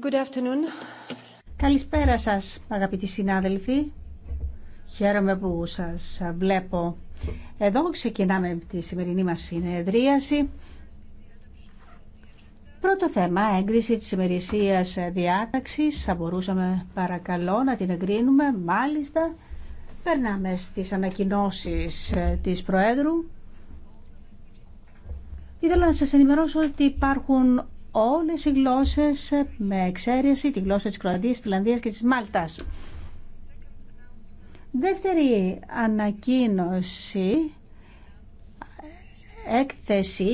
Good afternoon. Καλησπέρα σας αγαπητοί συνάδελφοι. Χαίρομαι που σας βλέπω. Εδώ ξεκινάμε τη σημερινή μας συνεδρίαση. Πρώτο θέμα, έγκριση της ημερησίας διάταξης. Θα μπορούσαμε παρακαλώ να την εγκρίνουμε. Μάλιστα, περνάμε στις ανακοινώσεις της Προέδρου. Ήθελα να σας ενημερώσω ότι υπάρχουν όλες οι γλώσσες με εξαίρεση τη γλώσσα της Κροατίας, της Φιλανδίας και της Μάλτας. Δεύτερη ανακοίνωση, έκθεση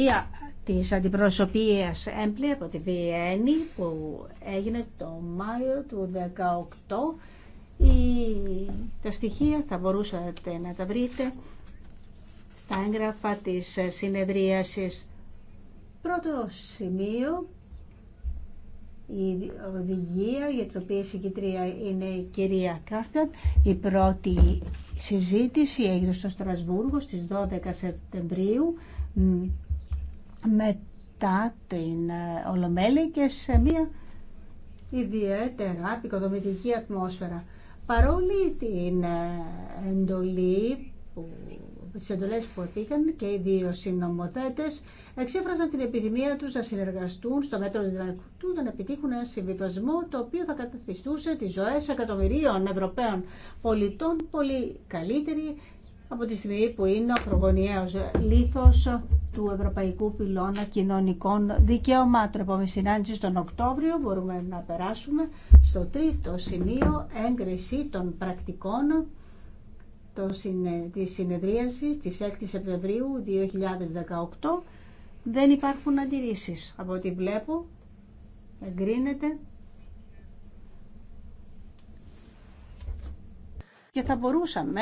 της αντιπροσωπείας έμπλη από τη Βιέννη που έγινε το Μάιο του 2018. Η... Τα στοιχεία θα μπορούσατε να τα βρείτε στα έγγραφα της συνεδρίασης Πρώτο σημείο, η οδηγία για την οποία η είναι η κυρία Κάφταν. Η πρώτη συζήτηση έγινε στο Στρασβούργο στις 12 Σεπτεμβρίου μετά την ε, Ολομέλη και σε μια ιδιαίτερα επικοδομητική ατμόσφαιρα. Παρόλη την ε, εντολή που, τις εντολές που και οι δύο συνομοθέτες εξέφραζαν την επιδημία τους να συνεργαστούν στο μέτρο του Ιδρανικού για να επιτύχουν ένα συμβιβασμό το οποίο θα καταστηστούσε τις ζωές εκατομμυρίων Ευρωπαίων πολιτών πολύ καλύτερη από τη στιγμή που είναι ο προγωνιαίος λήθος του Ευρωπαϊκού Πυλώνα Κοινωνικών Δικαιωμάτων. Επόμενη συνάντηση στον Οκτώβριο μπορούμε να περάσουμε στο τρίτο σημείο έγκριση των πρακτικών της συνεδρίασης της 6 Σεπτεμβρίου 2018 δεν υπάρχουν αντιρρήσεις. Από ό,τι βλέπω, εγκρίνεται. Και θα μπορούσαμε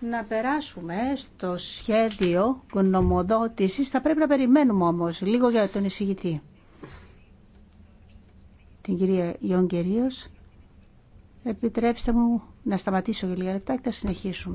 να περάσουμε στο σχέδιο γνωμοδότησης. Θα πρέπει να περιμένουμε όμως λίγο για τον εισηγητή. Την κυρία Ιονγκερίος. Επιτρέψτε μου να σταματήσω για λίγα λεπτά και θα συνεχίσουμε.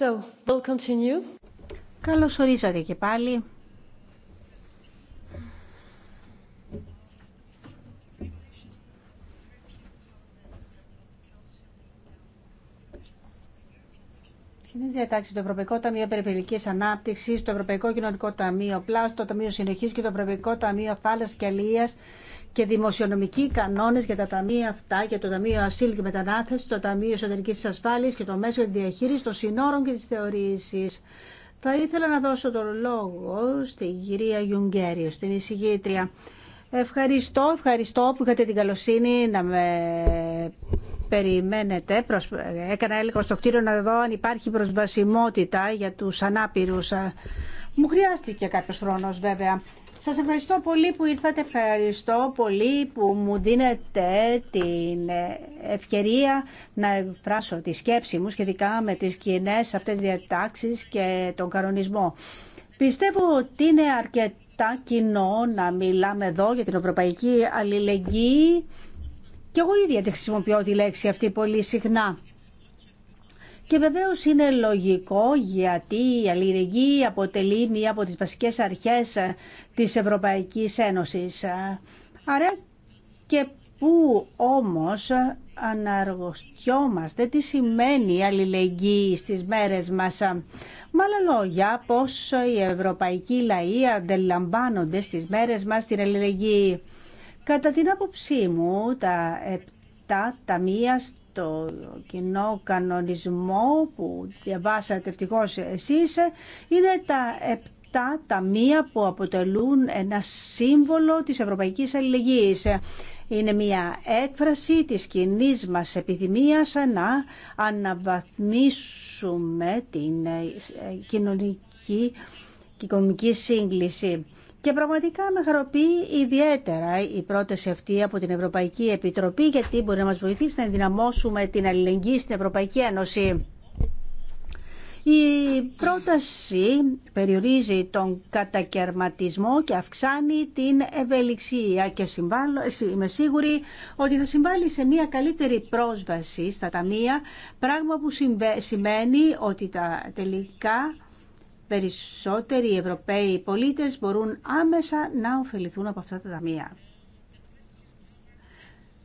So, we'll continue. Καλώς ορίσατε και πάλι. Κοινέ διατάξει, το Ευρωπαϊκό Ταμείο Περιφερειακή Ανάπτυξη, το Ευρωπαϊκό Κοινωνικό Ταμείο Πλάστο, το Ταμείο Συνοχή και το Ευρωπαϊκό Ταμείο Θάλασσα και Αλία και δημοσιονομικοί κανόνε για τα ταμεία αυτά, για το Ταμείο Ασύλου και Μετανάθεση, το Ταμείο Εσωτερική ασφάλεια και το Μέσο Διαχείριση των Συνόρων και τη Θεωρήση. Θα ήθελα να δώσω τον λόγο στην κυρία Γιουγκέριο, στην εισηγήτρια. Ευχαριστώ, ευχαριστώ που είχατε την καλοσύνη να με περιμένετε. Έκανα έλεγχο στο κτίριο να δω αν υπάρχει προσβασιμότητα για τους ανάπηρους. Μου χρειάστηκε κάποιος χρόνος βέβαια. Σας ευχαριστώ πολύ που ήρθατε, ευχαριστώ πολύ που μου δίνετε την ε, ευκαιρία να εκφράσω τη σκέψη μου σχετικά με τις κοινέ αυτές διατάξεις και τον κανονισμό. Πιστεύω ότι είναι αρκετά κοινό να μιλάμε εδώ για την ευρωπαϊκή αλληλεγγύη και εγώ ίδια τη χρησιμοποιώ τη λέξη αυτή πολύ συχνά. Και βεβαίω είναι λογικό γιατί η αλληλεγγύη αποτελεί μία από τις βασικές αρχές ε, της Ευρωπαϊκής Ένωσης. Ε, άρα και που όμως αναργοστιόμαστε τι σημαίνει η αλληλεγγύη στις μέρες μας. Ε, με άλλα λόγια, πώς οι ευρωπαϊκοί λαοί αντιλαμβάνονται στις μέρες μας την αλληλεγγύη. Κατά την άποψή μου, τα επτά ταμεία το κοινό κανονισμό που διαβάσατε ευτυχώ εσείς είναι τα επτά ταμεία που αποτελούν ένα σύμβολο της Ευρωπαϊκής Αλληλεγγύης. Είναι μια έκφραση της κοινή μας επιθυμίας να αναβαθμίσουμε την κοινωνική και οικονομική σύγκληση. Και πραγματικά με χαροποιεί ιδιαίτερα η πρόταση αυτή από την Ευρωπαϊκή Επιτροπή γιατί μπορεί να μας βοηθήσει να ενδυναμώσουμε την αλληλεγγύη στην Ευρωπαϊκή Ένωση. Η πρόταση περιορίζει τον κατακαιρματισμό και αυξάνει την ευελιξία και συμβάλλω, είμαι σίγουρη ότι θα συμβάλλει σε μια καλύτερη πρόσβαση στα ταμεία, πράγμα που σημαίνει ότι τα τελικά περισσότεροι Ευρωπαίοι πολίτες μπορούν άμεσα να ωφεληθούν από αυτά τα ταμεία.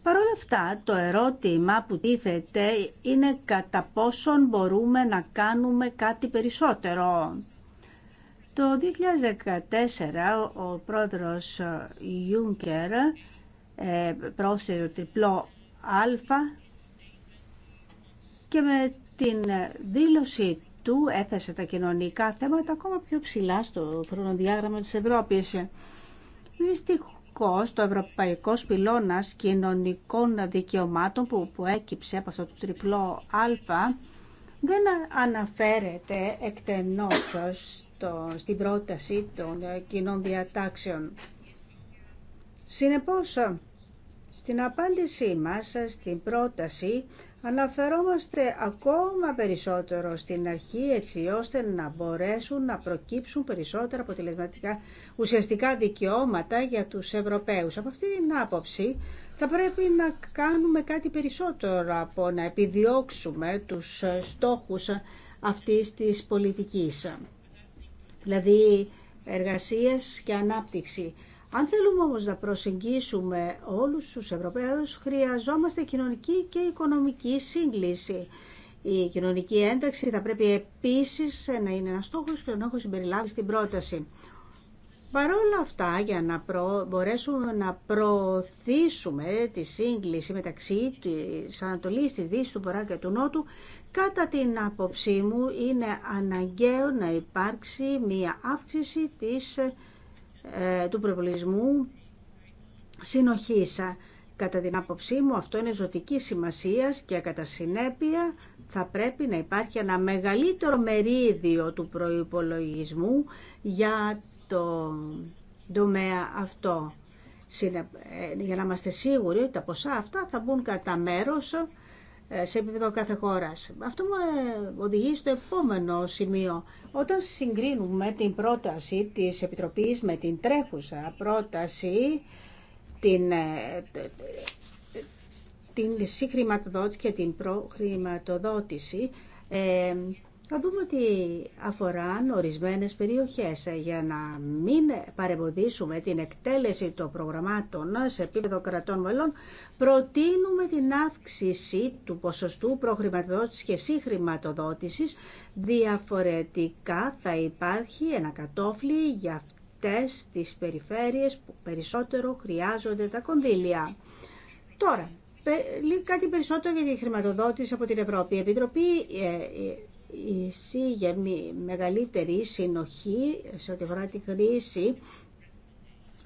Παρ' όλα αυτά, το ερώτημα που τίθεται είναι κατά πόσον μπορούμε να κάνουμε κάτι περισσότερο. Το 2014 ο πρόεδρος Ιούνκερ ε, πρόσθεσε το τριπλό α και με την δήλωση του έθεσε τα κοινωνικά θέματα ακόμα πιο ψηλά στο χρονοδιάγραμμα της Ευρώπης. Δυστυχώς το ευρωπαϊκό πυλώνας κοινωνικών δικαιωμάτων που, που έκυψε από αυτό το τριπλό α δεν αναφέρεται εκτενώς στο, στην πρόταση των κοινών διατάξεων. Συνεπώς, στην απάντησή μας, στην πρόταση, αναφερόμαστε ακόμα περισσότερο στην αρχή έτσι ώστε να μπορέσουν να προκύψουν περισσότερα αποτελεσματικά ουσιαστικά δικαιώματα για τους Ευρωπαίους. Από αυτή την άποψη θα πρέπει να κάνουμε κάτι περισσότερο από να επιδιώξουμε τους στόχους αυτής της πολιτικής. Δηλαδή εργασίες και ανάπτυξη. Αν θέλουμε όμως να προσεγγίσουμε όλους τους Ευρωπαίους, χρειαζόμαστε κοινωνική και οικονομική σύγκληση. Η κοινωνική ένταξη θα πρέπει επίσης να είναι ένα στόχος και να έχω συμπεριλάβει στην πρόταση. Παρ' όλα αυτά, για να μπορέσουμε να προωθήσουμε τη σύγκληση μεταξύ της Ανατολής, της Δύσης, του Βορρά και του Νότου, κατά την άποψή μου είναι αναγκαίο να υπάρξει μία αύξηση της ε, του προπολογισμού συνοχής. Κατά την άποψή μου αυτό είναι ζωτική σημασία και κατά συνέπεια θα πρέπει να υπάρχει ένα μεγαλύτερο μερίδιο του προϋπολογισμού για το τομέα αυτό. Ε, για να είμαστε σίγουροι ότι τα ποσά αυτά θα μπουν κατά μέρος ε, σε επίπεδο κάθε χώρα. Αυτό μου ε, οδηγεί στο επόμενο σημείο. Όταν συγκρίνουμε την πρόταση της Επιτροπής με την τρέχουσα πρόταση, την, ε, την συγχρηματοδότηση και την προχρηματοδότηση, θα δούμε ότι αφορά ορισμένες περιοχές ε, για να μην παρεμποδίσουμε την εκτέλεση των προγραμμάτων σε επίπεδο κρατών μελών. Προτείνουμε την αύξηση του ποσοστού προχρηματοδότησης και συγχρηματοδότησης. Διαφορετικά θα υπάρχει ένα κατόφλι για αυτές τις περιφέρειες που περισσότερο χρειάζονται τα κονδύλια. Τώρα, κάτι περισσότερο για τη χρηματοδότηση από την Ευρώπη. Επιτροπή ε, ε, η για μεγαλύτερη συνοχή σε ό,τι αφορά τη χρήση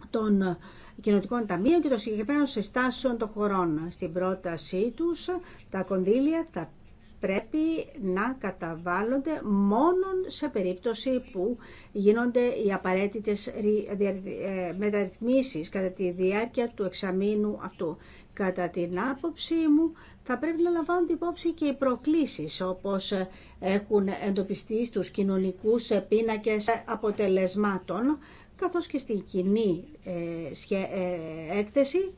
των κοινοτικών ταμείων και των συγκεκριμένων συστάσεων των χωρών. Στην πρότασή τους τα κονδύλια θα πρέπει να καταβάλλονται μόνο σε περίπτωση που γίνονται οι απαραίτητες ε, μεταρρυθμίσεις κατά τη διάρκεια του εξαμήνου αυτού. Κατά την άποψή μου θα πρέπει να την υπόψη και οι προκλήσεις όπως έχουν εντοπιστεί στους κοινωνικούς πίνακες αποτελεσμάτων καθώς και στην κοινή ε, ε, έκθεση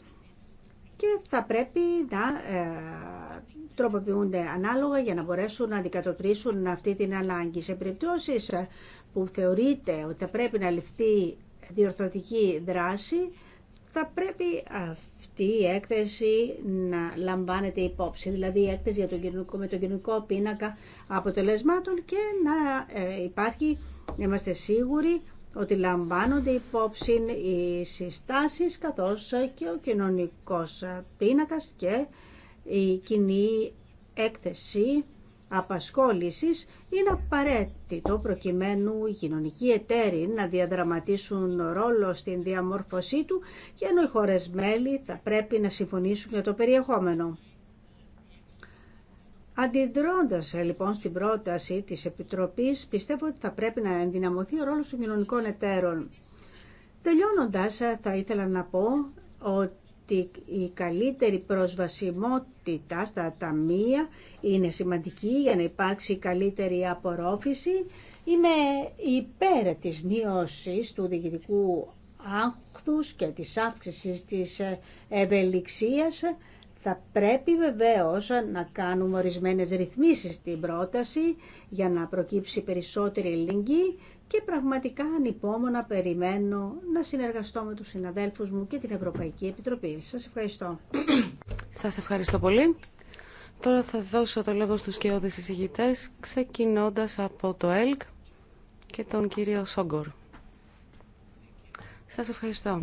και θα πρέπει να ε, τροποποιούνται ανάλογα για να μπορέσουν να αντικατοπτρίσουν αυτή την ανάγκη. Σε περιπτώσεις που θεωρείται ότι θα πρέπει να ληφθεί διορθωτική δράση, θα πρέπει τη έκθεση να λαμβάνεται υπόψη, δηλαδή η έκθεση για τον κοινωνικό, με τον κοινωνικό πίνακα αποτελεσμάτων και να ε, υπάρχει, να είμαστε σίγουροι ότι λαμβάνονται υπόψη οι συστάσεις καθώς και ο κοινωνικός πίνακας και η κοινή έκθεση απασχόλησης είναι απαραίτητο προκειμένου οι κοινωνικοί εταίροι να διαδραματίσουν ρόλο στην διαμόρφωσή του και ενώ οι χώρες μέλη θα πρέπει να συμφωνήσουν για το περιεχόμενο. Αντιδρώντας ε, λοιπόν στην πρόταση της Επιτροπής, πιστεύω ότι θα πρέπει να ενδυναμωθεί ο ρόλος των κοινωνικών εταίρων. Τελειώνοντας, ε, θα ήθελα να πω ότι ότι η καλύτερη προσβασιμότητα στα ταμεία είναι σημαντική για να υπάρξει καλύτερη απορρόφηση. Είμαι υπέρ της μείωσης του διοικητικού άγχους και της αύξησης της ευελιξίας. Θα πρέπει βεβαίως να κάνουμε ορισμένες ρυθμίσεις στην πρόταση για να προκύψει περισσότερη ελληνική και πραγματικά ανυπόμονα περιμένω να συνεργαστώ με τους συναδέλφους μου και την Ευρωπαϊκή Επιτροπή. Σας ευχαριστώ. Σας ευχαριστώ πολύ. Τώρα θα δώσω το λόγο στους κοιόδες εισηγητές, ξεκινώντας από το ΕΛΚ και τον κύριο Σόγκορ. Σας ευχαριστώ.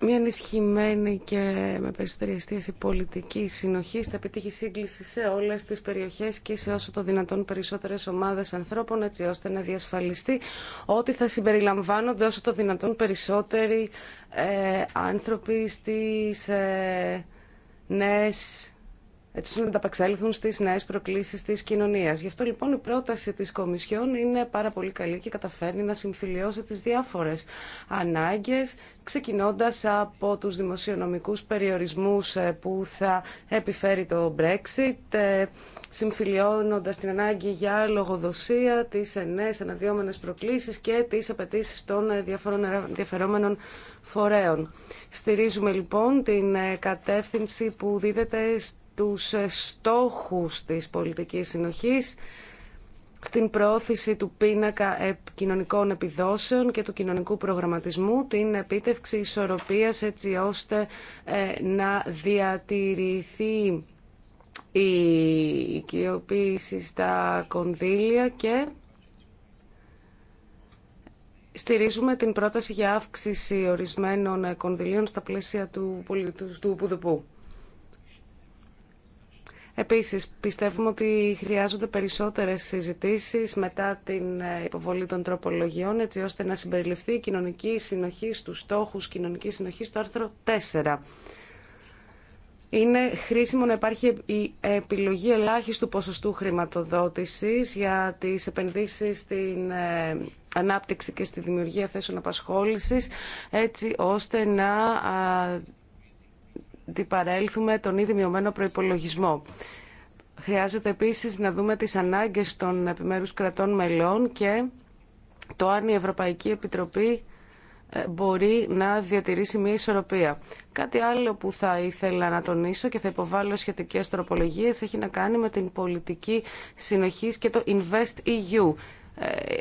μια ενισχυμένη και με περισσότερη εστίαση πολιτική συνοχή θα επιτύχει σύγκληση σε όλε τι περιοχέ και σε όσο το δυνατόν περισσότερε ομάδε ανθρώπων, έτσι ώστε να διασφαλιστεί ότι θα συμπεριλαμβάνονται όσο το δυνατόν περισσότεροι ε, άνθρωποι στι ε, νέες έτσι ώστε να ανταπεξέλθουν στι νέε προκλήσει τη κοινωνία. Γι' αυτό λοιπόν η πρόταση τη Κομισιόν είναι πάρα πολύ καλή και καταφέρνει να συμφιλειώσει τι διάφορε ανάγκε, ξεκινώντα από του δημοσιονομικού περιορισμού ε, που θα επιφέρει το Brexit, ε, συμφιλιώνοντας την ανάγκη για λογοδοσία, τι νέε αναδυόμενε προκλήσει και τι απαιτήσει των διαφορών ενδιαφερόμενων φορέων. Στηρίζουμε λοιπόν την ε, κατεύθυνση που δίδεται τους στόχους της πολιτικής συνοχής στην προώθηση του πίνακα κοινωνικών επιδόσεων και του κοινωνικού προγραμματισμού, την επίτευξη ισορροπίας έτσι ώστε ε, να διατηρηθεί η οικειοποίηση στα κονδύλια και στηρίζουμε την πρόταση για αύξηση ορισμένων κονδυλίων στα πλαίσια του, του, του Επίσης, πιστεύουμε ότι χρειάζονται περισσότερες συζητήσεις μετά την ε, υποβολή των τροπολογιών, έτσι ώστε να συμπεριληφθεί η κοινωνική συνοχή στους στόχους κοινωνικής συνοχής στο άρθρο 4. Είναι χρήσιμο να υπάρχει η επιλογή ελάχιστου ποσοστού χρηματοδότησης για τις επενδύσεις στην ε, ανάπτυξη και στη δημιουργία θέσεων απασχόλησης, έτσι ώστε να αντιπαρέλθουμε τον ήδη μειωμένο προϋπολογισμό. Χρειάζεται επίσης να δούμε τις ανάγκες των επιμέρους κρατών μελών και το αν η Ευρωπαϊκή Επιτροπή ε, μπορεί να διατηρήσει μια ισορροπία. Κάτι άλλο που θα ήθελα να τονίσω και θα υποβάλω σχετικές τροπολογίες έχει να κάνει με την πολιτική συνοχής και το Invest EU ε,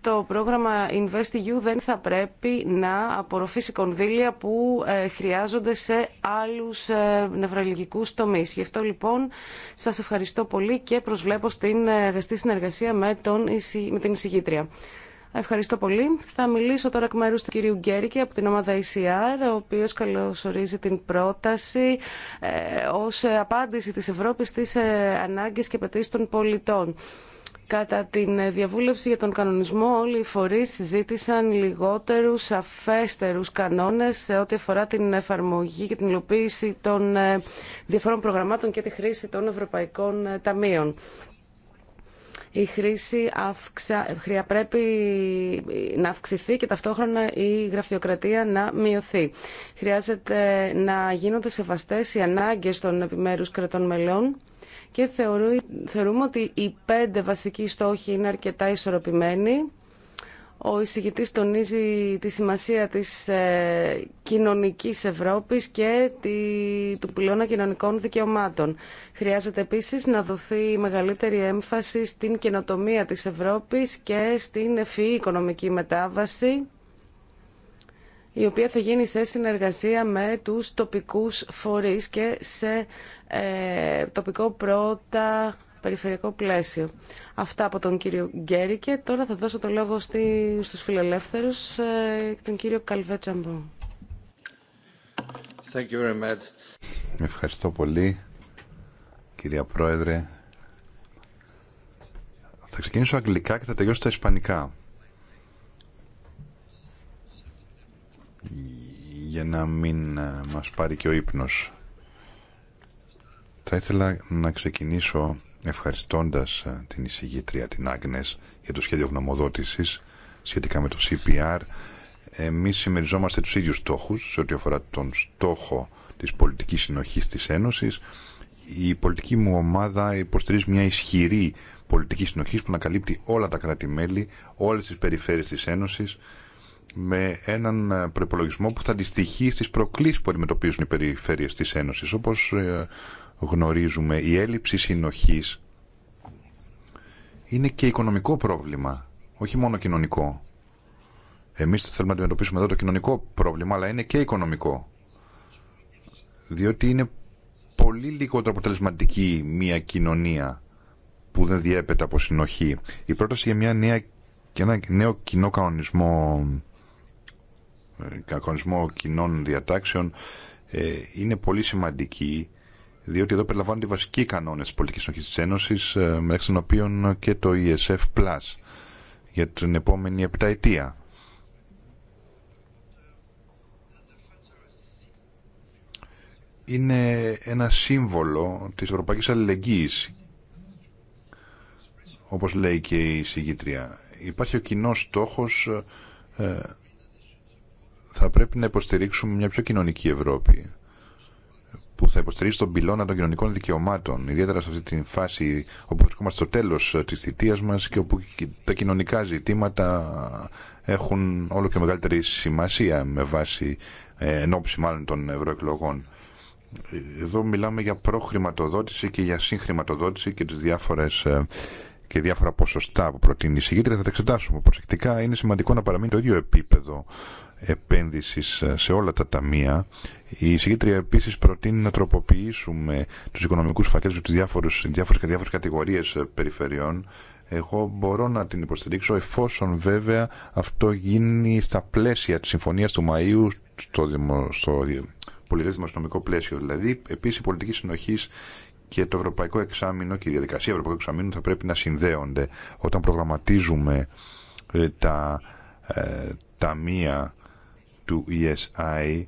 το πρόγραμμα InvestEU δεν θα πρέπει να απορροφήσει κονδύλια που ε, χρειάζονται σε άλλους ε, νευραλγικούς τομείς. Γι' αυτό λοιπόν σας ευχαριστώ πολύ και προσβλέπω στην ε, αγαστή συνεργασία με, τον, με την εισηγήτρια. Ευχαριστώ πολύ. Θα μιλήσω τώρα εκ μέρου του κυρίου Γκέρικη από την ομάδα ECR, ο οποίο καλωσορίζει την πρόταση ε, ω απάντηση τη Ευρώπη στι ε, ανάγκε και απαιτήσει των πολιτών. Κατά τη διαβούλευση για τον κανονισμό όλοι οι φορείς συζήτησαν λιγότερους, σαφέστερους κανόνες σε ό,τι αφορά την εφαρμογή και την υλοποίηση των ε, διαφόρων προγραμμάτων και τη χρήση των ευρωπαϊκών ε, ταμείων. Η χρήση αυξα... πρέπει να αυξηθεί και ταυτόχρονα η γραφειοκρατία να μειωθεί. Χρειάζεται να γίνονται σεβαστές οι ανάγκες των επιμέρους κρατών μελών και θεωρούμε ότι οι πέντε βασικοί στόχοι είναι αρκετά ισορροπημένοι. Ο εισηγητή τονίζει τη σημασία της ε, κοινωνικής Ευρώπης και του πυλώνα κοινωνικών δικαιωμάτων. Χρειάζεται επίσης να δοθεί μεγαλύτερη έμφαση στην καινοτομία της Ευρώπης και στην ευφυή οικονομική μετάβαση, η οποία θα γίνει σε συνεργασία με τους τοπικούς φορείς και σε ε, τοπικό πρώτα περιφερειακό πλαίσιο. Αυτά από τον κύριο και Τώρα θα δώσω το λόγο στη, στους φιλελεύθερους, ε, τον κύριο Καλβέ Ευχαριστώ πολύ, κυρία Πρόεδρε. Θα ξεκινήσω αγγλικά και θα τελειώσω στα ισπανικά. Για να μην ε, μας πάρει και ο ύπνος. Θα ήθελα να ξεκινήσω ευχαριστώντας ε, την εισηγήτρια την Άγνες για το σχέδιο γνωμοδότησης σχετικά με το CPR. Εμείς συμμεριζόμαστε τους ίδιους στόχους σε ό,τι αφορά τον στόχο της πολιτικής συνοχής της Ένωσης. Η πολιτική μου ομάδα υποστηρίζει μια ισχυρή πολιτική συνοχή που να καλύπτει όλα τα κράτη-μέλη, όλες τις περιφέρειες της Ένωσης με έναν ε, προπολογισμό που θα αντιστοιχεί στις προκλήσεις που αντιμετωπίζουν οι περιφέρειες της Ένωσης όπως ε, γνωρίζουμε, η έλλειψη συνοχής είναι και οικονομικό πρόβλημα, όχι μόνο κοινωνικό. Εμείς θέλουμε να αντιμετωπίσουμε εδώ το κοινωνικό πρόβλημα, αλλά είναι και οικονομικό. Διότι είναι πολύ λιγότερο αποτελεσματική μια κοινωνία που δεν διέπεται από συνοχή. Η πρόταση για μια νέα, και ένα νέο κοινό κανονισμό, ε, κοινών διατάξεων ε, είναι πολύ σημαντική διότι εδώ περιλαμβάνονται οι βασικοί κανόνε τη πολιτική συνοχή τη Ένωση, ε, μεταξύ των οποίων και το ESF Plus για την επόμενη επταετία. Είναι ένα σύμβολο της ευρωπαϊκής αλληλεγγύης, όπως λέει και η συγκήτρια. Υπάρχει ο κοινός στόχος, ε, θα πρέπει να υποστηρίξουμε μια πιο κοινωνική Ευρώπη που θα υποστηρίζει τον πυλώνα των κοινωνικών δικαιωμάτων, ιδιαίτερα σε αυτή τη φάση όπου βρισκόμαστε στο τέλο ε, τη θητεία μα και όπου τα κοινωνικά ζητήματα έχουν όλο και μεγαλύτερη σημασία με βάση ε, εν ενόψη μάλλον των ευρωεκλογών. Εδώ μιλάμε για προχρηματοδότηση και για συγχρηματοδότηση και τις διάφορες ε, και διάφορα ποσοστά που προτείνει η συγκέντρια θα τα εξετάσουμε προσεκτικά. Είναι σημαντικό να παραμείνει το ίδιο επίπεδο επένδυσης ε, σε όλα τα ταμεία. Η συγκήτρια επίσης προτείνει να τροποποιήσουμε τους οικονομικούς φακές στις διάφορες, διάφορες, διάφορες κατηγορίες ε, περιφερειών. Εγώ μπορώ να την υποστηρίξω εφόσον βέβαια αυτό γίνει στα πλαίσια της συμφωνίας του Μαΐου στο, δημο, στο δημοσιονομικό πλαίσιο. Δηλαδή, επίσης η πολιτική συνοχή και το ευρωπαϊκό εξάμεινο και η διαδικασία ευρωπαϊκού εξάμεινου θα πρέπει να συνδέονται όταν προγραμματίζουμε ε, τα ταμεία του ESI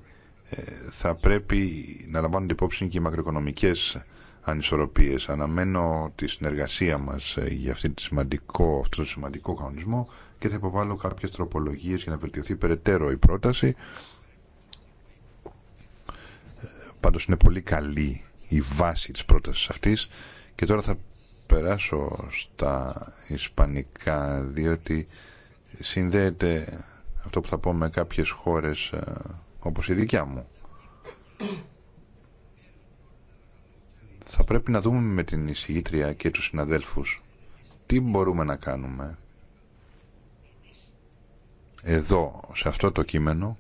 ε, θα πρέπει να λαμβάνονται υπόψη και οι μακροοικονομικές ανισορροπίες. Αναμένω τη συνεργασία μας ε, για το σημαντικό, αυτό το σημαντικό κανονισμό και θα υποβάλω κάποιες τροπολογίες για να βελτιωθεί περαιτέρω η πρόταση. Πάντως είναι πολύ καλή η βάση της πρότασης αυτής και τώρα θα περάσω στα ισπανικά διότι συνδέεται αυτό που θα πω με κάποιες χώρες ε, όπως η δικιά μου. Θα πρέπει να δούμε με την εισηγήτρια και τους συναδέλφους τι μπορούμε να κάνουμε εδώ, σε αυτό το κείμενο,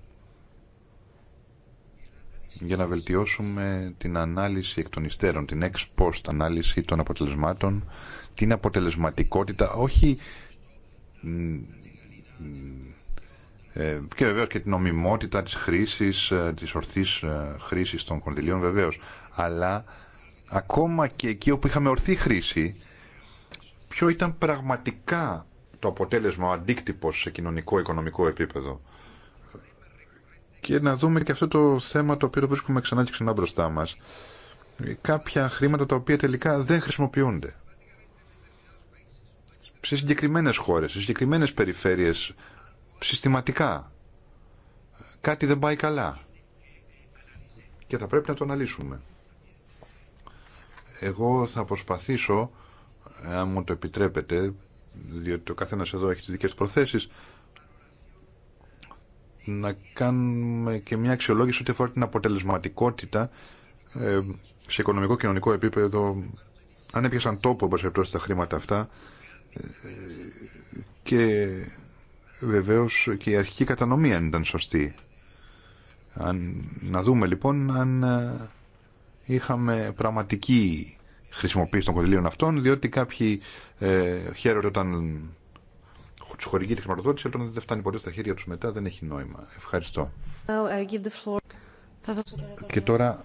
για να βελτιώσουμε την ανάλυση εκ των υστέρων, την ex post ανάλυση των αποτελεσμάτων, την αποτελεσματικότητα, όχι ε, και βεβαίως και την ομιμότητα της χρήσης, ε, της ορθής ε, χρήσης των κονδυλίων βεβαίως. Αλλά ακόμα και εκεί όπου είχαμε ορθή χρήση, ποιο ήταν πραγματικά το αποτέλεσμα, ο αντίκτυπος σε κοινωνικό-οικονομικό επίπεδο. Και να δούμε και αυτό το θέμα το οποίο βρίσκουμε ξανά και ξανά μπροστά μας. Κάποια χρήματα τα οποία τελικά δεν χρησιμοποιούνται. Σε συγκεκριμένες χώρες, σε συγκεκριμένες περιφέρειες συστηματικά. Κάτι δεν πάει καλά. Και θα πρέπει να το αναλύσουμε. Εγώ θα προσπαθήσω, αν μου το επιτρέπετε, διότι ο καθένας εδώ έχει τις δικές προθέσεις, να κάνουμε και μια αξιολόγηση ό,τι αφορά την αποτελεσματικότητα ε, σε οικονομικό κοινωνικό επίπεδο αν έπιασαν τόπο, προς τα χρήματα αυτά ε, και βεβαίως και η αρχική κατανομή ήταν σωστή. Αν, να δούμε λοιπόν αν ε, είχαμε πραγματική χρησιμοποίηση των κονδυλίων αυτών, διότι κάποιοι ε, χαίρονται όταν του χορηγεί τη χρηματοδότηση, αλλά όταν δεν φτάνει ποτέ στα χέρια του μετά δεν έχει νόημα. Ευχαριστώ. Και τώρα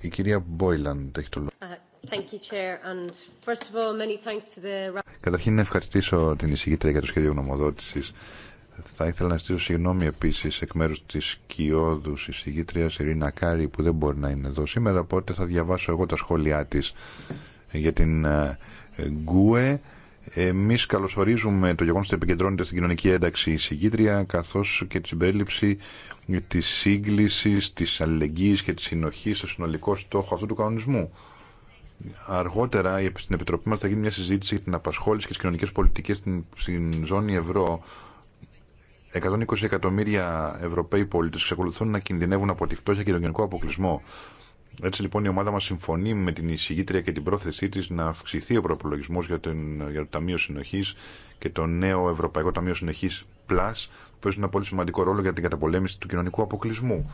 η κυρία Μπόιλαντ έχει το λόγο. Thank you, Chair. And first of all, Καταρχήν να ευχαριστήσω την εισηγήτρια για το σχέδιο γνωμοδότηση. Θα ήθελα να στήσω συγγνώμη επίση εκ μέρου τη κοιόδους εισηγήτριας Ειρήνα Κάρη που δεν μπορεί να είναι εδώ σήμερα, οπότε θα διαβάσω εγώ τα σχόλιά τη για την ε, Γκουε. Εμεί καλωσορίζουμε το γεγονό ότι επικεντρώνεται στην κοινωνική ένταξη η συγκήτρια, καθώ και την συμπερίληψη τη σύγκληση, τη αλληλεγγύη και τη συνοχή στο συνολικό στόχο αυτού του κανονισμού αργότερα στην Επιτροπή μας θα γίνει μια συζήτηση για την απασχόληση και τις κοινωνικές πολιτικές στην, στην ζώνη ευρώ. 120 εκατομμύρια Ευρωπαίοι πολίτες εξακολουθούν να κινδυνεύουν από τη φτώχεια και τον γενικό αποκλεισμό. Έτσι λοιπόν η ομάδα μας συμφωνεί με την εισηγήτρια και την πρόθεσή της να αυξηθεί ο προπολογισμός για, για το Ταμείο Συνοχής και το νέο Ευρωπαϊκό Ταμείο Συνοχής Plus που παίζουν ένα πολύ σημαντικό ρόλο για την καταπολέμηση του κοινωνικού αποκλεισμού.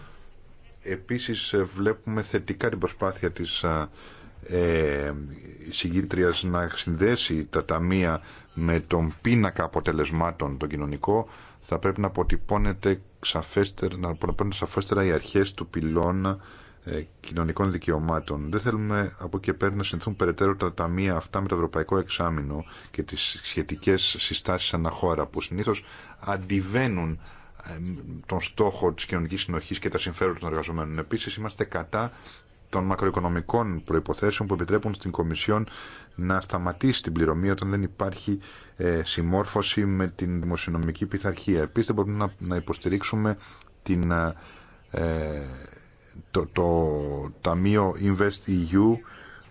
Επίσης ε, βλέπουμε θετικά την προσπάθεια της ε, συγκίτρια να συνδέσει τα ταμεία με τον πίνακα αποτελεσμάτων τον κοινωνικό θα πρέπει να αποτυπώνεται σαφέστερα, να αποτυπώνεται σαφέστερα οι αρχές του πυλώνα ε, κοινωνικών δικαιωμάτων. Δεν θέλουμε από εκεί πέρα να συνθούν περαιτέρω τα ταμεία αυτά με το Ευρωπαϊκό Εξάμεινο και τις σχετικές συστάσεις αναχώρα που συνήθως αντιβαίνουν ε, τον στόχο της κοινωνικής συνοχής και τα συμφέροντα των εργαζομένων. Επίσης είμαστε κατά των μακροοικονομικών προϋποθέσεων που επιτρέπουν στην Κομισιόν να σταματήσει την πληρωμή όταν δεν υπάρχει ε, συμμόρφωση με την δημοσιονομική πειθαρχία. Επίσης δεν μπορούμε να, να υποστηρίξουμε την, ε, το, το Ταμείο InvestEU,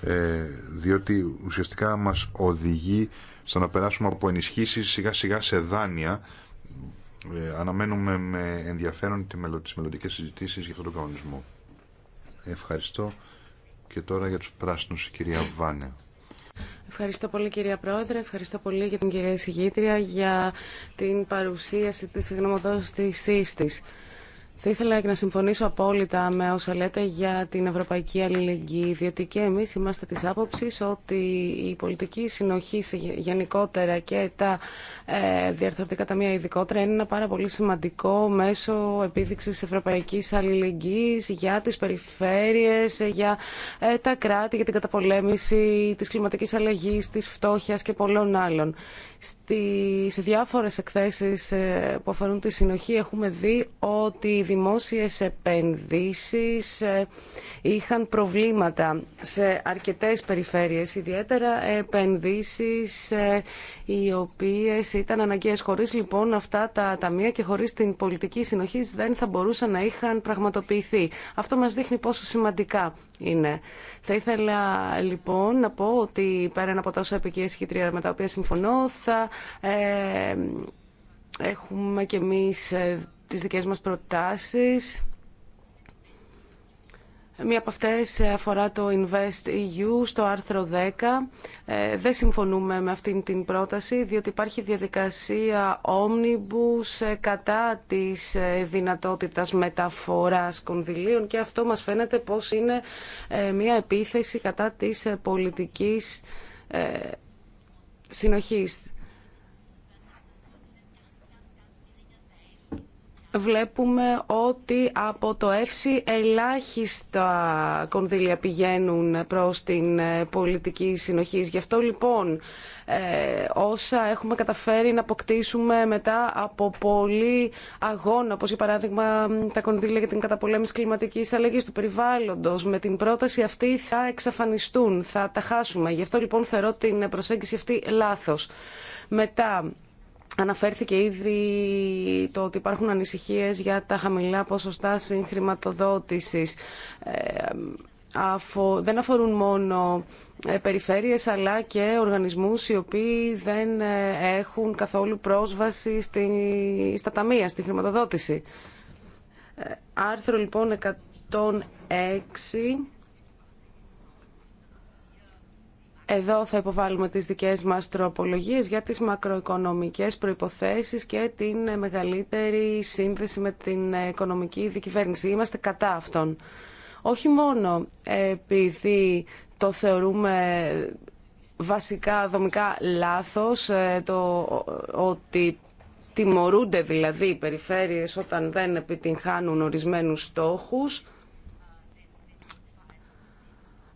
ε, διότι ουσιαστικά μας οδηγεί στο να περάσουμε από ενισχύσεις σιγά σιγά σε δάνεια ε, αναμένουμε με ενδιαφέρον τις μελλοντικές συζητήσεις για αυτόν τον κανονισμό. Ευχαριστώ. Και τώρα για τους πράσινους η κυρία Βάνε. Ευχαριστώ πολύ κυρία Πρόεδρε, ευχαριστώ πολύ για την κυρία εισηγήτρια για την παρουσίαση της γνωμοδότησής της. Θα ήθελα και να συμφωνήσω απόλυτα με όσα λέτε για την ευρωπαϊκή αλληλεγγύη, διότι και εμείς είμαστε της άποψης ότι η πολιτική συνοχή γενικότερα και τα ε, διαρθρωτικά ταμεία ειδικότερα είναι ένα πάρα πολύ σημαντικό μέσο επίδειξης ευρωπαϊκής αλληλεγγύης για τις περιφέρειες, για ε, τα κράτη, για την καταπολέμηση της κλιματικής αλλαγής, της φτώχειας και πολλών άλλων. Στη, σε διάφορες εκθέσεις ε, που αφορούν τη συνοχή έχουμε δει ότι δημόσιες επενδύσεις ε, είχαν προβλήματα σε αρκετές περιφέρειες, ιδιαίτερα επενδύσεις ε, οι οποίες ήταν αναγκαίες. Χωρίς λοιπόν αυτά τα ταμεία και χωρίς την πολιτική συνοχή δεν θα μπορούσαν να είχαν πραγματοποιηθεί. Αυτό μας δείχνει πόσο σημαντικά είναι. Θα ήθελα λοιπόν να πω ότι πέραν από τόσα επικίες και με τα οποία συμφωνώ θα... Ε, έχουμε και εμείς τις δικές μας προτάσεις. Μία από αυτές αφορά το Invest EU στο άρθρο 10. Ε, δεν συμφωνούμε με αυτήν την πρόταση, διότι υπάρχει διαδικασία omnibus ε, κατά της ε, δυνατότητας μεταφοράς κονδυλίων και αυτό μας φαίνεται πως είναι μία επίθεση κατά της πολιτικής συνοχής. βλέπουμε ότι από το ΕΦΣΙ ελάχιστα κονδύλια πηγαίνουν προς την ε, πολιτική συνοχής. Γι' αυτό λοιπόν ε, όσα έχουμε καταφέρει να αποκτήσουμε μετά από πολύ αγώνα, όπως για παράδειγμα τα κονδύλια για την καταπολέμηση κλιματικής αλλαγής του περιβάλλοντος, με την πρόταση αυτή θα εξαφανιστούν, θα τα χάσουμε. Γι' αυτό λοιπόν θεωρώ την προσέγγιση αυτή λάθος. Μετά, Αναφέρθηκε ήδη το ότι υπάρχουν ανησυχίες για τα χαμηλά ποσοστά συγχρηματοδότησης. Ε, δεν αφορούν μόνο ε, περιφέρειες αλλά και οργανισμούς οι οποίοι δεν ε, έχουν καθόλου πρόσβαση στα ταμεία, στη χρηματοδότηση. Άρθρο λοιπόν 106 Εδώ θα υποβάλουμε τις δικές μας τροπολογίες για τις μακροοικονομικές προϋποθέσεις και την μεγαλύτερη σύνδεση με την οικονομική δικυβέρνηση. Είμαστε κατά αυτών. Όχι μόνο επειδή το θεωρούμε βασικά δομικά λάθος ε, το ότι τιμωρούνται δηλαδή οι περιφέρειες όταν δεν επιτυγχάνουν ορισμένους στόχους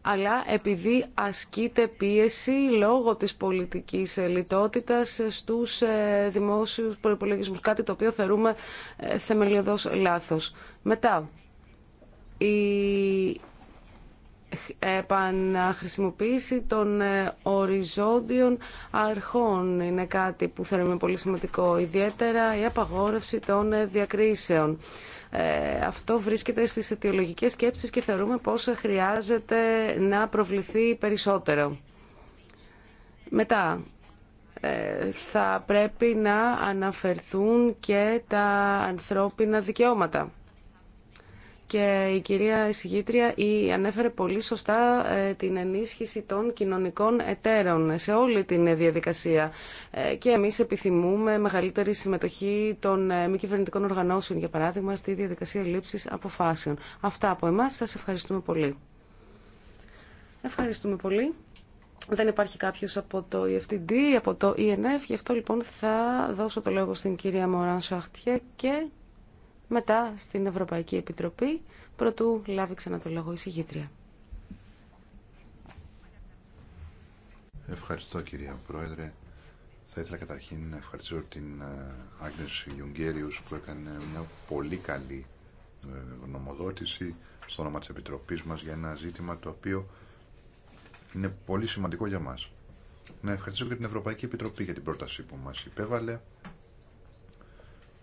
αλλά επειδή ασκείται πίεση λόγω της πολιτικής ε, λιτότητας ε, στους ε, δημόσιους προϋπολογισμούς, κάτι το οποίο θεωρούμε θεμελιωδώς λάθος. Μετά, η επαναχρησιμοποίηση των οριζόντιων αρχών είναι κάτι που θεωρούμε πολύ σημαντικό, ιδιαίτερα η απαγόρευση των διακρίσεων. Ε, αυτό βρίσκεται στις αιτιολογικές σκέψεις και θεωρούμε πως χρειάζεται να προβληθεί περισσότερο. Μετά, ε, θα πρέπει να αναφερθούν και τα ανθρώπινα δικαιώματα και η κυρία εισηγήτρια η ανέφερε πολύ σωστά ε, την ενίσχυση των κοινωνικών εταίρων σε όλη την διαδικασία. Ε, και εμείς επιθυμούμε μεγαλύτερη συμμετοχή των ε, μη κυβερνητικών οργανώσεων, για παράδειγμα, στη διαδικασία λήψης αποφάσεων. Αυτά από εμάς. Σας ευχαριστούμε πολύ. Ευχαριστούμε πολύ. Δεν υπάρχει κάποιος από το EFTD, από το ENF, γι' αυτό λοιπόν θα δώσω το λόγο στην κυρία Μωράν Σαχτιέ και μετά στην Ευρωπαϊκή Επιτροπή, προτού λάβει ξανά το λόγο η συγγήτρια. Ευχαριστώ κυρία Πρόεδρε. Θα ήθελα καταρχήν να ευχαριστήσω την ε, Άγνες Γιουγκέριους που έκανε μια πολύ καλή ε, γνωμοδότηση στο όνομα της Επιτροπής μας για ένα ζήτημα το οποίο είναι πολύ σημαντικό για μας. Να ευχαριστήσω και την Ευρωπαϊκή Επιτροπή για την πρόταση που μας υπέβαλε.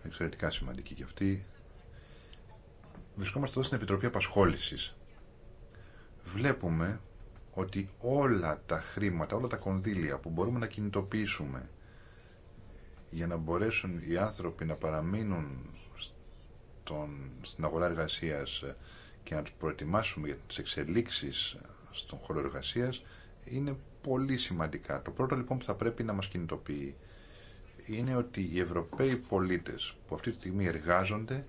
Εξαιρετικά σημαντική και αυτή βρισκόμαστε εδώ στην Επιτροπή Απασχόλησης. Βλέπουμε ότι όλα τα χρήματα, όλα τα κονδύλια που μπορούμε να κινητοποιήσουμε για να μπορέσουν οι άνθρωποι να παραμείνουν στον, στην αγορά εργασίας και να τους προετοιμάσουμε για τις εξελίξεις στον χώρο εργασίας είναι πολύ σημαντικά. Το πρώτο λοιπόν που θα πρέπει να μας κινητοποιεί είναι ότι οι Ευρωπαίοι πολίτες που αυτή τη στιγμή εργάζονται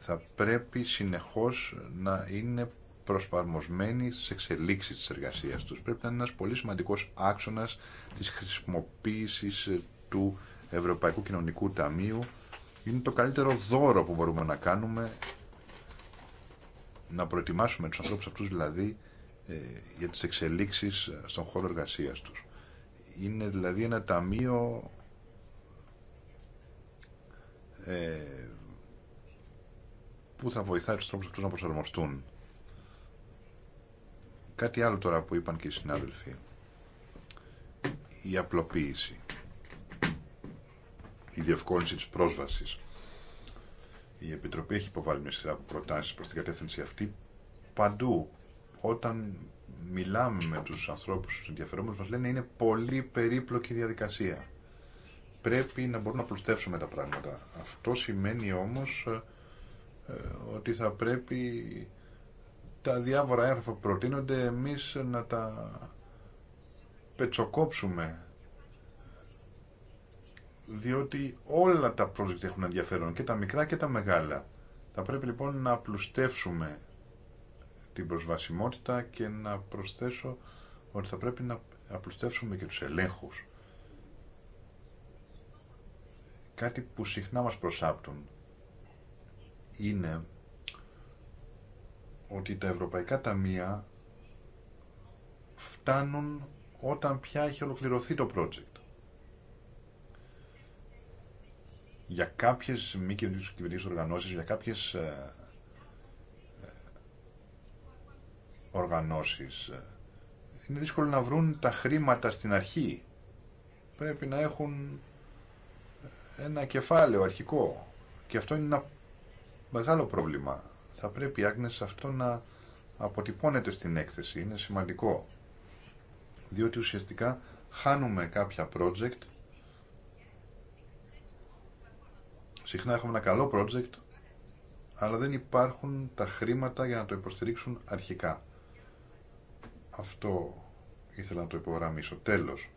θα πρέπει συνεχώς να είναι προσπαρμοσμένοι στι εξελίξεις της εργασίας τους. Πρέπει να είναι ένας πολύ σημαντικός άξονας της χρησιμοποίησης του Ευρωπαϊκού Κοινωνικού Ταμείου. Είναι το καλύτερο δώρο που μπορούμε να κάνουμε, να προετοιμάσουμε τους ανθρώπους αυτούς δηλαδή ε, για τις εξελίξεις στον χώρο εργασίας τους. Είναι δηλαδή ένα ταμείο ε, που θα βοηθάει τους τρόπου αυτούς να προσαρμοστούν. Κάτι άλλο τώρα που είπαν και οι συνάδελφοι. Η απλοποίηση. Η διευκόλυνση της πρόσβασης. Η Επιτροπή έχει υποβάλει μια σειρά από προτάσεις προς την κατεύθυνση αυτή. Παντού, όταν μιλάμε με τους ανθρώπους, τους ενδιαφερόμενους, μας λένε είναι πολύ περίπλοκη διαδικασία. Πρέπει να μπορούμε να πλουστεύσουμε τα πράγματα. Αυτό σημαίνει όμως ε, ε, ότι θα πρέπει τα διάφορα έγγραφα που προτείνονται εμείς να τα πετσοκόψουμε διότι όλα τα project έχουν ενδιαφέρον και τα μικρά και τα μεγάλα. Θα πρέπει λοιπόν να απλουστεύσουμε την προσβασιμότητα και να προσθέσω ότι θα πρέπει να απλουστεύσουμε και τους ελέγχους. Κάτι που συχνά μας προσάπτουν είναι ότι τα ευρωπαϊκά ταμεία φτάνουν όταν πια έχει ολοκληρωθεί το project. Για κάποιες μη κυβερνήσεις οργανώσεις, για κάποιες ε, ε οργανώσεις, ε, είναι δύσκολο να βρουν τα χρήματα στην αρχή. Πρέπει να έχουν ένα κεφάλαιο αρχικό. Και αυτό είναι ένα μεγάλο πρόβλημα. Θα πρέπει, Άγνες, αυτό να αποτυπώνεται στην έκθεση. Είναι σημαντικό. Διότι ουσιαστικά χάνουμε κάποια project. Συχνά έχουμε ένα καλό project, αλλά δεν υπάρχουν τα χρήματα για να το υποστηρίξουν αρχικά. Αυτό ήθελα να το υπογραμμίσω. Τέλος,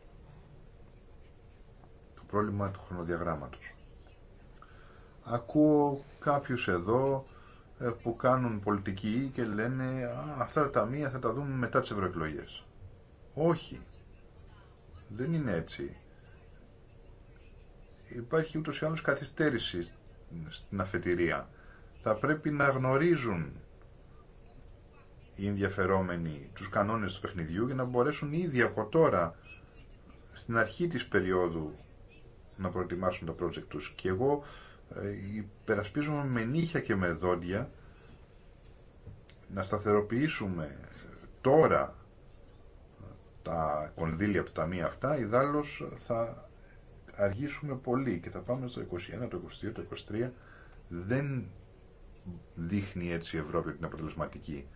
το πρόβλημα του χρονοδιαγράμματος. Ακούω κάποιους εδώ ε, που κάνουν πολιτική και λένε Α, αυτά τα ταμεία θα τα δούμε μετά τις ευρωεκλογέ. Όχι. Δεν είναι έτσι. Υπάρχει ούτως ή άλλως καθυστέρηση στην αφετηρία. Θα πρέπει να γνωρίζουν οι ενδιαφερόμενοι τους κανόνες του παιχνιδιού για να μπορέσουν ήδη από τώρα στην αρχή της περίοδου να προετοιμάσουν τα project τους. Και εγώ ε, περασπίζουμε με νύχια και με δόντια να σταθεροποιήσουμε τώρα τα κονδύλια από τα ταμεία αυτά, ιδάλλως θα αργήσουμε πολύ και θα πάμε στο 21, το 22, το 23. Δεν δείχνει έτσι η Ευρώπη την αποτελεσματική.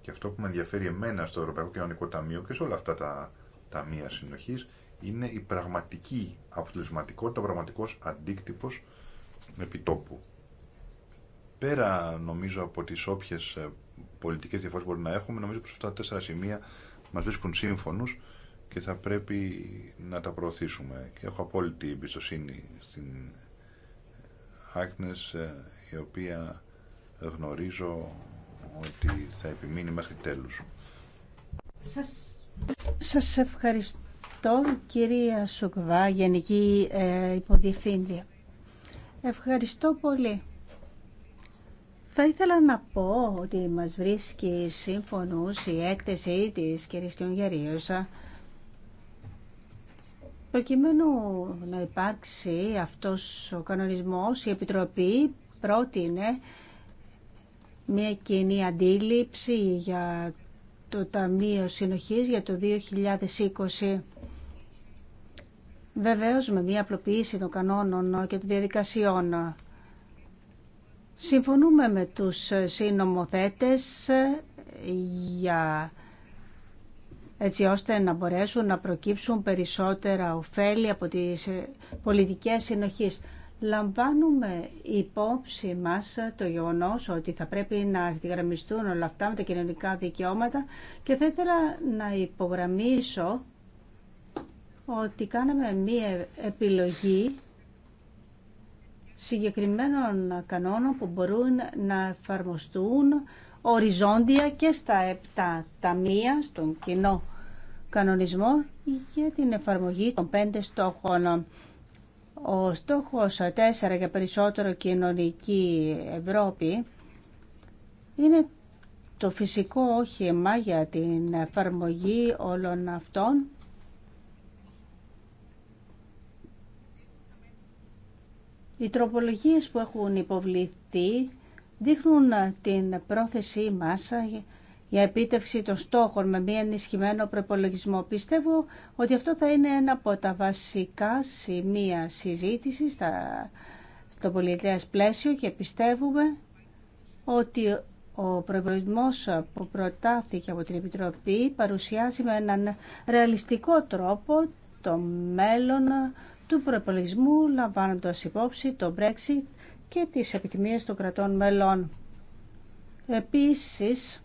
Και αυτό που με ενδιαφέρει εμένα στο Ευρωπαϊκό Κοινωνικό Ταμείο και σε όλα αυτά τα ταμεία συνοχής είναι η πραγματική αποτελεσματικότητα, ο πραγματικός αντίκτυπος επιτόπου. Πέρα νομίζω από τις όποιες ε, πολιτικές διαφορές μπορεί να έχουμε, νομίζω πως αυτά τα τέσσερα σημεία μας βρίσκουν σύμφωνους και θα πρέπει να τα προωθήσουμε. Και έχω απόλυτη εμπιστοσύνη στην ε, Άκνες, ε, η οποία γνωρίζω ότι θα επιμείνει μέχρι τέλους. Σας, σας ευχαριστώ κυρία Σουκβά, Γενική ε, Υποδιευθύντρια. Ευχαριστώ πολύ. Θα ήθελα να πω ότι μας βρίσκει σύμφωνος η έκθεση της κυρίας Κιονγερίωσα προκειμένου να υπάρξει αυτός ο κανονισμός η Επιτροπή πρότεινε μια κοινή αντίληψη για το Ταμείο Συνοχής για το 2020 Βεβαίως με μια απλοποίηση των κανόνων και των διαδικασιών. Συμφωνούμε με τους συνομοθέτες για έτσι ώστε να μπορέσουν να προκύψουν περισσότερα ωφέλη από τις πολιτικές συνοχής. Λαμβάνουμε υπόψη μας το γεγονός ότι θα πρέπει να ευθυγραμμιστούν όλα αυτά με τα κοινωνικά δικαιώματα και θα ήθελα να υπογραμμίσω ότι κάναμε μία επιλογή συγκεκριμένων κανόνων που μπορούν να εφαρμοστούν οριζόντια και στα επτά ταμεία, στον κοινό κανονισμό για την εφαρμογή των πέντε στόχων. Ο στόχος 4 για περισσότερο κοινωνική Ευρώπη είναι το φυσικό όχημα για την εφαρμογή όλων αυτών Οι τροπολογίες που έχουν υποβληθεί δείχνουν ε, την πρόθεσή μας για επίτευξη των στόχων με μία ενισχυμένο προπολογισμό. Πιστεύω ότι αυτό θα είναι ένα από τα βασικά σημεία συζήτησης στα, στο πολιτείας πλαίσιο και πιστεύουμε ότι ο προϋπολογισμός που προτάθηκε από την Επιτροπή παρουσιάζει με έναν ρεαλιστικό τρόπο το μέλλον του προπολογισμού λαμβάνοντας υπόψη το Brexit και τις επιθυμίες των κρατών μελών. Επίσης,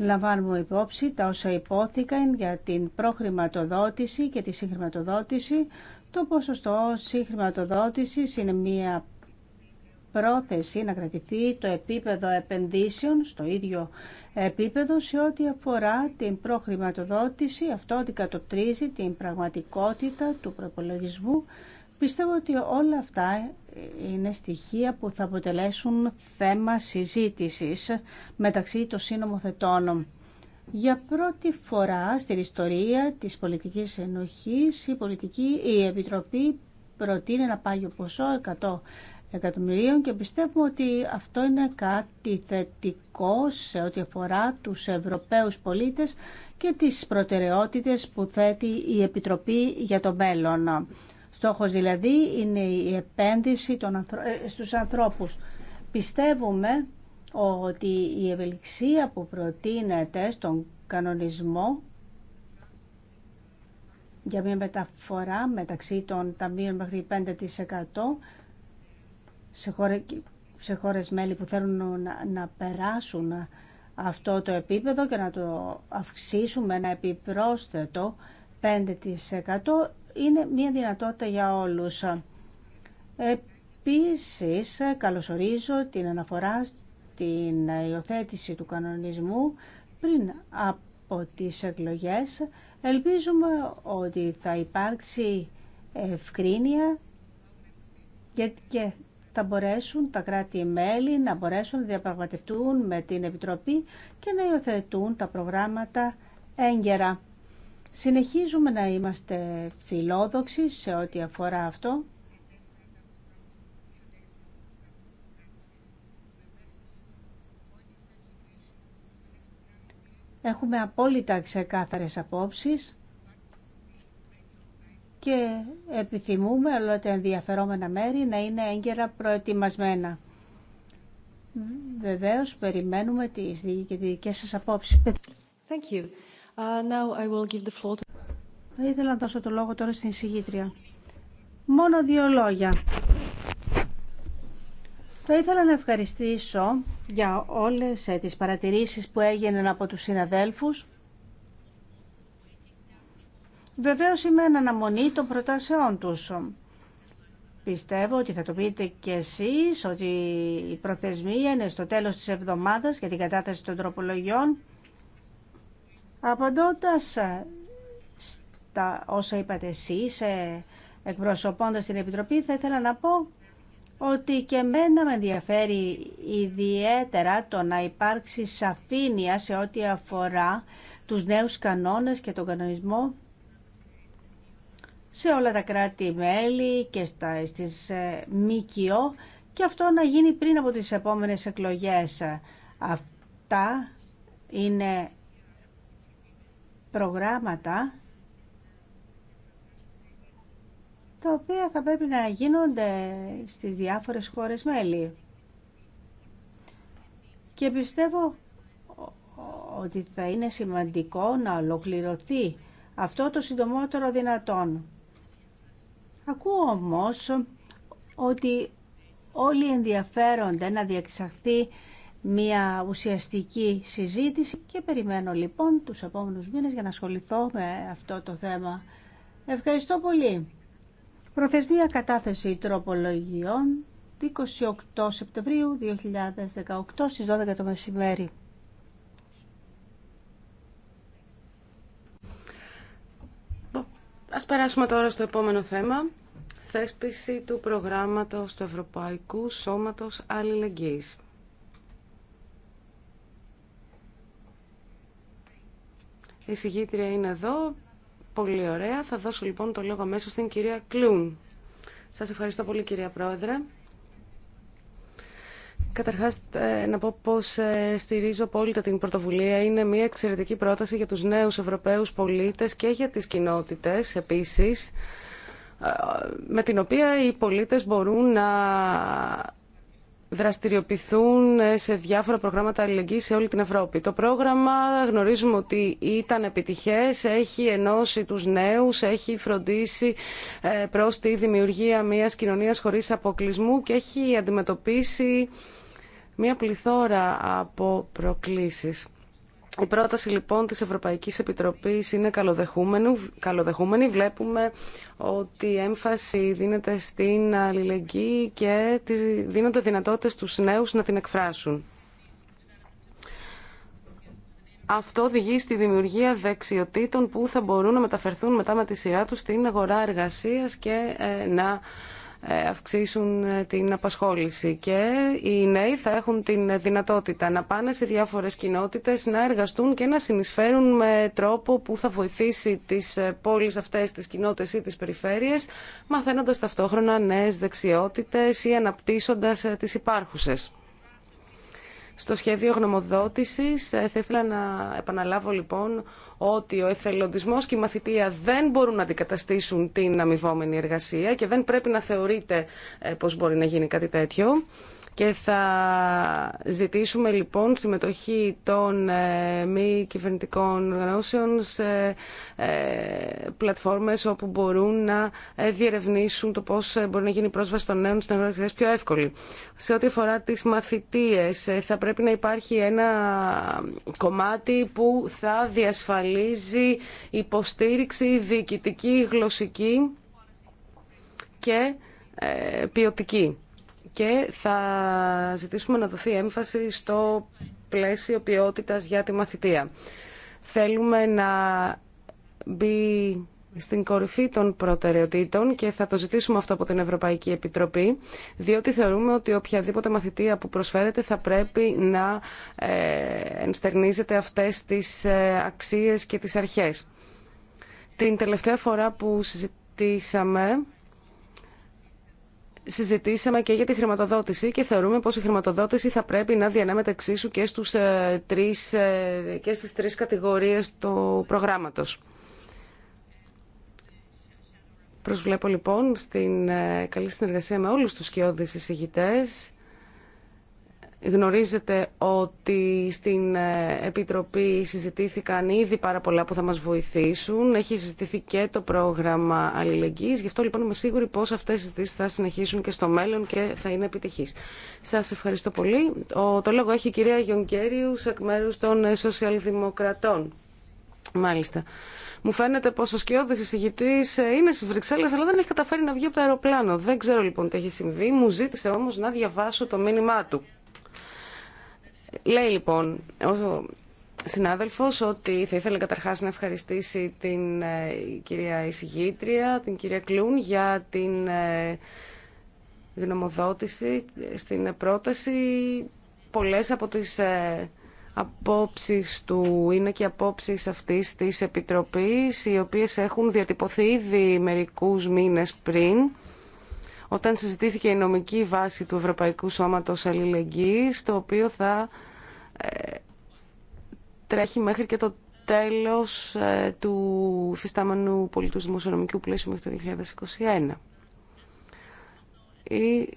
λαμβάνουμε υπόψη τα όσα υπόθηκαν για την προχρηματοδότηση και τη συγχρηματοδότηση. Το ποσοστό συγχρηματοδότησης είναι μία πρόθεση να κρατηθεί το επίπεδο επενδύσεων στο ίδιο επίπεδο σε ό,τι αφορά την προχρηματοδότηση. Αυτό αντικατοπτρίζει την πραγματικότητα του προπολογισμού. Πιστεύω ότι όλα αυτά είναι στοιχεία που θα αποτελέσουν θέμα συζήτησης μεταξύ των σύνομοθετών. Για πρώτη φορά στην ιστορία της πολιτικής ενοχής η, πολιτική, η Επιτροπή προτείνει ένα πάγιο ποσό 100 εκατομμυρίων και πιστεύουμε ότι αυτό είναι κάτι θετικό σε ό,τι αφορά τους Ευρωπαίους πολίτες και τις προτεραιότητες που θέτει η Επιτροπή για το μέλλον. Στόχος δηλαδή είναι η επένδυση των ε, στους ανθρώπους. Πιστεύουμε ότι η ευελιξία που προτείνεται στον κανονισμό για μια μεταφορά μεταξύ των ταμείων μέχρι 5% σε, χώρε, χώρες μέλη που θέλουν να, περάσουν αυτό το επίπεδο και να το αυξήσουμε ένα επιπρόσθετο 5% είναι μια δυνατότητα για όλους. Επίσης, καλωσορίζω την αναφορά στην υιοθέτηση του κανονισμού πριν από τις εκλογές. Ελπίζουμε ότι θα υπάρξει ευκρίνεια και θα μπορέσουν τα κράτη-μέλη να μπορέσουν να διαπραγματευτούν με την Επιτροπή και να υιοθετούν τα προγράμματα έγκαιρα. Συνεχίζουμε να είμαστε φιλόδοξοι σε ό,τι αφορά αυτό. Έχουμε απόλυτα ξεκάθαρες απόψεις και επιθυμούμε όλα τα ενδιαφερόμενα μέρη να είναι έγκαιρα προετοιμασμένα. Βεβαίως, περιμένουμε τις δικές σας απόψεις. Thank you. Uh, Θα ήθελα να δώσω το λόγο τώρα στην εισηγήτρια. Μόνο δύο λόγια. Θα ήθελα να ευχαριστήσω για όλες ε, τις παρατηρήσεις που έγιναν από τους συναδέλφους Βεβαίως είμαι αναμονή των προτάσεών τους. Πιστεύω ότι θα το πείτε κι εσείς ότι η προθεσμία είναι στο τέλος της εβδομάδας για την κατάθεση των τροπολογιών. Απαντώντας στα όσα είπατε εσείς, ε, εκπροσωπώντας την Επιτροπή, θα ήθελα να πω ότι και εμένα με ενδιαφέρει ιδιαίτερα το να υπάρξει σαφήνεια σε ό,τι αφορά τους νέους κανόνες και τον κανονισμό σε όλα τα κράτη-μέλη και στα, στις ε, ΜΚΟ και αυτό να γίνει πριν από τις επόμενες εκλογές. Αυτά είναι προγράμματα τα οποία θα πρέπει να γίνονται στις διάφορες χώρες μέλη. Και πιστεύω ότι θα είναι σημαντικό να ολοκληρωθεί αυτό το συντομότερο δυνατόν. Ακούω όμως ότι όλοι ενδιαφέρονται να διεξαχθεί μια ουσιαστική συζήτηση και περιμένω λοιπόν τους επόμενους μήνες για να ασχοληθώ με αυτό το θέμα. Ευχαριστώ πολύ. Προθεσμία κατάθεση τροπολογιών 28 Σεπτεμβρίου 2018 στις 12 το μεσημέρι. Ας περάσουμε τώρα στο επόμενο θέμα. Θέσπιση του προγράμματος του Ευρωπαϊκού Σώματος Αλληλεγγύης. Η συγγήτρια είναι εδώ. Πολύ ωραία. Θα δώσω λοιπόν το λόγο αμέσως στην κυρία Κλούν. Σας ευχαριστώ πολύ κυρία Πρόεδρε. Καταρχάς, ε, να πω πως ε, στηρίζω απόλυτα την πρωτοβουλία. Είναι μια εξαιρετική πρόταση για τους νέους Ευρωπαίους πολίτες και για τις κοινότητες επίσης, ε, με την οποία οι πολίτες μπορούν να δραστηριοποιηθούν σε διάφορα προγράμματα αλληλεγγύη σε όλη την Ευρώπη. Το πρόγραμμα γνωρίζουμε ότι ήταν επιτυχές, έχει ενώσει τους νέους, έχει φροντίσει προ τη δημιουργία μια κοινωνίας χωρίς αποκλεισμού και έχει αντιμετωπίσει μία πληθώρα από προκλήσεις. Η πρόταση λοιπόν της Ευρωπαϊκής Επιτροπής είναι καλοδεχούμενη. Βλέπουμε ότι η έμφαση δίνεται στην αλληλεγγύη και δίνονται δυνατότητες στους νέους να την εκφράσουν. Αυτό οδηγεί στη δημιουργία δεξιοτήτων που θα μπορούν να μεταφερθούν μετά με τη σειρά τους στην αγορά εργασίας και ε, να ε, αυξήσουν ε, την απασχόληση και οι νέοι θα έχουν την δυνατότητα να πάνε σε διάφορες κοινότητες, να εργαστούν και να συνεισφέρουν με τρόπο που θα βοηθήσει τις ε, πόλεις αυτές, τις κοινότητες ή τις περιφέρειες, μαθαίνοντας ταυτόχρονα νέες δεξιότητες ή αναπτύσσοντας τις υπάρχουσες. Στο σχέδιο γνωμοδότησης θα ήθελα να επαναλάβω λοιπόν ότι ο εθελοντισμός και η μαθητεία δεν μπορούν να αντικαταστήσουν την αμοιβόμενη εργασία και δεν πρέπει να θεωρείται ε, πως μπορεί να γίνει κάτι τέτοιο. Και θα ζητήσουμε λοιπόν συμμετοχή των ε, μη κυβερνητικών οργανώσεων σε ε, πλατφόρμες όπου μπορούν να ε, διερευνήσουν το πώς μπορεί να γίνει η πρόσβαση των νέων στην πιο εύκολη. Σε ό,τι αφορά τις μαθητείες, θα πρέπει να υπάρχει ένα κομμάτι που θα διασφαλίζει υποστήριξη διοικητική, γλωσσική και ποιοτική και θα ζητήσουμε να δοθεί έμφαση στο πλαίσιο ποιότητας για τη μαθητεία. Θέλουμε να μπει στην κορυφή των προτεραιοτήτων και θα το ζητήσουμε αυτό από την Ευρωπαϊκή Επιτροπή, διότι θεωρούμε ότι οποιαδήποτε μαθητεία που προσφέρεται θα πρέπει να ε, ενστερνίζεται αυτές τις ε, αξίες και τις αρχές. Την τελευταία φορά που συζητήσαμε συζητήσαμε και για τη χρηματοδότηση και θεωρούμε πως η χρηματοδότηση θα πρέπει να διανέμεται εξίσου και, στους, ε, τρεις, ε, και στις τρεις κατηγορίες του προγράμματος. Προσβλέπω λοιπόν στην ε, καλή συνεργασία με όλους τους σκιώδεις εισηγητές Γνωρίζετε ότι στην ε, Επιτροπή συζητήθηκαν ήδη πάρα πολλά που θα μας βοηθήσουν. Έχει συζητηθεί και το πρόγραμμα αλληλεγγύης. Γι' αυτό λοιπόν είμαι σίγουρη πως αυτές οι συζητήσεις θα συνεχίσουν και στο μέλλον και θα είναι επιτυχής. Σας ευχαριστώ πολύ. Το λόγο έχει η κυρία Γιονκέριου εκ μέρου των ε, Σοσιαλδημοκρατών. Μάλιστα. Μου φαίνεται πω ο σκιώδη εισηγητή ε, είναι στι Βρυξέλλε, αλλά δεν έχει καταφέρει να βγει από το αεροπλάνο. Δεν ξέρω λοιπόν τι έχει συμβεί. Μου ζήτησε όμω να διαβάσω το μήνυμά του. Λέει λοιπόν ο συνάδελφος ότι θα ήθελε καταρχάς να ευχαριστήσει την ε, κυρία εισηγήτρια, την κυρία Κλούν για την ε, γνωμοδότηση ε, στην πρόταση. Πολλές από τις απόψεις του είναι και απόψεις αυτής της Επιτροπής οι οποίες έχουν διατυπωθεί ήδη μερικούς μήνες πριν όταν συζητήθηκε η νομική βάση του Ευρωπαϊκού Σώματος Αλληλεγγύης, το οποίο θα ε, τρέχει μέχρι και το τέλος ε, του φυστάμενου πολιτού δημοσιονομικού πλαίσιου μέχρι το 2021. Ή,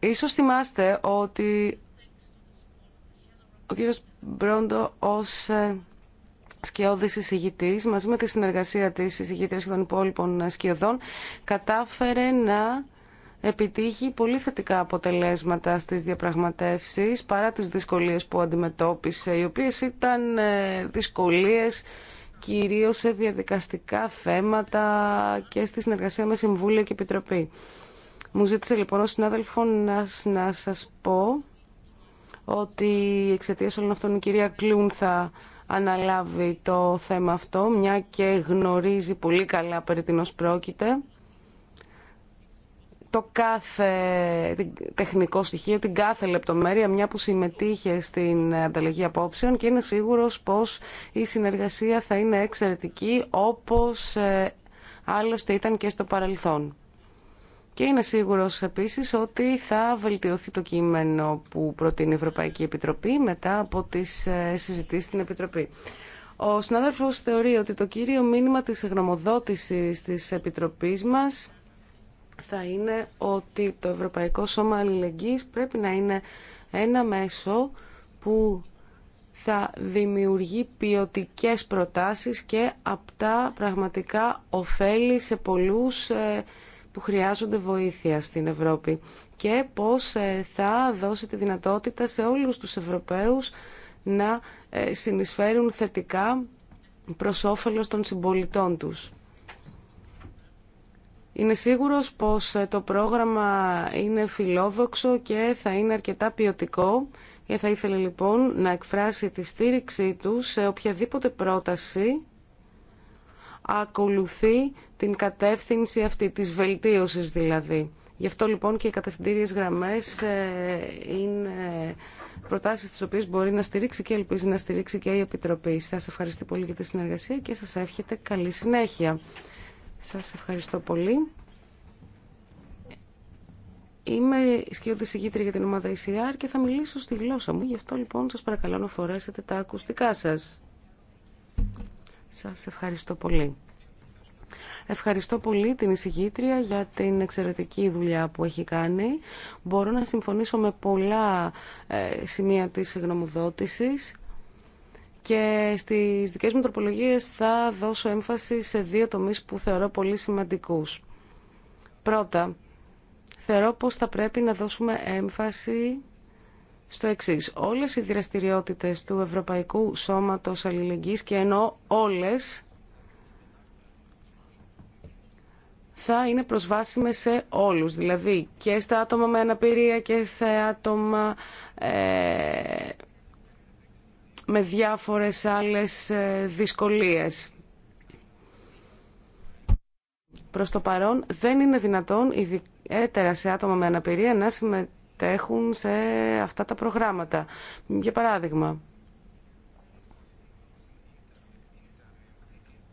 ίσως θυμάστε ότι ο κύριος Μπρόντο ως... Ε, σκιώδη εισηγητής, μαζί με τη συνεργασία τη, συζητήρια και των υπόλοιπων σκιωδών, κατάφερε να επιτύχει πολύ θετικά αποτελέσματα στις διαπραγματεύσεις, παρά τις δυσκολίες που αντιμετώπισε, οι οποίες ήταν ε, δυσκολίες κυρίως σε διαδικαστικά θέματα και στη συνεργασία με Συμβούλιο και Επιτροπή. Μου ζήτησε λοιπόν ο συνάδελφο να, να σας πω ότι εξαιτία όλων αυτών η κυρία Κλούνθα αναλάβει το θέμα αυτό, μια και γνωρίζει πολύ καλά περί τίνος πρόκειται. Το κάθε τεχνικό στοιχείο, την κάθε λεπτομέρεια, μια που συμμετείχε στην ανταλλαγή απόψεων και είναι σίγουρος πως η συνεργασία θα είναι εξαιρετική όπως ε, άλλωστε ήταν και στο παρελθόν. Και είναι σίγουρος επίσης ότι θα βελτιωθεί το κείμενο που προτείνει η Ευρωπαϊκή Επιτροπή μετά από τις ε, συζητήσεις στην Επιτροπή. Ο συνάδελφος θεωρεί ότι το κύριο μήνυμα της γνωμοδότησης της Επιτροπής μας θα είναι ότι το Ευρωπαϊκό Σώμα Αλληλεγγύης πρέπει να είναι ένα μέσο που θα δημιουργεί ποιοτικέ προτάσεις και απτά πραγματικά ωφέλη σε πολλούς ε, που χρειάζονται βοήθεια στην Ευρώπη και πώς ε, θα δώσει τη δυνατότητα σε όλους τους Ευρωπαίους να ε, συνεισφέρουν θετικά προς όφελος των συμπολιτών τους. Είναι σίγουρος πως ε, το πρόγραμμα είναι φιλόδοξο και θα είναι αρκετά ποιοτικό και θα ήθελε λοιπόν να εκφράσει τη στήριξή του σε οποιαδήποτε πρόταση ακολουθεί την κατεύθυνση αυτή, της βελτίωσης δηλαδή. Γι' αυτό λοιπόν και οι κατευθυντήριες γραμμές ε, είναι προτάσεις τις οποίες μπορεί να στηρίξει και ελπίζει να στηρίξει και η Επιτροπή. Σας ευχαριστώ πολύ για τη συνεργασία και σας εύχεται καλή συνέχεια. Σας ευχαριστώ πολύ. Είμαι σκιώδη συγκήτρια για την ομάδα ECR και θα μιλήσω στη γλώσσα μου. Γι' αυτό λοιπόν σας παρακαλώ να φορέσετε τα ακουστικά σας. Σας ευχαριστώ πολύ. Ευχαριστώ πολύ την εισηγήτρια για την εξαιρετική δουλειά που έχει κάνει. Μπορώ να συμφωνήσω με πολλά ε, σημεία της γνωμοδότησης και στις δικές μου τροπολογίες θα δώσω έμφαση σε δύο τομείς που θεωρώ πολύ σημαντικούς. Πρώτα, θεωρώ πως θα πρέπει να δώσουμε έμφαση στο εξή. Όλες οι δραστηριότητε του Ευρωπαϊκού Σώματος Αλληλεγγύης και ενώ όλες θα είναι προσβάσιμες σε όλους, δηλαδή και στα άτομα με αναπηρία και σε άτομα ε, με διάφορες άλλες ε, δυσκολίες. Προς το παρόν δεν είναι δυνατόν, ιδιαίτερα σε άτομα με αναπηρία, να συμμετέχουν συμμετέχουν σε αυτά τα προγράμματα. Για παράδειγμα,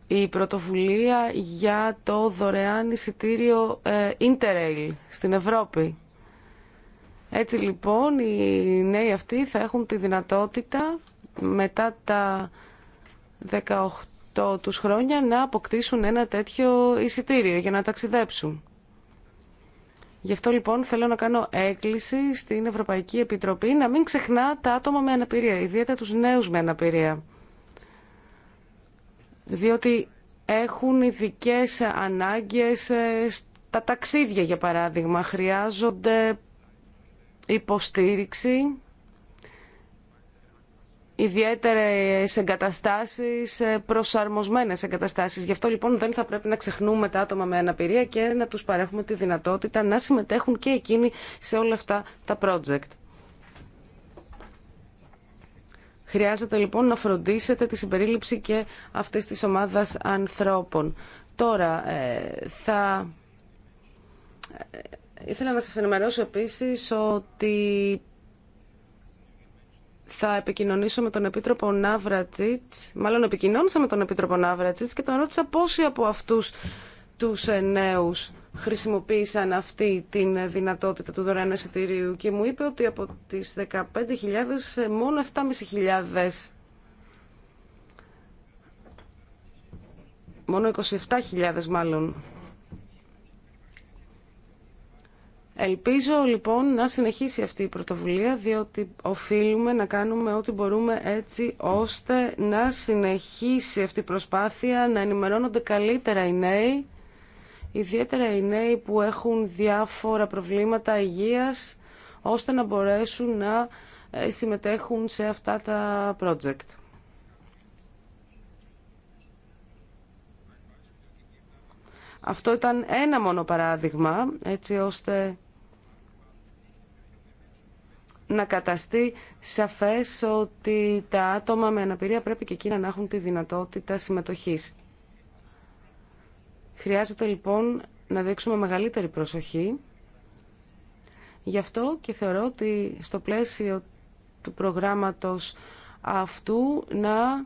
η πρωτοβουλία για το δωρεάν εισιτήριο ε, Interrail στην Ευρώπη. Έτσι λοιπόν οι νέοι αυτοί θα έχουν τη δυνατότητα μετά τα 18 τους χρόνια να αποκτήσουν ένα τέτοιο εισιτήριο για να ταξιδέψουν. Γι' αυτό λοιπόν θέλω να κάνω έκκληση στην Ευρωπαϊκή Επιτροπή να μην ξεχνά τα άτομα με αναπηρία, ιδιαίτερα τους νέους με αναπηρία. Διότι έχουν ειδικέ ανάγκες ε, στα ταξίδια για παράδειγμα. Χρειάζονται υποστήριξη ιδιαίτερε εγκαταστάσει, ε, προσαρμοσμένες εγκαταστάσει. Γι' αυτό λοιπόν δεν θα πρέπει να ξεχνούμε τα άτομα με αναπηρία και να τους παρέχουμε τη δυνατότητα να συμμετέχουν και εκείνοι σε όλα αυτά τα project. Χρειάζεται λοιπόν να φροντίσετε τη συμπερίληψη και αυτής της ομάδας ανθρώπων. Τώρα ε, θα... Ε, ήθελα να σας ενημερώσω επίσης ότι θα επικοινωνήσω με τον Επίτροπο Ναύρατζιτς μάλλον επικοινώνησα με τον Επίτροπο και τον ρώτησα πόσοι από αυτούς τους ε, νέους χρησιμοποίησαν αυτή τη δυνατότητα του δωρεάν εισιτηρίου και μου είπε ότι από τις 15.000 ε, μόνο 7.500 μόνο 27.000 μάλλον Ελπίζω λοιπόν να συνεχίσει αυτή η πρωτοβουλία διότι οφείλουμε να κάνουμε ό,τι μπορούμε έτσι ώστε να συνεχίσει αυτή η προσπάθεια να ενημερώνονται καλύτερα οι νέοι ιδιαίτερα οι νέοι που έχουν διάφορα προβλήματα υγείας ώστε να μπορέσουν να ε, συμμετέχουν σε αυτά τα project. Αυτό ήταν ένα μόνο παράδειγμα έτσι ώστε να καταστεί σαφές ότι τα άτομα με αναπηρία πρέπει και εκείνα να έχουν τη δυνατότητα συμμετοχής. Χρειάζεται λοιπόν να δείξουμε μεγαλύτερη προσοχή. Γι' αυτό και θεωρώ ότι στο πλαίσιο του προγράμματος αυτού να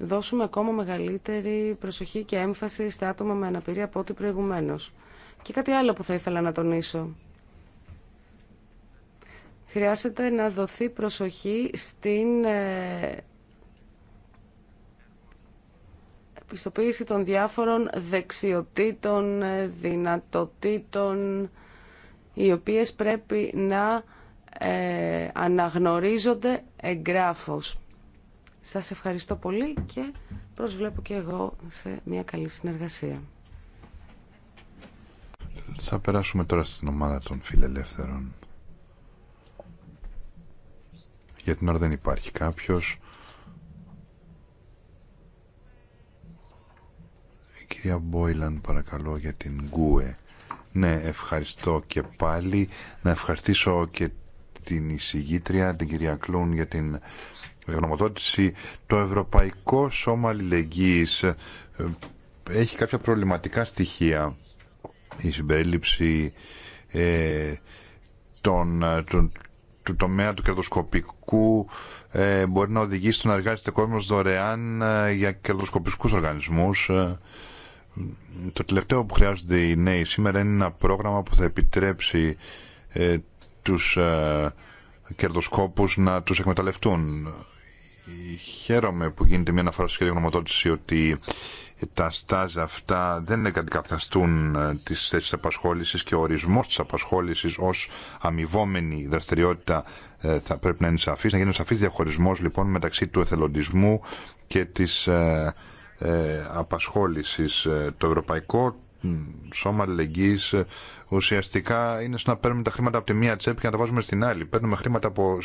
δώσουμε ακόμα μεγαλύτερη προσοχή και έμφαση στα άτομα με αναπηρία από ό,τι προηγουμένως. Και κάτι άλλο που θα ήθελα να τονίσω χρειάζεται να δοθεί προσοχή στην ε, επιστοποίηση των διάφορων δεξιοτήτων, ε, δυνατοτήτων, οι οποίες πρέπει να ε, αναγνωρίζονται εγγράφως. Σας ευχαριστώ πολύ και προσβλέπω και εγώ σε μια καλή συνεργασία. Θα περάσουμε τώρα στην ομάδα των φιλελεύθερων. Για την ώρα δεν υπάρχει κάποιος. Η κυρία Μπόιλαν παρακαλώ για την Γκούε. Ναι, ευχαριστώ και πάλι. Να ευχαριστήσω και την εισηγήτρια, την κυρία Κλούν, για την γνωμοδότηση. Το Ευρωπαϊκό Σώμα Αλληλεγγύης ε, έχει κάποια προβληματικά στοιχεία. Η συμπερίληψη ε, των, ε, των, του τομέα του κερδοσκοπικού ε, μπορεί να οδηγήσει στο να εργάζεται κόσμος δωρεάν ε, για κερδοσκοπικούς οργανισμούς. Ε, το τελευταίο που χρειάζονται οι νέοι σήμερα είναι ένα πρόγραμμα που θα επιτρέψει ε, τους ε, κερδοσκόπους να τους εκμεταλλευτούν. Χαίρομαι που γίνεται μια αναφορά στο σχέδιο γνωματότηση ότι τα στάζ αυτά δεν εγκαταστούν ε, τις θέσεις απασχόλησης και ο ορισμός της απασχόλησης ως αμοιβόμενη δραστηριότητα ε, θα πρέπει να είναι σαφής. Να γίνει σαφής διαχωρισμός λοιπόν μεταξύ του εθελοντισμού και της ε, ε απασχόλησης. Το Ευρωπαϊκό Σώμα Αλληλεγγύης ουσιαστικά είναι σαν να παίρνουμε τα χρήματα από τη μία τσέπη και να τα βάζουμε στην άλλη. Παίρνουμε χρήματα από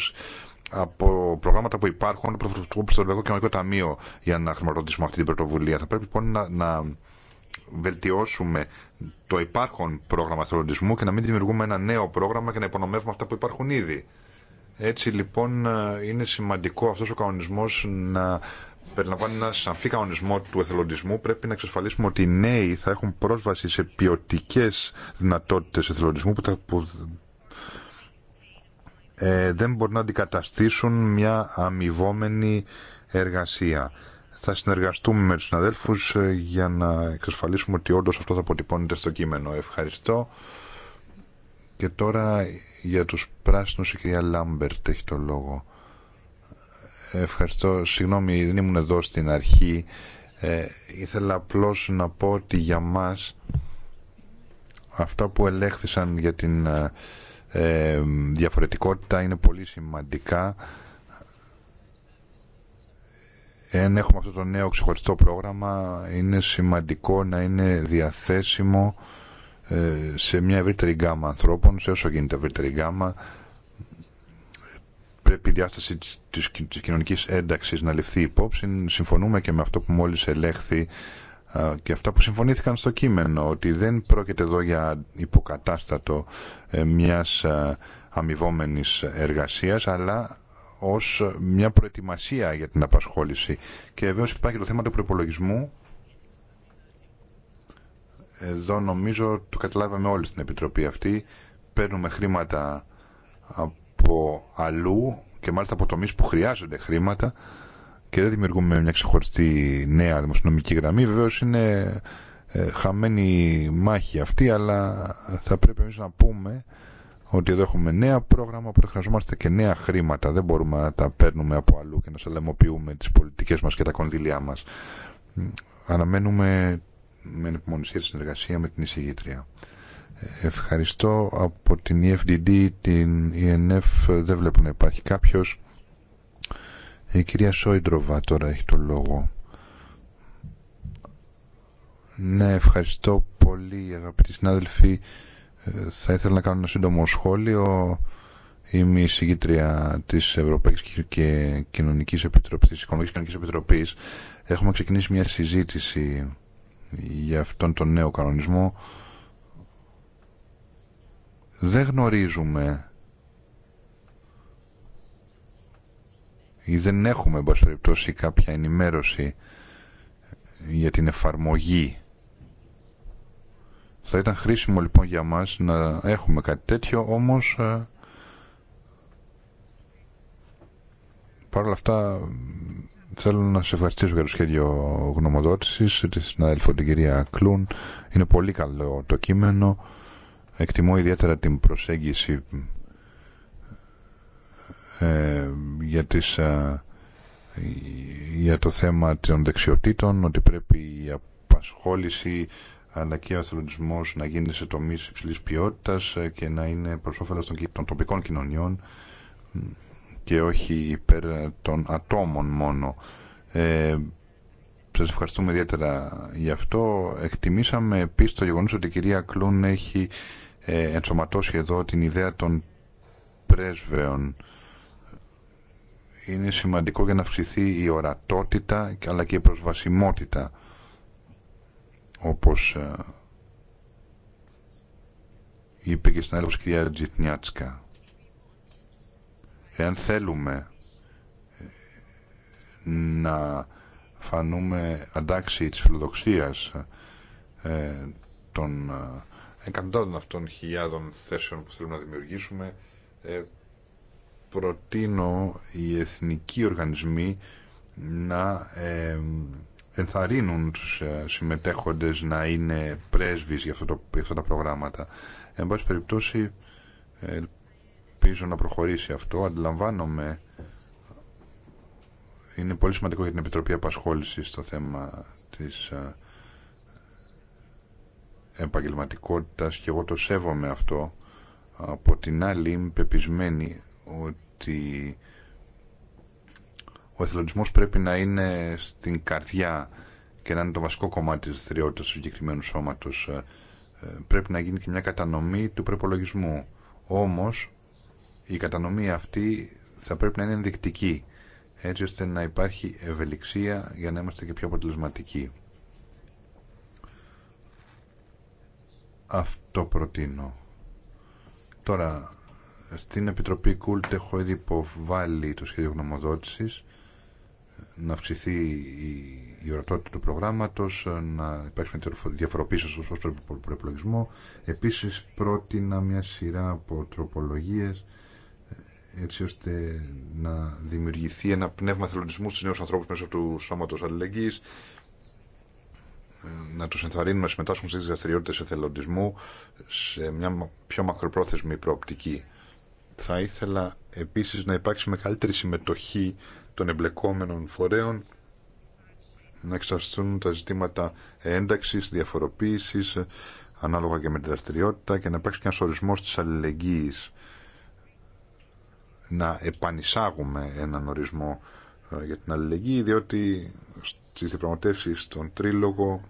από προγράμματα που υπάρχουν από το Ευρωπαϊκό Κοινωνικό Ταμείο για να χρηματοδοτήσουμε αυτή την πρωτοβουλία. Θα πρέπει λοιπόν να, να βελτιώσουμε το υπάρχον πρόγραμμα εθελοντισμού και να μην δημιουργούμε ένα νέο πρόγραμμα και να υπονομεύουμε αυτά που υπάρχουν ήδη. Έτσι λοιπόν ε, είναι σημαντικό αυτός ο κανονισμός να περιλαμβάνει ένα σαφή κανονισμό του εθελοντισμού. Πρέπει να εξασφαλίσουμε ότι οι νέοι θα έχουν πρόσβαση σε ποιοτικέ δυνατότητε εθελοντισμού που θα, που ε, δεν μπορούν να αντικαταστήσουν μια αμοιβόμενη εργασία. Θα συνεργαστούμε με τους συναδέλφους ε, για να εξασφαλίσουμε ότι όντως αυτό θα αποτυπώνεται στο κείμενο. Ευχαριστώ. Και τώρα για τους πράσινους η κυρία Λάμπερτ έχει το λόγο. Ευχαριστώ. Συγγνώμη, δεν ήμουν εδώ στην αρχή. Ε, ήθελα απλώς να πω ότι για μας αυτά που ελέγχθησαν για την ε, ε, διαφορετικότητα είναι πολύ σημαντικά. Εάν έχουμε αυτό το νέο ξεχωριστό πρόγραμμα, είναι σημαντικό να είναι διαθέσιμο ε, σε μια ευρύτερη γκάμα ανθρώπων, σε όσο γίνεται ευρύτερη γκάμα. Πρέπει η διάσταση της κοινωνικής ένταξης να ληφθεί υπόψη. Συμφωνούμε και με αυτό που μόλις ελέγχθη και αυτά που συμφωνήθηκαν στο κείμενο, ότι δεν πρόκειται εδώ για υποκατάστατο ε, μιας ε, αμοιβόμενης εργασίας, αλλά ως μια προετοιμασία για την απασχόληση. Και βέβαια υπάρχει το θέμα του προπολογισμού. Εδώ νομίζω το καταλάβαμε όλοι στην Επιτροπή αυτή. Παίρνουμε χρήματα από αλλού και μάλιστα από τομείς που χρειάζονται χρήματα και δεν δημιουργούμε μια ξεχωριστή νέα δημοσιονομική γραμμή. Βεβαίω είναι ε, χαμένη μάχη αυτή, αλλά θα πρέπει εμεί να πούμε ότι εδώ έχουμε νέα πρόγραμμα που χρειαζόμαστε και νέα χρήματα. Δεν μπορούμε να τα παίρνουμε από αλλού και να σαλαιμοποιούμε τι πολιτικέ μα και τα κονδύλια μα. Αναμένουμε με ανεπιμονησία τη συνεργασία με την εισηγήτρια. Ευχαριστώ από την EFDD, την ENF δεν βλέπω να υπάρχει κάποιος η κυρία Σόιντροβα τώρα έχει το λόγο. Ναι, ευχαριστώ πολύ αγαπητοί συνάδελφοι. Ε, θα ήθελα να κάνω ένα σύντομο σχόλιο. Είμαι η συγκήτρια της Ευρωπαϊκής και Κοινωνική Επιτροπή, τη Κοινωνική Έχουμε ξεκινήσει μια συζήτηση για αυτόν τον νέο κανονισμό. Δεν γνωρίζουμε ή δεν έχουμε εν περιπτώσει κάποια ενημέρωση για την εφαρμογή. Θα ήταν χρήσιμο λοιπόν για μας να έχουμε κάτι τέτοιο, όμως ε, όλα αυτά θέλω να σε ευχαριστήσω για το σχέδιο γνωμοδότησης της συναδέλφου την κυρία Κλούν. Είναι πολύ καλό το κείμενο. Εκτιμώ ιδιαίτερα την προσέγγιση ε, για, τις, ε, το θέμα των δεξιοτήτων, ότι πρέπει η απασχόληση αλλά και ο να γίνει σε τομείς υψηλής ποιότητας ε, και να είναι προς όφελος των, τοπικών κοινωνιών και όχι υπέρ των ατόμων μόνο. Ε, σας ευχαριστούμε ιδιαίτερα γι' αυτό. Εκτιμήσαμε επίσης το γεγονός ότι η κυρία Κλούν έχει ε, ενσωματώσει εδώ την ιδέα των πρέσβεων είναι σημαντικό για να αυξηθεί η ορατότητα αλλά και η προσβασιμότητα όπως ε, είπε και στην άλλη κυρία Τζιτνιάτσκα. Εάν θέλουμε ε, να φανούμε αντάξει της φιλοδοξίας ε, των ε, εκατοντάδων αυτών χιλιάδων θέσεων που θέλουμε να δημιουργήσουμε ε, προτείνω οι εθνικοί οργανισμοί να ε, ενθαρρύνουν τους ε, συμμετέχοντες να είναι πρέσβεις για, αυτά τα προγράμματα. Εν πάση περιπτώσει, ελπίζω να προχωρήσει αυτό. Αντιλαμβάνομαι, είναι πολύ σημαντικό για την Επιτροπή απασχόληση το θέμα της ε, επαγγελματικότητας και εγώ το σέβομαι αυτό. Από την άλλη είμαι πεπισμένη ότι ο εθελοντισμός πρέπει να είναι στην καρδιά και να είναι το βασικό κομμάτι της δραστηριότητας του συγκεκριμένου σώματος. Ε, ε, πρέπει να γίνει και μια κατανομή του προπολογισμού. Όμως, η κατανομή αυτή θα πρέπει να είναι ενδεικτική, έτσι ώστε να υπάρχει ευελιξία για να είμαστε και πιο αποτελεσματικοί. Αυτό προτείνω. Τώρα, στην Επιτροπή Κούλτ έχω ήδη υποβάλει το σχέδιο γνωμοδότησης να αυξηθεί η, η ορατότητα του προγράμματος, να υπάρξει μια διαφοροποίηση στο σώστο προπολογισμό. Επίσης πρότεινα μια σειρά από τροπολογίες έτσι ώστε να δημιουργηθεί ένα πνεύμα θελοντισμού στους νέους ανθρώπους μέσω του σώματος αλληλεγγύης, ε, να τους ενθαρρύνουμε να συμμετάσχουν στις δραστηριότητες εθελοντισμού σε μια πιο μακροπρόθεσμη προοπτική. Θα ήθελα επίσης να υπάρξει μεγαλύτερη συμμετοχή των εμπλεκόμενων φορέων να εξαστούν τα ζητήματα ένταξης, διαφοροποίησης ανάλογα και με τη δραστηριότητα και να υπάρξει και ένας ορισμός της αλληλεγγύης να επανισάγουμε έναν ορισμό ε, για την αλληλεγγύη διότι στις διαπραγματεύσεις στον Τρίλογο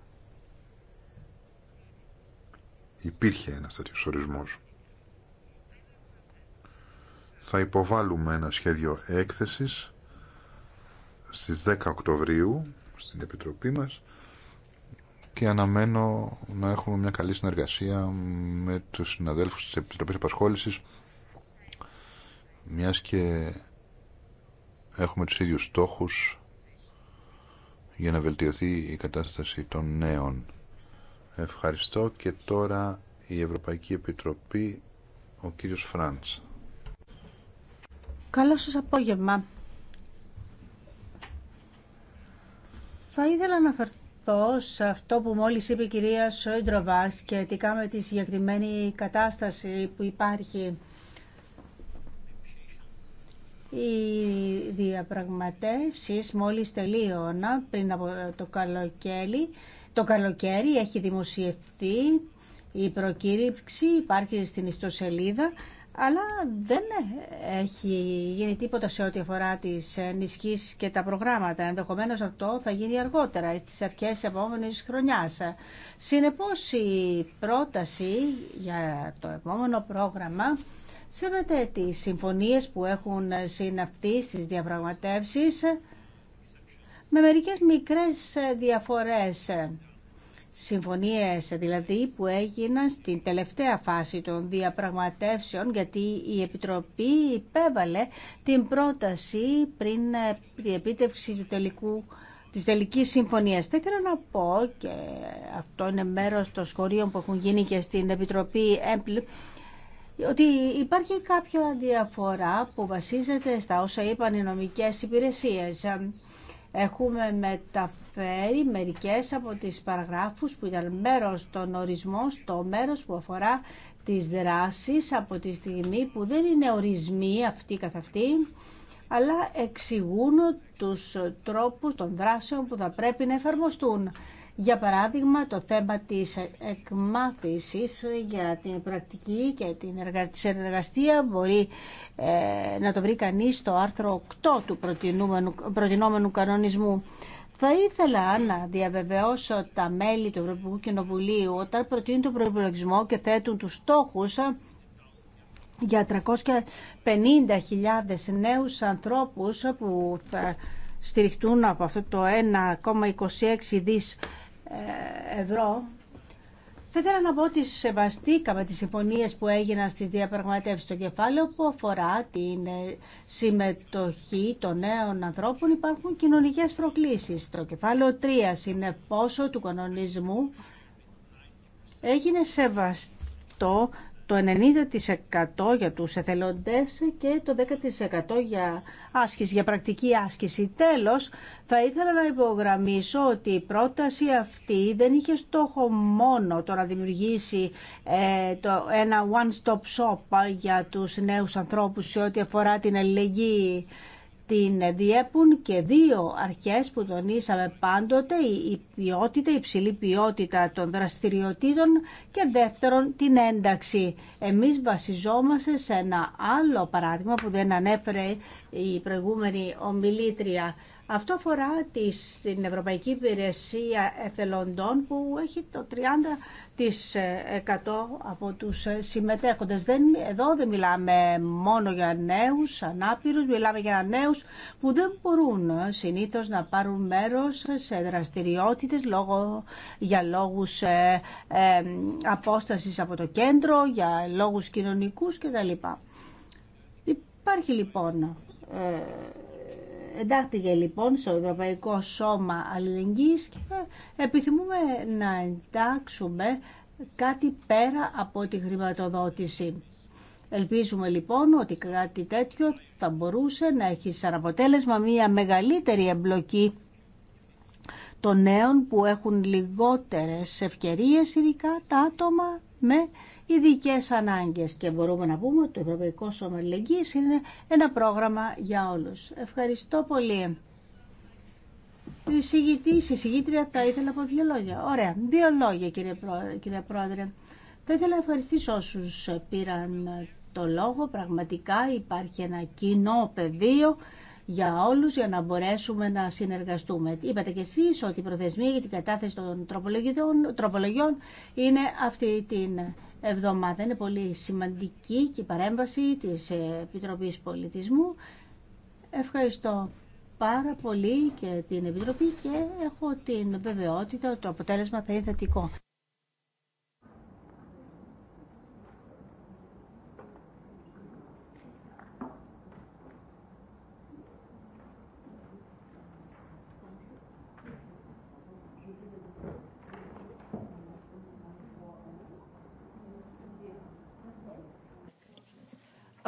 υπήρχε ένας τέτοιος ορισμός θα υποβάλουμε ένα σχέδιο έκθεσης στις 10 Οκτωβρίου στην Επιτροπή μας και αναμένω να έχουμε μια καλή συνεργασία με τους συναδέλφους της Επιτροπής Απασχόλησης μιας και έχουμε τους ίδιους στόχους για να βελτιωθεί η κατάσταση των νέων. Ευχαριστώ και τώρα η Ευρωπαϊκή Επιτροπή, ο κύριος Φραντς. Καλό σας απόγευμα. Θα ήθελα να αναφερθώ σε αυτό που μόλις είπε η κυρία Σόιντροβα σχετικά με τη συγκεκριμένη κατάσταση που υπάρχει. Οι διαπραγματεύσεις μόλις τελείωνα πριν από το καλοκαίρι. Το καλοκαίρι έχει δημοσιευθεί η προκήρυξη, υπάρχει στην ιστοσελίδα αλλά δεν έχει γίνει τίποτα σε ό,τι αφορά τις ενισχύσεις και τα προγράμματα. Ενδεχομένως αυτό θα γίνει αργότερα, στις αρχές της επόμενης χρονιάς. Συνεπώς η πρόταση για το επόμενο πρόγραμμα σέβεται τις συμφωνίες που έχουν συναυτεί στις διαπραγματεύσεις με μερικές μικρές διαφορές συμφωνίες δηλαδή που έγιναν στην τελευταία φάση των διαπραγματεύσεων γιατί η Επιτροπή υπέβαλε την πρόταση πριν την επίτευξη του τελικού της τελικής συμφωνίας. Θα ήθελα να πω και αυτό είναι μέρος των σχολείων που έχουν γίνει και στην Επιτροπή ΕΜΠΛ ότι υπάρχει κάποια διαφορά που βασίζεται στα όσα είπαν οι νομικέ υπηρεσίε. Έχουμε τα αναφέρει μερικές από τις παραγράφους που ήταν μέρος των ορισμών στο μέρος που αφορά τις δράσεις από τη στιγμή που δεν είναι ορισμοί αυτοί καθ' αυτοί, αλλά εξηγούν τους τρόπους των δράσεων που θα πρέπει να εφαρμοστούν. Για παράδειγμα, το θέμα της εκμάθησης για την πρακτική και την εργαστία μπορεί ε, να το βρει κανείς στο άρθρο 8 του προτινόμενου κανονισμού. Θα ήθελα να διαβεβαιώσω τα μέλη του Ευρωπαϊκού Κοινοβουλίου όταν προτείνουν τον προϋπολογισμό και θέτουν τους στόχους για 350.000 νέους ανθρώπους που θα στηριχτούν από αυτό το 1,26 δις ε, ευρώ θα ήθελα να πω ότι σεβαστήκαμε τις συμφωνίες που έγιναν στις διαπραγματεύσεις στο κεφάλαιο που αφορά την ε, συμμετοχή των νέων ανθρώπων. Υπάρχουν κοινωνικές προκλήσεις. Στο κεφάλαιο 3, πόσο του κανονισμού, έγινε σεβαστό το 90% για τους εθελοντές και το 10% για άσκηση, για πρακτική άσκηση. Τέλος, θα ήθελα να υπογραμμίσω ότι η πρόταση αυτή δεν είχε στόχο μόνο το να δημιουργήσει ε, το, ένα one-stop shop για τους νέους ανθρώπους σε ό,τι αφορά την αλληλεγγύη την διέπουν και δύο αρχές που τονίσαμε πάντοτε, η ποιότητα, η υψηλή ποιότητα των δραστηριοτήτων και δεύτερον την ένταξη. Εμείς βασιζόμαστε σε ένα άλλο παράδειγμα που δεν ανέφερε η προηγούμενη ομιλήτρια αυτό αφορά την Ευρωπαϊκή Υπηρεσία Εθελοντών που έχει το 30% από τους ε, συμμετέχοντες. Δεν, εδώ δεν μιλάμε μόνο για νέους ανάπηρους, μιλάμε για νέους που δεν μπορούν ε, συνήθως να πάρουν μέρος σε δραστηριότητες λόγω, για λόγους ε, ε, απόστασης από το κέντρο, για λόγους κοινωνικούς κτλ. Υπάρχει λοιπόν εντάχθηκε λοιπόν στο Ευρωπαϊκό Σώμα Αλληλεγγύης και επιθυμούμε να εντάξουμε κάτι πέρα από τη χρηματοδότηση. Ελπίζουμε λοιπόν ότι κάτι τέτοιο θα μπορούσε να έχει σαν αποτέλεσμα μια μεγαλύτερη εμπλοκή των νέων που έχουν λιγότερες ευκαιρίες, ειδικά τα άτομα με ειδικέ ανάγκε και μπορούμε να πούμε ότι το Ευρωπαϊκό Σώμα Αλληλεγγύη είναι ένα πρόγραμμα για όλου. Ευχαριστώ πολύ. Η συγητή, η συγγήτρια τα ήθελα από δύο λόγια. Ωραία, δύο λόγια κύριε, κύριε Πρόεδρε. Θα ήθελα να ευχαριστήσω όσου πήραν το λόγο. Πραγματικά υπάρχει ένα κοινό πεδίο για όλου για να μπορέσουμε να συνεργαστούμε. Είπατε κι εσεί ότι η προθεσμία για την κατάθεση των τροπολογιών είναι αυτή την εβδομάδα. Είναι πολύ σημαντική και η παρέμβαση της ε, Επιτροπής Πολιτισμού. Ευχαριστώ πάρα πολύ και την Επιτροπή και έχω την βεβαιότητα ότι το αποτέλεσμα θα είναι θετικό.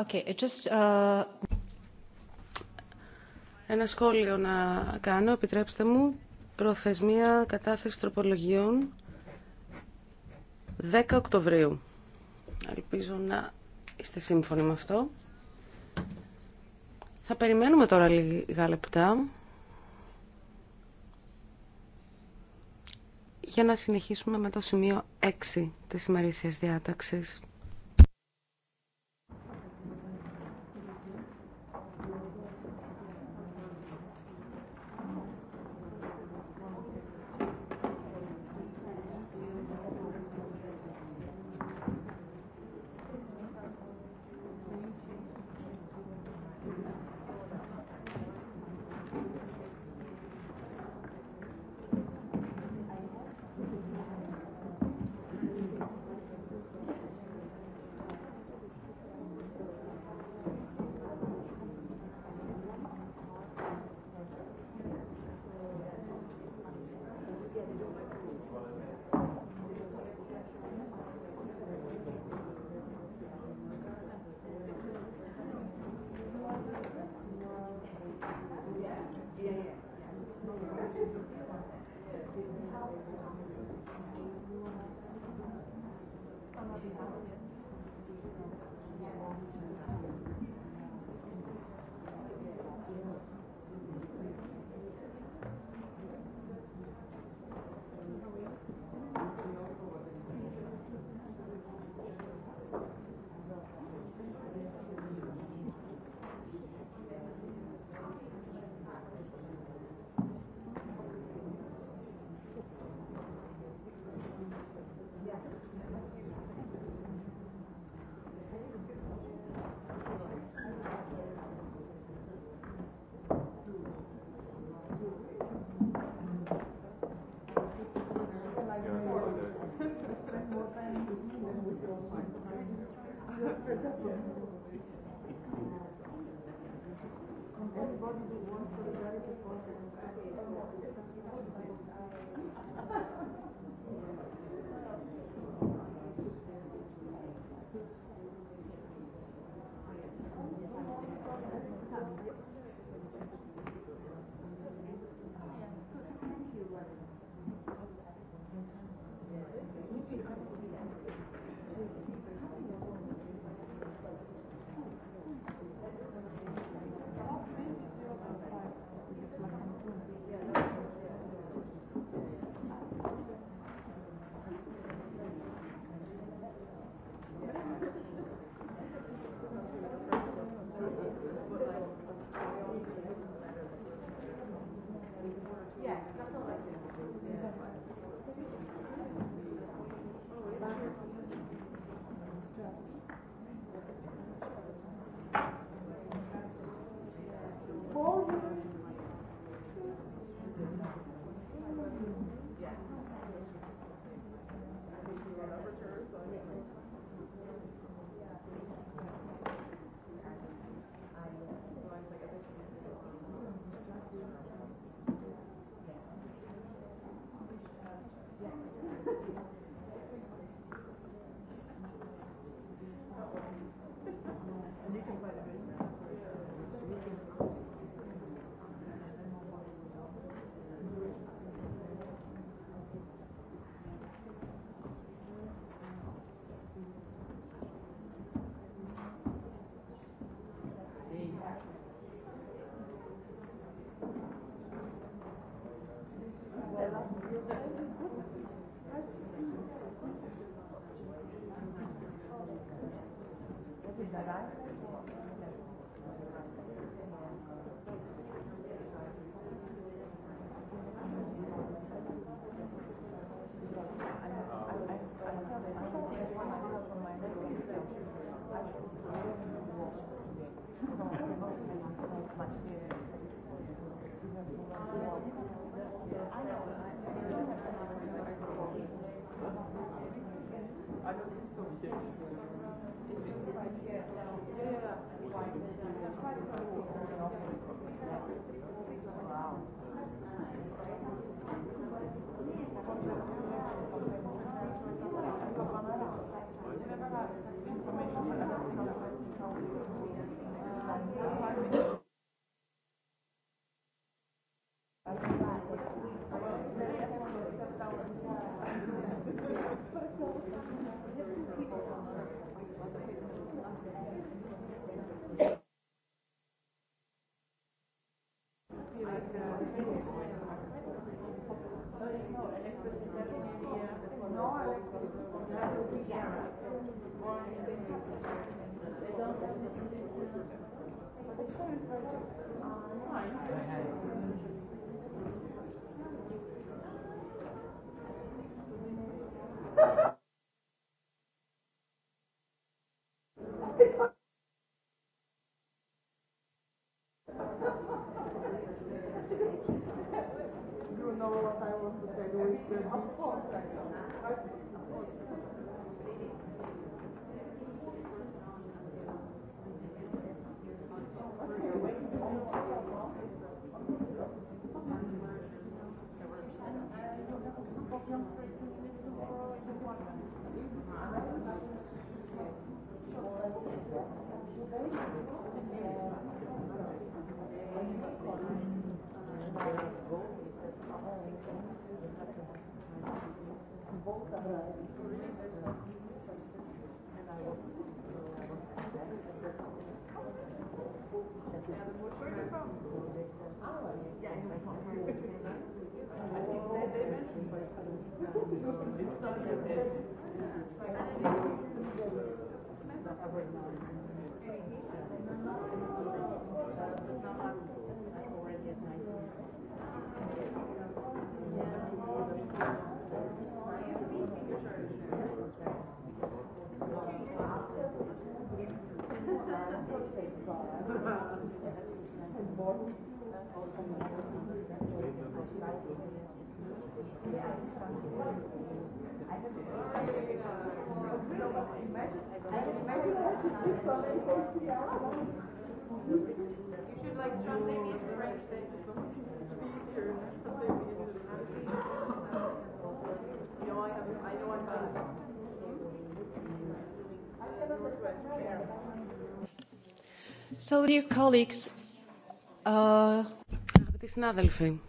Okay, uh, Ένα σχόλιο να κάνω, επιτρέψτε μου. Προθεσμία κατάθεση τροπολογιών 10 Οκτωβρίου. Ελπίζω να είστε σύμφωνοι με αυτό. Θα περιμένουμε τώρα λίγα λεπτά για να συνεχίσουμε με το σημείο 6 της ημερήσιας διάταξης. Ευχαριστώ. Δεν So, dear colleagues, uh, Αγαπητοί συνάδελφοι,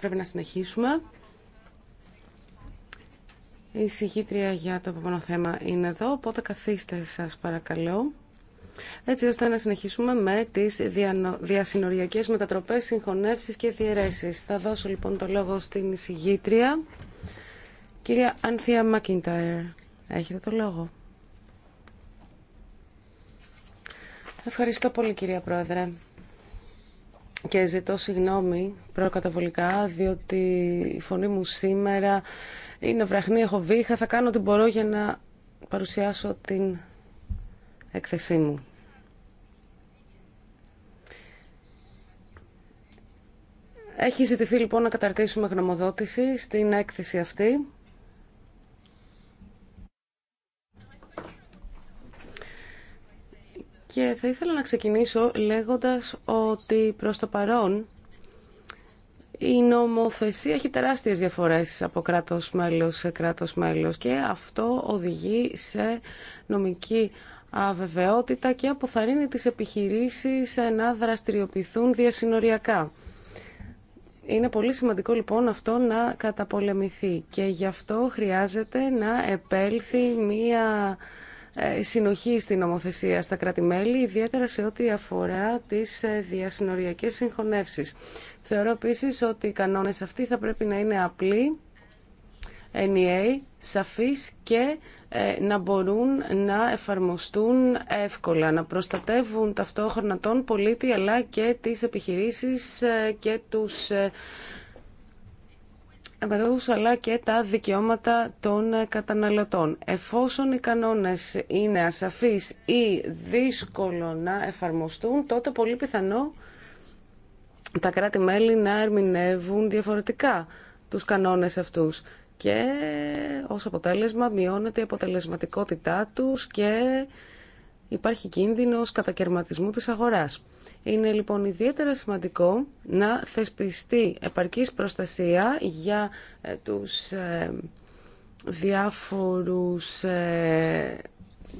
πρέπει να συνεχίσουμε. Η συγχύτρια για το επόμενο θέμα είναι εδώ, οπότε καθίστε σας παρακαλώ. Έτσι ώστε να συνεχίσουμε με τις διασυνοριακές μετατροπές, συγχωνεύσεις και διαιρέσεις. Θα δώσω λοιπόν το λόγο στην συγχύτρια. Κυρία Ανθία Μακιντάιρ, έχετε το λόγο. Ευχαριστώ πολύ κυρία Πρόεδρε και ζητώ συγγνώμη προκαταβολικά διότι η φωνή μου σήμερα είναι βραχνή, έχω βήχα, θα κάνω ό,τι μπορώ για να παρουσιάσω την έκθεσή μου. Έχει ζητηθεί λοιπόν να καταρτήσουμε γνωμοδότηση στην έκθεση αυτή Και θα ήθελα να ξεκινήσω λέγοντας ότι προς το παρόν η νομοθεσία έχει τεράστιες διαφορές από κράτος μέλος σε κράτος μέλος και αυτό οδηγεί σε νομική αβεβαιότητα και αποθαρρύνει τις επιχειρήσεις να δραστηριοποιηθούν διασυνοριακά. Είναι πολύ σημαντικό λοιπόν αυτό να καταπολεμηθεί και γι' αυτό χρειάζεται να επέλθει μία ε, συνοχή στην νομοθεσία στα κράτη-μέλη, ιδιαίτερα σε ό,τι αφορά τις ε, διασυνοριακές συγχωνεύσεις. Θεωρώ επίση ότι οι κανόνες αυτοί θα πρέπει να είναι απλοί, ενιαίοι, σαφείς και ε, να μπορούν να εφαρμοστούν εύκολα, να προστατεύουν ταυτόχρονα τον πολίτη αλλά και τις επιχειρήσεις και τους αλλά και τα δικαιώματα των ε, καταναλωτών. Εφόσον οι κανόνες είναι ασαφείς ή δύσκολο να εφαρμοστούν, τότε πολύ πιθανό τα κράτη-μέλη να ερμηνεύουν διαφορετικά τους κανόνες αυτούς και ε, ως αποτέλεσμα μειώνεται η αποτελεσματικότητά τους και υπάρχει κίνδυνος κατακαιρματισμού της αγοράς. Είναι λοιπόν ιδιαίτερα σημαντικό να θεσπιστεί επαρκής προστασία για ε, τους ε, διάφορους ε,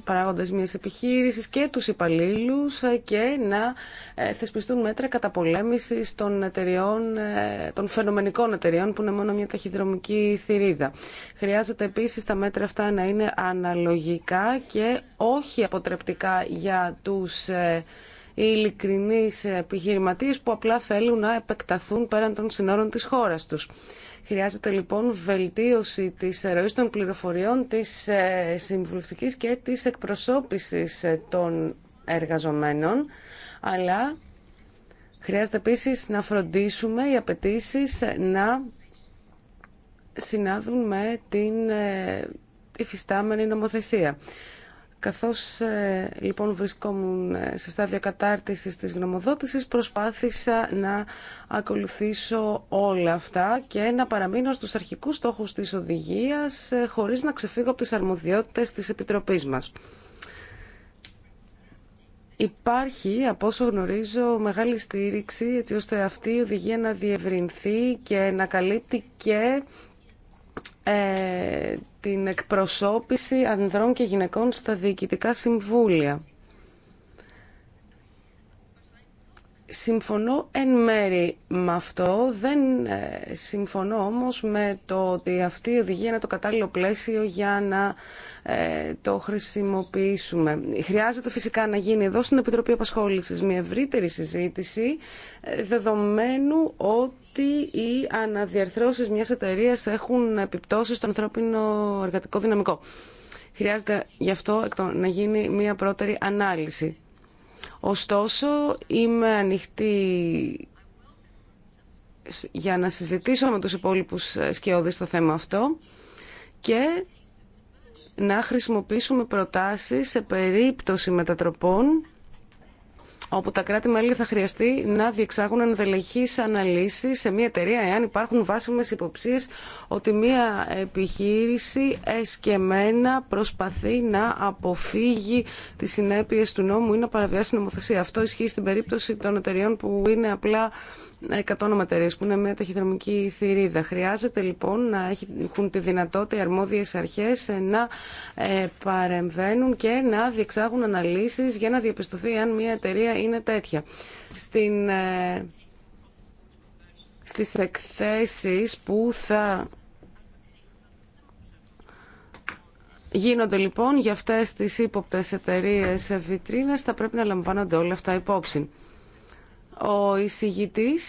παράγοντας μιας επιχείρησης και τους υπαλλήλους ε, και να ε, θεσπιστούν μέτρα καταπολέμησης των, εταιριών, ε, των φαινομενικών εταιριών που είναι μόνο μια ταχυδρομική θηρίδα. Χρειάζεται επίσης τα μέτρα αυτά να είναι αναλογικά και όχι αποτρεπτικά για τους ειλικρινείς επιχειρηματίες που απλά θέλουν να επεκταθούν πέραν των συνόρων της χώρας τους. Χρειάζεται λοιπόν βελτίωση της ροής των πληροφοριών, της ε, συμβουλευτικής και της εκπροσώπησης ε, των εργαζομένων, αλλά χρειάζεται επίσης να φροντίσουμε οι απαιτήσει ε, να συνάδουν με την υφιστάμενη νομοθεσία. Καθώς ε, λοιπόν βρισκόμουν ε, σε στάδιο κατάρτισης της γνωμοδότησης προσπάθησα να ακολουθήσω όλα αυτά και να παραμείνω στους αρχικούς στόχους της οδηγίας ε, χωρίς να ξεφύγω από τις αρμοδιότητες της Επιτροπής μας. Υπάρχει, από όσο γνωρίζω, μεγάλη στήριξη έτσι ώστε αυτή η οδηγία να διευρυνθεί και να καλύπτει και ε, την εκπροσώπηση ανδρών και γυναικών στα διοικητικά συμβούλια. Συμφωνώ εν μέρη με αυτό, δεν ε, συμφωνώ όμως με το ότι αυτή η οδηγία είναι το κατάλληλο πλαίσιο για να ε, το χρησιμοποιήσουμε. Χρειάζεται φυσικά να γίνει εδώ στην Επιτροπή Απασχόλησης μια ευρύτερη συζήτηση, ε, δεδομένου ότι οι αναδιαρθρώσεις μιας εταιρείας έχουν επιπτώσεις στο ανθρώπινο εργατικό δυναμικό. Χρειάζεται γι' αυτό να γίνει μια πρώτερη ανάλυση. Ωστόσο, είμαι ανοιχτή για να συζητήσω με τους υπόλοιπους σκιώδεις το θέμα αυτό και να χρησιμοποιήσουμε προτάσεις σε περίπτωση μετατροπών όπου τα κράτη-μέλη θα χρειαστεί να διεξάγουν ενδελεχείς αναλύσεις σε μια εταιρεία εάν υπάρχουν βάσιμες υποψίες ότι μια επιχείρηση εσκεμένα προσπαθεί να αποφύγει τις συνέπειες του νόμου ή να παραβιάσει νομοθεσία. Αυτό ισχύει στην περίπτωση των εταιρεών που είναι απλά νοματερίε που είναι με ταχυδρομική θηρίδα. Χρειάζεται λοιπόν να έχουν τη δυνατότητα οι αρμόδιες αρχές ε, να ε, παρεμβαίνουν και να διεξάγουν αναλύσεις για να διαπιστωθεί αν μια εταιρεία είναι τέτοια. Στην, ε, στις εκθέσεις που θα Γίνονται λοιπόν για αυτές τις ύποπτες εταιρείες βιτρίνες, θα πρέπει να λαμβάνονται όλα αυτά υπόψη. Ο εισηγητής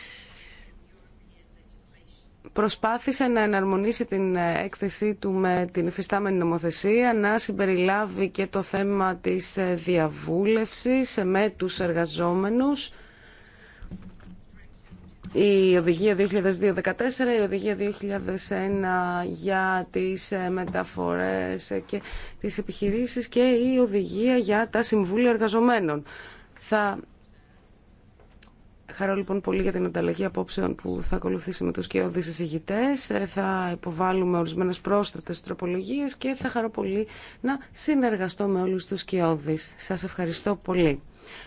προσπάθησε να εναρμονίσει την έκθεσή του με την υφιστάμενη νομοθεσία, να συμπεριλάβει και το θέμα της διαβούλευσης με τους εργαζόμενους. Η οδηγια 2014, η οδηγία 2001 για τις μεταφορές και τις επιχειρήσεις και η οδηγία για τα συμβούλια εργαζομένων. Θα Χαρώ λοιπόν πολύ για την ανταλλαγή απόψεων που θα ακολουθήσει με τους και οδείς ε, Θα υποβάλουμε ορισμένες πρόσθετες τροπολογίες και θα χαρώ πολύ να συνεργαστώ με όλους τους σκιώδεις. Σας ευχαριστώ πολύ.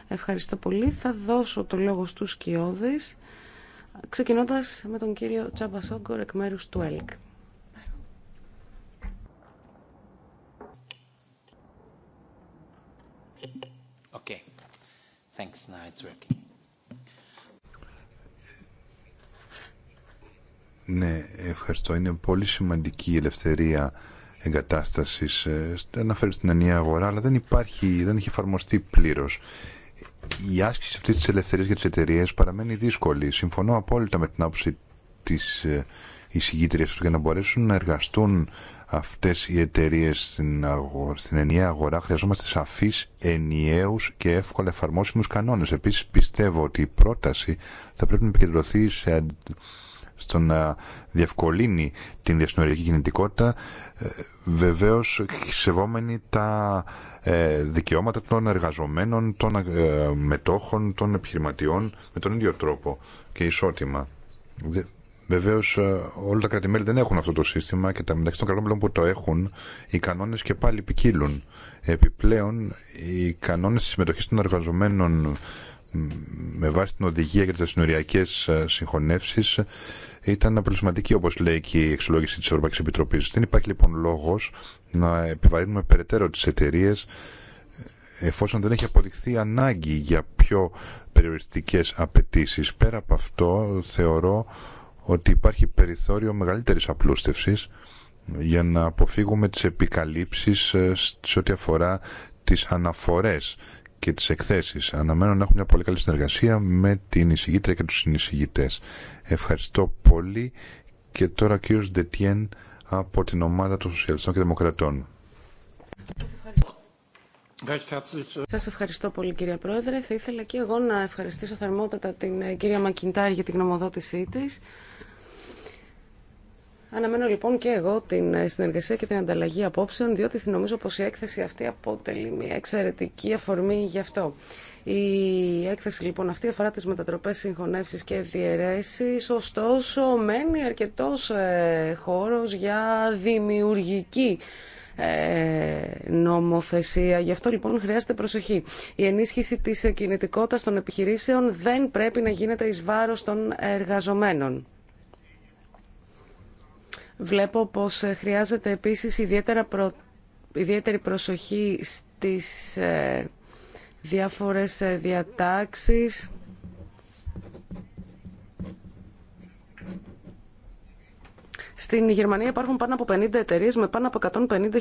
Ευχαριστώ πολύ. Θα δώσω το λόγο στους σκιώδεις, ξεκινώντας με τον κύριο Τσάμπα Σόγκορ εκ μέρους του ΕΛΚ. Okay. Thanks. Now working. Ναι, ευχαριστώ. Είναι πολύ σημαντική η ελευθερία εγκατάσταση. Ε, Αναφέρει στην ενιαία αγορά, αλλά δεν υπάρχει, δεν έχει εφαρμοστεί πλήρω. Η άσκηση αυτή τη ελευθερία για τι εταιρείε παραμένει δύσκολη. Συμφωνώ απόλυτα με την άποψη τη ε, εισηγήτρια του για να μπορέσουν να εργαστούν αυτέ οι εταιρείε στην, στην ενιαία αγορά. Χρειαζόμαστε σαφεί, ενιαίου και εύκολα εφαρμόσιμου κανόνε. Επίση, πιστεύω ότι η πρόταση θα πρέπει να επικεντρωθεί σε στο να διευκολύνει την διασυνοριακή κινητικότητα ε, βεβαίως σεβόμενοι τα ε, δικαιώματα των εργαζομένων, των ε, μετόχων, των επιχειρηματιών με τον ίδιο τρόπο και ισότιμα. Βεβαίω, όλα τα κρατημέλη δεν έχουν αυτό το σύστημα και τα μεταξύ των κρατών που το έχουν, οι κανόνε και πάλι ποικίλουν. Επιπλέον, οι κανόνε τη συμμετοχή των εργαζομένων με βάση την οδηγία για τι συγχωνεύσει ήταν απλησματική όπως λέει και η εξολόγηση της Ευρωπαϊκή Επιτροπή. Δεν υπάρχει λοιπόν λόγος να επιβαρύνουμε περαιτέρω τι εταιρείε εφόσον δεν έχει αποδειχθεί ανάγκη για πιο περιοριστικέ απαιτήσει. Πέρα από αυτό θεωρώ ότι υπάρχει περιθώριο μεγαλύτερης απλούστευσης για να αποφύγουμε τις επικαλύψεις ε, σε ό,τι αφορά τις αναφορές και τις εκθέσεις. Αναμένω να έχουμε μια πολύ καλή συνεργασία με την εισηγήτρια και τους συνεισηγητές. Ευχαριστώ πολύ και τώρα ο κύριος Ντετιέν από την ομάδα των Σοσιαλιστών και Δημοκρατών. Σα ευχαριστώ. πολύ κυρία Πρόεδρε. Θα ήθελα και εγώ να ευχαριστήσω θερμότατα την ε, κυρία Μακιντάρ για την γνωμοδότησή τη Αναμένω λοιπόν και εγώ την ε, συνεργασία και την ανταλλαγή απόψεων, διότι νομίζω πως η έκθεση αυτή αποτελεί μια εξαιρετική αφορμή γι' αυτό. Η έκθεση λοιπόν αυτή αφορά τις μετατροπές συγχωνεύσεις και διαιρέσεις, ωστόσο μένει αρκετός ε, χώρος για δημιουργική ε, νομοθεσία. Γι' αυτό λοιπόν χρειάζεται προσοχή. Η ενίσχυση της κινητικότητας των επιχειρήσεων δεν πρέπει να γίνεται εις βάρος των εργαζομένων. Βλέπω πως ε, χρειάζεται επίσης ιδιαίτερα ιδιαίτερη προσοχή στις ε, διάφορες ε, διατάξεις Στην Γερμανία υπάρχουν πάνω από 50 εταιρείε με πάνω από 150.000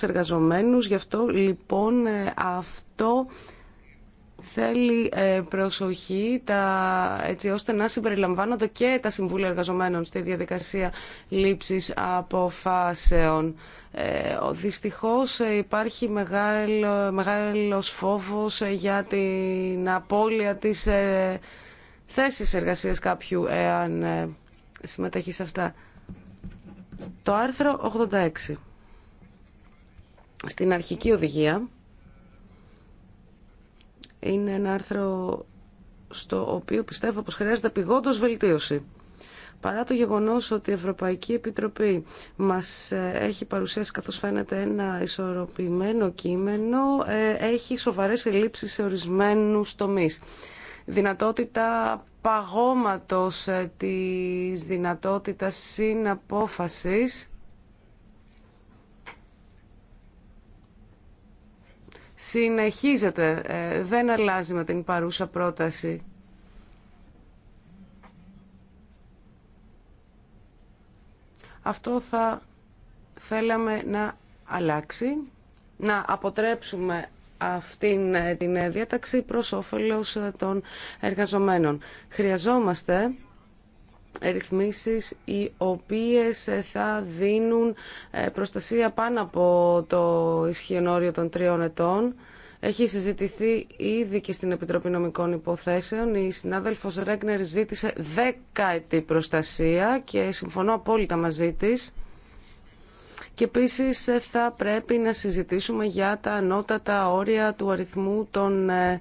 εργαζομένους. Γι' αυτό λοιπόν αυτό θέλει ε, προσοχή τα, έτσι ώστε να συμπεριλαμβάνονται και τα Συμβούλια Εργαζομένων στη διαδικασία λήψης αποφάσεων. Ε, δυστυχώς ε, υπάρχει μεγάλο, μεγάλος φόβος ε, για την απώλεια της ε, θέσης εργασίας κάποιου εάν συμμετέχει σε αυτά. Το άρθρο 86. Στην αρχική οδηγία είναι ένα άρθρο στο οποίο πιστεύω πως χρειάζεται πηγόντως βελτίωση. Παρά το γεγονός ότι η Ευρωπαϊκή Επιτροπή μας ε, έχει παρουσιάσει καθώς φαίνεται ένα ισορροπημένο κείμενο, ε, έχει σοβαρές ελλείψεις σε ορισμένους τομείς. Δυνατότητα παγώματος ε, της δυνατότητας συναπόφασης συνεχίζεται, ε, δεν αλλάζει με την παρούσα πρόταση. Αυτό θα θέλαμε να αλλάξει, να αποτρέψουμε αυτήν ε, την ε, διάταξη προς όφελος των εργαζομένων. Χρειαζόμαστε ρυθμίσεις οι οποίες θα δίνουν ε, προστασία πάνω από το όριο των τριών ετών. Έχει συζητηθεί ήδη και στην Επιτροπή Νομικών Υποθέσεων. Η συνάδελφος Ρέγνερ ζήτησε δέκαετη προστασία και συμφωνώ απόλυτα μαζί της. Και επίσης ε, θα πρέπει να συζητήσουμε για τα ανώτατα όρια του αριθμού των ε,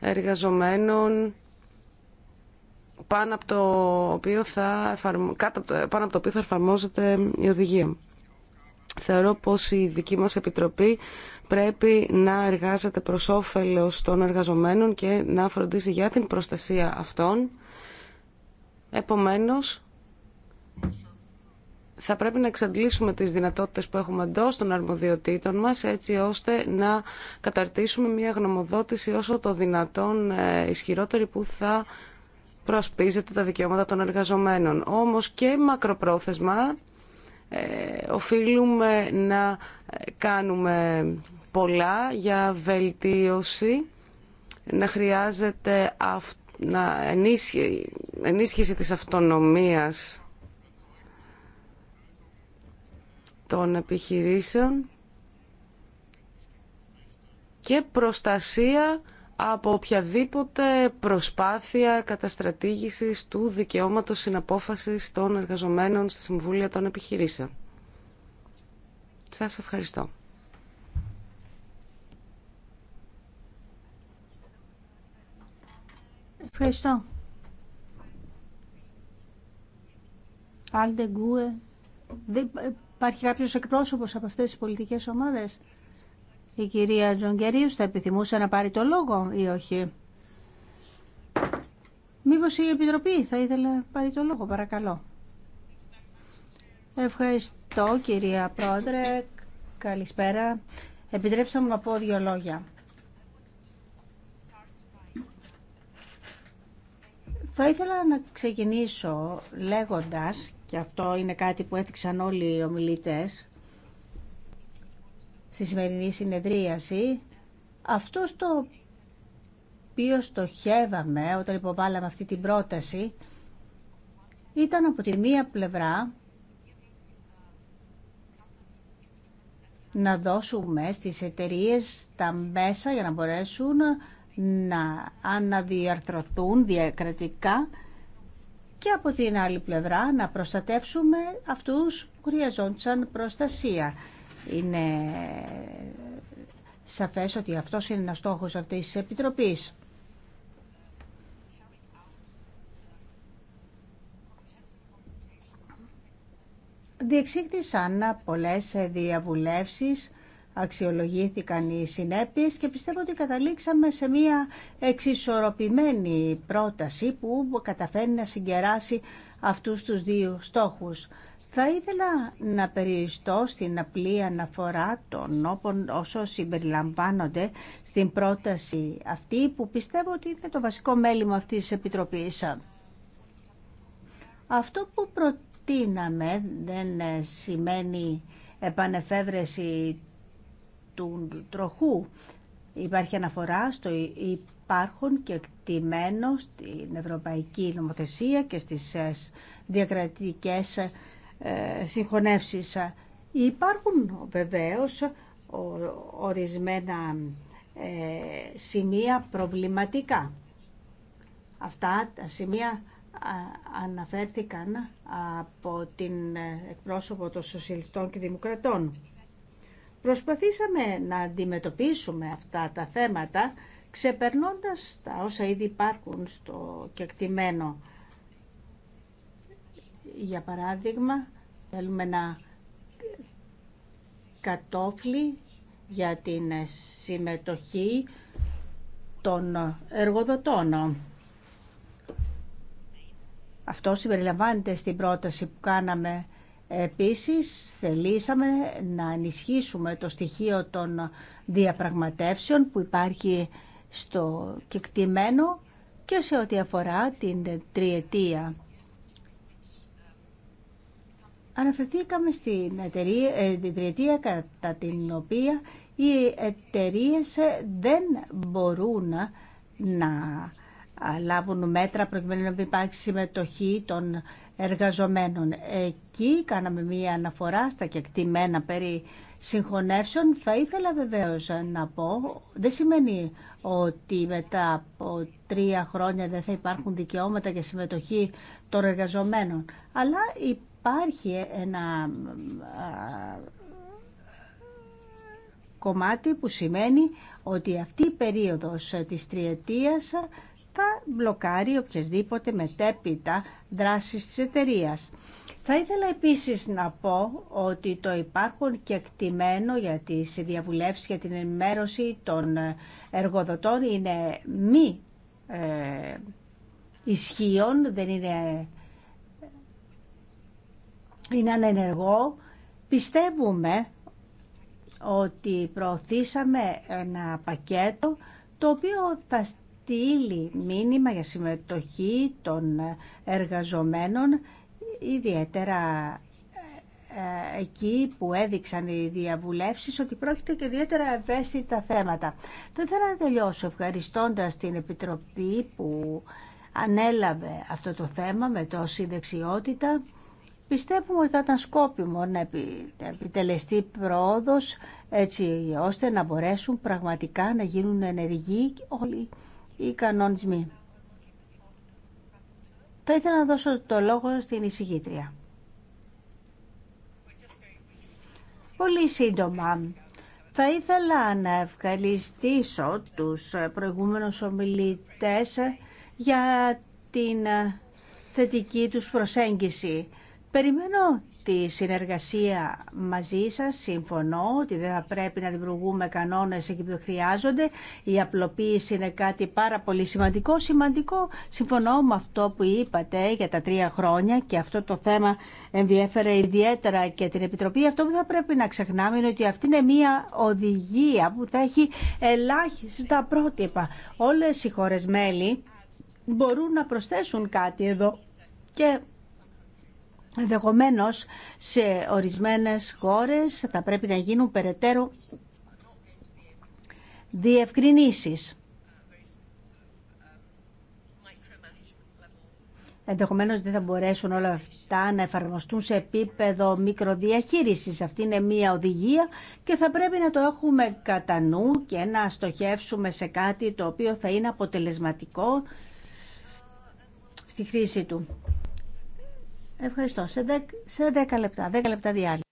εργαζομένων πάνω από το οποίο θα, από το οποίο θα εφαρμόζεται η οδηγία. Θεωρώ πως η δική μας Επιτροπή πρέπει να εργάζεται προς όφελος των εργαζομένων και να φροντίσει για την προστασία αυτών. Επομένως, θα πρέπει να εξαντλήσουμε τις δυνατότητες που έχουμε εντό των αρμοδιοτήτων μας έτσι ώστε να καταρτήσουμε μια γνωμοδότηση όσο το δυνατόν ε, ισχυρότερη που θα προσπίζεται τα δικαιώματα των εργαζομένων. Όμως και μακροπρόθεσμα ε, οφείλουμε να ε, κάνουμε πολλά για βελτίωση, να χρειάζεται να ενίσχυ, ενίσχυση της αυτονομίας των επιχειρήσεων και προστασία από οποιαδήποτε προσπάθεια καταστρατήγησης του δικαιώματος συναπόφασης των εργαζομένων στη Συμβούλια των Επιχειρήσεων. Σας ευχαριστώ. Ευχαριστώ. Άλντε Γκούε. υπάρχει κάποιος εκπρόσωπος από αυτές τις πολιτικές ομάδες. Η κυρία Τζονγκερίους θα επιθυμούσε να πάρει το λόγο ή όχι. Μήπως η Επιτροπή θα ήθελε να πάρει το λόγο, παρακαλώ. Ευχαριστώ κυρία Πρόεδρε. Καλησπέρα. Επιτρέψα μου να πω δύο λόγια. Θα ήθελα να ξεκινήσω λέγοντας, και αυτό είναι κάτι που έθιξαν όλοι οι ομιλητές, στη σημερινή συνεδρίαση, αυτό στο οποίο στοχεύαμε όταν υποβάλαμε αυτή την πρόταση, ήταν από τη μία πλευρά να δώσουμε στις εταιρείες τα μέσα για να μπορέσουν να αναδιαρθρωθούν διακρατικά και από την άλλη πλευρά να προστατεύσουμε αυτούς που χρειαζόντουσαν προστασία. Είναι σαφές ότι αυτός είναι ένας στόχος αυτής της Επιτροπής. διεξήχθησαν πολλές διαβουλεύσεις, αξιολογήθηκαν οι συνέπειες και πιστεύω ότι καταλήξαμε σε μια εξισορροπημένη πρόταση που καταφέρνει να συγκεράσει αυτούς τους δύο στόχους. Θα ήθελα να περιοριστώ στην απλή αναφορά των όπων όσο συμπεριλαμβάνονται στην πρόταση αυτή που πιστεύω ότι είναι το βασικό μέλημα αυτής της Επιτροπής. Αυτό που προτείναμε δεν σημαίνει επανεφεύρεση του τροχού. Υπάρχει αναφορά στο υπάρχουν και εκτιμένο στην Ευρωπαϊκή Νομοθεσία και στις ε, διακρατικές ε, συγχωνεύσεις. Υπάρχουν βεβαίως ορισμένα ε, σημεία προβληματικά. Αυτά τα σημεία αναφέρθηκαν από την ε, εκπρόσωπο των Σοσιαλιστών και Δημοκρατών. Προσπαθήσαμε να αντιμετωπίσουμε αυτά τα θέματα ξεπερνώντας τα όσα ήδη υπάρχουν στο κεκτημένο. Για παράδειγμα, θέλουμε να κατόφλι για την συμμετοχή των εργοδοτών. Αυτό συμπεριλαμβάνεται στην πρόταση που κάναμε. Επίσης, θελήσαμε να ενισχύσουμε το στοιχείο των διαπραγματεύσεων που υπάρχει στο κεκτημένο και σε ό,τι αφορά την τριετία Αναφερθήκαμε στην εταιρεία, ε, την τριετία κατά την οποία οι εταιρείε ε, δεν μπορούν να λάβουν μέτρα προκειμένου να υπάρξει συμμετοχή των εργαζομένων. Εκεί κάναμε μία αναφορά στα κεκτημένα περί συγχωνεύσεων. Θα ήθελα βεβαίως να πω, δεν σημαίνει ότι μετά από τρία χρόνια δεν θα υπάρχουν δικαιώματα και συμμετοχή των εργαζομένων, αλλά υπάρχει ένα κομμάτι που σημαίνει ότι αυτή η περίοδος της τριετίας θα μπλοκάρει οποιασδήποτε μετέπειτα δράσεις της εταιρείας. Θα ήθελα επίσης να πω ότι το υπάρχον και εκτιμένο για τις διαβουλεύσεις για την ενημέρωση των εργοδοτών είναι μη ε, ισχύων, δεν είναι είναι ανενεργό. Πιστεύουμε ότι προωθήσαμε ένα πακέτο το οποίο θα στείλει μήνυμα για συμμετοχή των εργαζομένων ιδιαίτερα ε, εκεί που έδειξαν οι διαβουλεύσεις ότι πρόκειται και ιδιαίτερα ευαίσθητα θέματα. Δεν θέλω να τελειώσω ευχαριστώντας την Επιτροπή που ανέλαβε αυτό το θέμα με τόση δεξιότητα Πιστεύουμε ότι θα ήταν σκόπιμο να επιτελεστεί πρόοδος έτσι ώστε να μπορέσουν πραγματικά να γίνουν ενεργοί όλοι οι κανονισμοί. Θα ήθελα να δώσω το λόγο στην εισηγήτρια. Πολύ σύντομα. Θα ήθελα να ευχαριστήσω τους προηγούμενους ομιλητές για την θετική τους προσέγγιση. Περιμένω τη συνεργασία μαζί σας. Συμφωνώ ότι δεν θα πρέπει να δημιουργούμε κανόνες εκεί που χρειάζονται. Η απλοποίηση είναι κάτι πάρα πολύ σημαντικό. Σημαντικό συμφωνώ με αυτό που είπατε για τα τρία χρόνια και αυτό το θέμα ενδιέφερε ιδιαίτερα και την Επιτροπή. Αυτό που θα πρέπει να ξεχνάμε είναι ότι αυτή είναι μια οδηγία που θα έχει ελάχιστα πρότυπα. Όλες οι χώρες μέλη μπορούν να προσθέσουν κάτι εδώ Ενδεχομένω σε ορισμένες χώρες θα πρέπει να γίνουν περαιτέρω διευκρινήσεις. Ενδεχομένως δεν θα μπορέσουν όλα αυτά να εφαρμοστούν σε επίπεδο μικροδιαχείρισης. Αυτή είναι μία οδηγία και θα πρέπει να το έχουμε κατά νου και να στοχεύσουμε σε κάτι το οποίο θα είναι αποτελεσματικό στη χρήση του. Ευχαριστώ. Σε 10 λεπτά, 10 λεπτά διάλειμμα.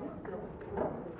Ευχαριστώ.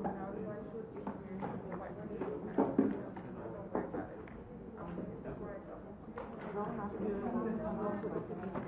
Thank you.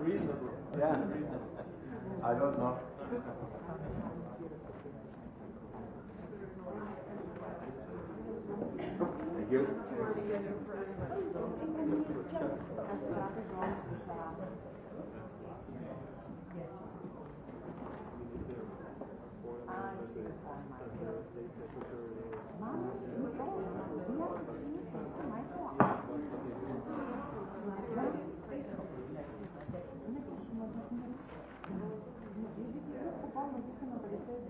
Reasonable. Yeah, I don't know. Thank you.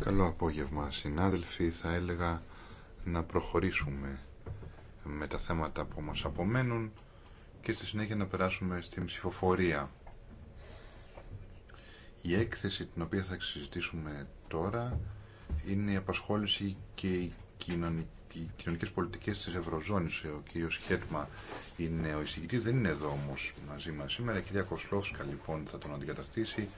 Καλό απόγευμα, συνάδελφοι. Θα έλεγα να προχωρήσουμε με τα θέματα που μας απομένουν και στη συνέχεια να περάσουμε στην ψηφοφορία. Η έκθεση την οποία θα συζητήσουμε τώρα είναι η απασχόληση και οι κοινωνικέ πολιτικέ τη Ευρωζώνη. Ο κύριο Χέτμα είναι ο εισηγητή, δεν είναι εδώ όμω μαζί μα σήμερα. Η κυρία Κοσλόφσκα λοιπόν θα τον αντικαταστήσει.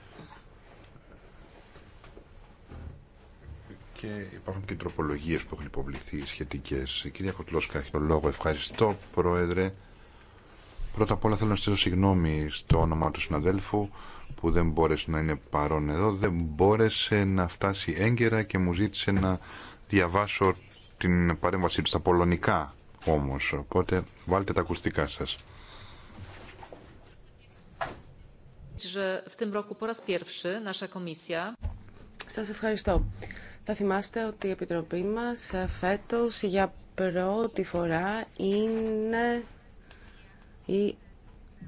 και υπάρχουν και τροπολογίε που έχουν υποβληθεί σχετικέ. κυρία Κοτλόσκα έχει τον λόγο. Ευχαριστώ, Πρόεδρε. Πρώτα απ' όλα θέλω να στείλω συγγνώμη στο όνομά του συναδέλφου που δεν μπόρεσε να είναι παρόν εδώ. Δεν μπόρεσε να φτάσει έγκαιρα και μου ζήτησε να διαβάσω την παρέμβασή του στα πολωνικά όμως. Οπότε βάλτε τα ακουστικά σας. Σας ευχαριστώ. Θα θυμάστε ότι η Επιτροπή μας ε, φέτος για πρώτη φορά είναι η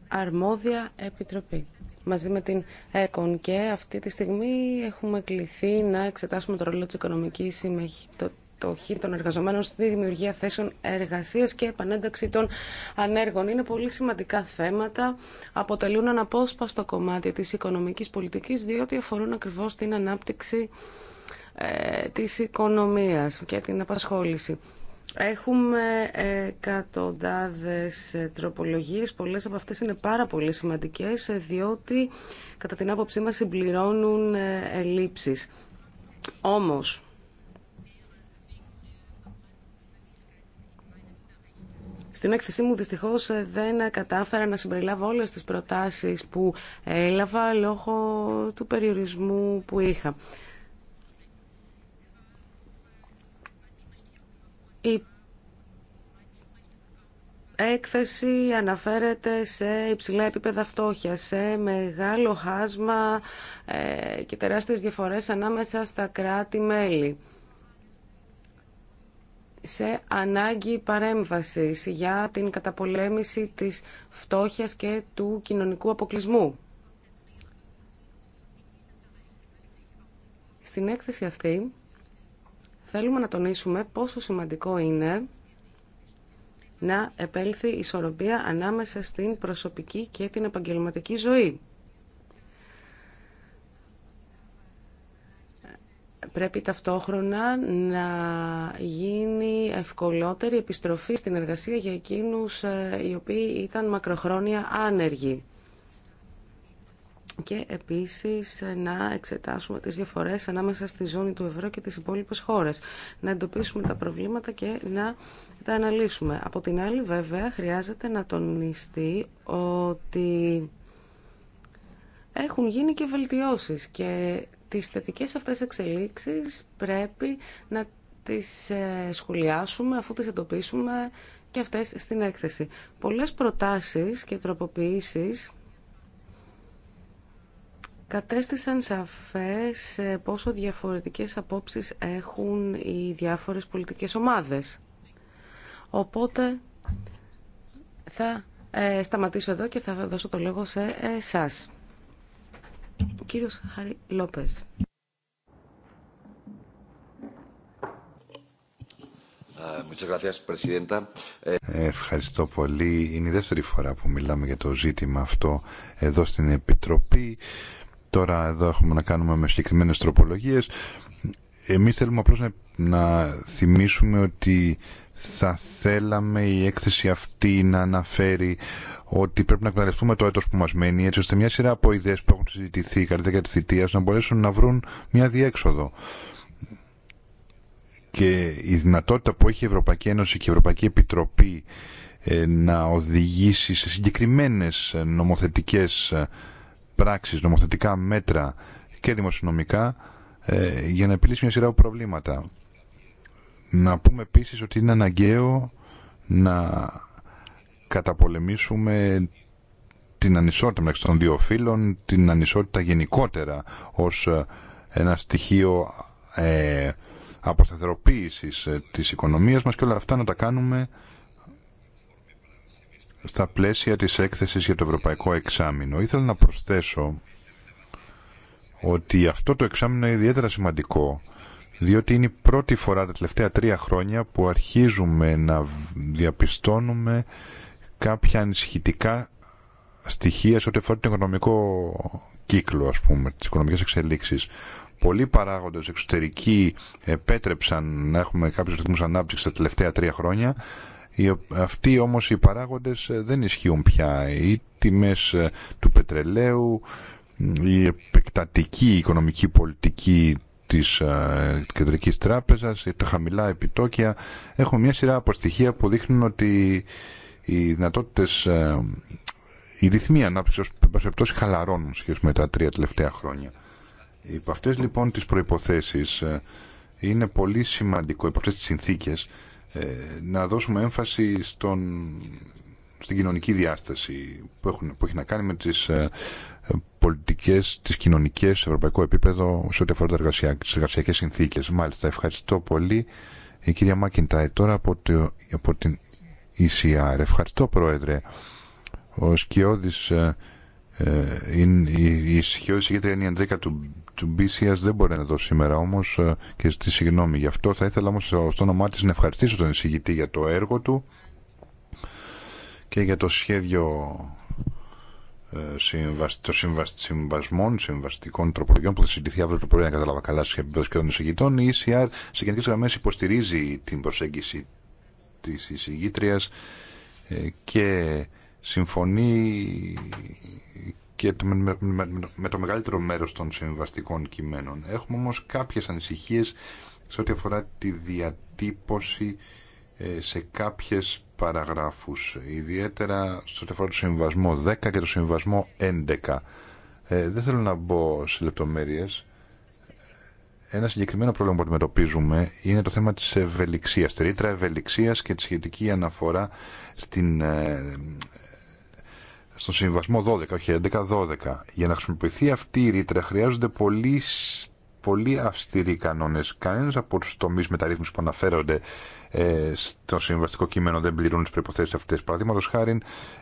αρμόδια Επιτροπή μαζί με την ΕΚΟΝ και αυτή τη στιγμή έχουμε κληθεί να εξετάσουμε το ρόλο της οικονομικής συμμετοχή των εργαζομένων στη δημιουργία θέσεων εργασίας και επανένταξη των ανέργων. Είναι πολύ σημαντικά θέματα, αποτελούν αναπόσπαστο κομμάτι της οικονομικής πολιτικής διότι αφορούν ακριβώς την ανάπτυξη ε, της οικονομίας και την απασχόληση. Έχουμε εκατοντάδες ε, τροπολογίες, πολλές από αυτές είναι πάρα πολύ σημαντικές ε, διότι κατά την άποψή μας συμπληρώνουν ε, ελλείψεις. Όμως, Στην έκθεσή μου δυστυχώς δεν κατάφερα να συμπεριλάβω όλες τις προτάσεις που έλαβα λόγω του περιορισμού που είχα. Η έκθεση αναφέρεται σε υψηλά επίπεδα φτώχεια, σε μεγάλο χάσμα ε, και τεράστιες διαφορές ανάμεσα στα κράτη-μέλη σε ανάγκη παρέμβασης για την καταπολέμηση της φτώχειας και του κοινωνικού αποκλεισμού. Στην έκθεση αυτή Θέλουμε να τονίσουμε πόσο σημαντικό είναι να επέλθει ισορροπία ανάμεσα στην προσωπική και την επαγγελματική ζωή. πρέπει ταυτόχρονα να γίνει ευκολότερη επιστροφή στην εργασία για εκείνους ε, οι οποίοι ήταν μακροχρόνια άνεργοι και επίσης να εξετάσουμε τις διαφορές ανάμεσα στη ζώνη του ευρώ και τις υπόλοιπες χώρες, να εντοπίσουμε τα προβλήματα και να τα αναλύσουμε. Από την άλλη βέβαια χρειάζεται να τονιστεί ότι έχουν γίνει και βελτιώσεις και τις θετικές αυτές εξελίξεις πρέπει να τις ε, σχολιάσουμε αφού τις εντοπίσουμε και αυτές στην έκθεση. Πολλές προτάσεις και τροποποιήσεις κατέστησαν σαφές ε, πόσο διαφορετικές απόψεις έχουν οι διάφορες πολιτικές ομάδες. Οπότε θα ε, σταματήσω εδώ και θα δώσω το λόγο σε εσάς. Ο κύριος Χάρη Λόπες. Ευχαριστώ πολύ. Είναι η δεύτερη φορά που μιλάμε για το ζήτημα αυτό εδώ στην Επιτροπή. Τώρα εδώ έχουμε να κάνουμε με συγκεκριμένε τροπολογίες. Εμείς θέλουμε απλώς να, θυμίσουμε ότι θα θέλαμε η έκθεση αυτή να αναφέρει ότι πρέπει να εκμεταλλευτούμε το έτος που μας μένει έτσι ώστε μια σειρά από ιδέες που έχουν συζητηθεί κατά τη διάρκεια θητείας να μπορέσουν να βρουν μια διέξοδο. Και η δυνατότητα που έχει η Ευρωπαϊκή Ένωση και η Ευρωπαϊκή Επιτροπή ε, να οδηγήσει σε συγκεκριμένες νομοθετικές ε, πράξεις, νομοθετικά μέτρα και δημοσιονομικά ε, για να επιλύσει μια σειρά από προβλήματα. Να πούμε επίσης ότι είναι αναγκαίο να καταπολεμήσουμε την ανισότητα μεταξύ των δύο φύλων, την ανισότητα γενικότερα ως ε, ένα στοιχείο ε, αποσταθεροποίησης ε, της οικονομίας μας και όλα αυτά να τα κάνουμε στα πλαίσια της έκθεσης για το Ευρωπαϊκό Εξάμεινο. Ήθελα να προσθέσω ότι αυτό το εξάμεινο είναι ιδιαίτερα σημαντικό διότι είναι η πρώτη φορά τα τελευταία τρία χρόνια που αρχίζουμε να διαπιστώνουμε κάποια ανησυχητικά στοιχεία σε ό,τι αφορά τον οικονομικό κύκλο, ας πούμε, τις οικονομικές εξελίξεις. Πολλοί παράγοντες εξωτερικοί επέτρεψαν να έχουμε κάποιους ρυθμούς ανάπτυξης τα τελευταία τρία χρόνια αυτοί όμως οι παράγοντες ε, δεν ισχύουν πια. Οι τιμές ε, του πετρελαίου, η επεκτατική οικονομική πολιτική της ε, Κεντρικής Τράπεζας, τα χαμηλά επιτόκια, έχουν μια σειρά από στοιχεία που δείχνουν ότι οι δυνατότητες, η ρυθμοί ανάπτυξης, περιπτώσει χαλαρώνουν σχέση με τα τρία τελευταία χρόνια. Υπό αυτές λοιπόν τις προϋποθέσεις είναι πολύ σημαντικό, υπό αυτές τις συνθήκες, ε, να δώσουμε έμφαση στον, στην κοινωνική διάσταση που, έχουν, που έχει να κάνει με τις ε, πολιτικές, τις κοινωνικές σε ευρωπαϊκό επίπεδο σε ό,τι αφορά τα εργασιά, τις εργασιακές συνθήκες. Μάλιστα, ευχαριστώ πολύ η κυρία Μάκιντάι τώρα από, το, από την ECR. Ευχαριστώ Πρόεδρε. Ο Σκιώδης ε, ε, η η συγκέντρια είναι η Αντρίκα του, του BCS, δεν μπορεί να είναι εδώ σήμερα όμω ε, και στη συγγνώμη γι' αυτό. Θα ήθελα όμω στο όνομά τη να ευχαριστήσω τον εισηγητή για το έργο του και για το σχέδιο ε, των συμβασμών, συμβαστικών τροπολογιών που θα συζητηθεί αύριο το πρωί, αν κατάλαβα καλά, σε και των εισηγητών. Η ECR σε γενικέ γραμμέ υποστηρίζει την προσέγγιση τη εισηγήτρια και συμφωνεί και με το μεγαλύτερο μέρος των συμβαστικών κειμένων. Έχουμε όμως κάποιες ανησυχίες σε ό,τι αφορά τη διατύπωση ε, σε κάποιες παραγράφους, ιδιαίτερα ό,τι αφορά το συμβασμό 10 και το συμβασμό 11. Ε, δεν θέλω να μπω σε λεπτομέρειες. Ένα συγκεκριμένο πρόβλημα που αντιμετωπίζουμε είναι το θέμα της ευελιξίας, τη ρήτρα ευελιξίας και τη σχετική αναφορά στην ε, στο συμβασμό 12, όχι 11, 12. Για να χρησιμοποιηθεί αυτή η ρήτρα χρειάζονται πολύ, πολύ αυστηροί κανόνε. Κανένα από του τομεί μεταρρύθμιση που αναφέρονται ε, στο συμβαστικό κείμενο δεν πληρούν τι προποθέσει αυτέ. Παραδείγματο χάρη,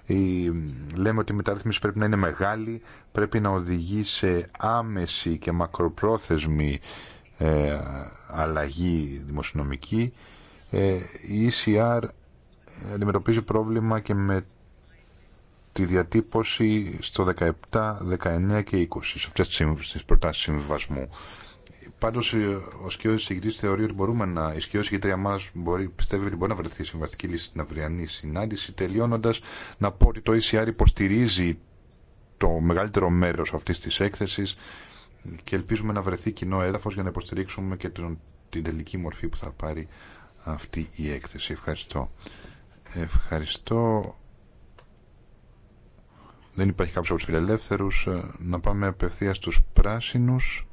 η, λέμε ότι η μεταρρύθμιση πρέπει να είναι μεγάλη, πρέπει να οδηγεί σε άμεση και μακροπρόθεσμη ε, αλλαγή δημοσιονομική. Ε, η ECR αντιμετωπίζει πρόβλημα και με τη διατύπωση στο 17, 19 και 20, σε αυτές τις προτάσεις συμβιβασμού. Πάντως ε, ο σκιός ηγητής θεωρεί ότι μπορούμε να, η σκιός για μας μπορεί, πιστεύει ότι μπορεί να βρεθεί συμβαστική λύση στην αυριανή συνάντηση, τελειώνοντας να πω ότι το ECR υποστηρίζει το μεγαλύτερο μέρος αυτής της έκθεσης και ελπίζουμε να βρεθεί κοινό έδαφος για να υποστηρίξουμε και τον, την τελική μορφή που θα πάρει αυτή η έκθεση. Ευχαριστώ. Ευχαριστώ. Δεν υπάρχει κάποιο από του φιλελεύθερου. Ε, να πάμε απευθεία στους πράσινους.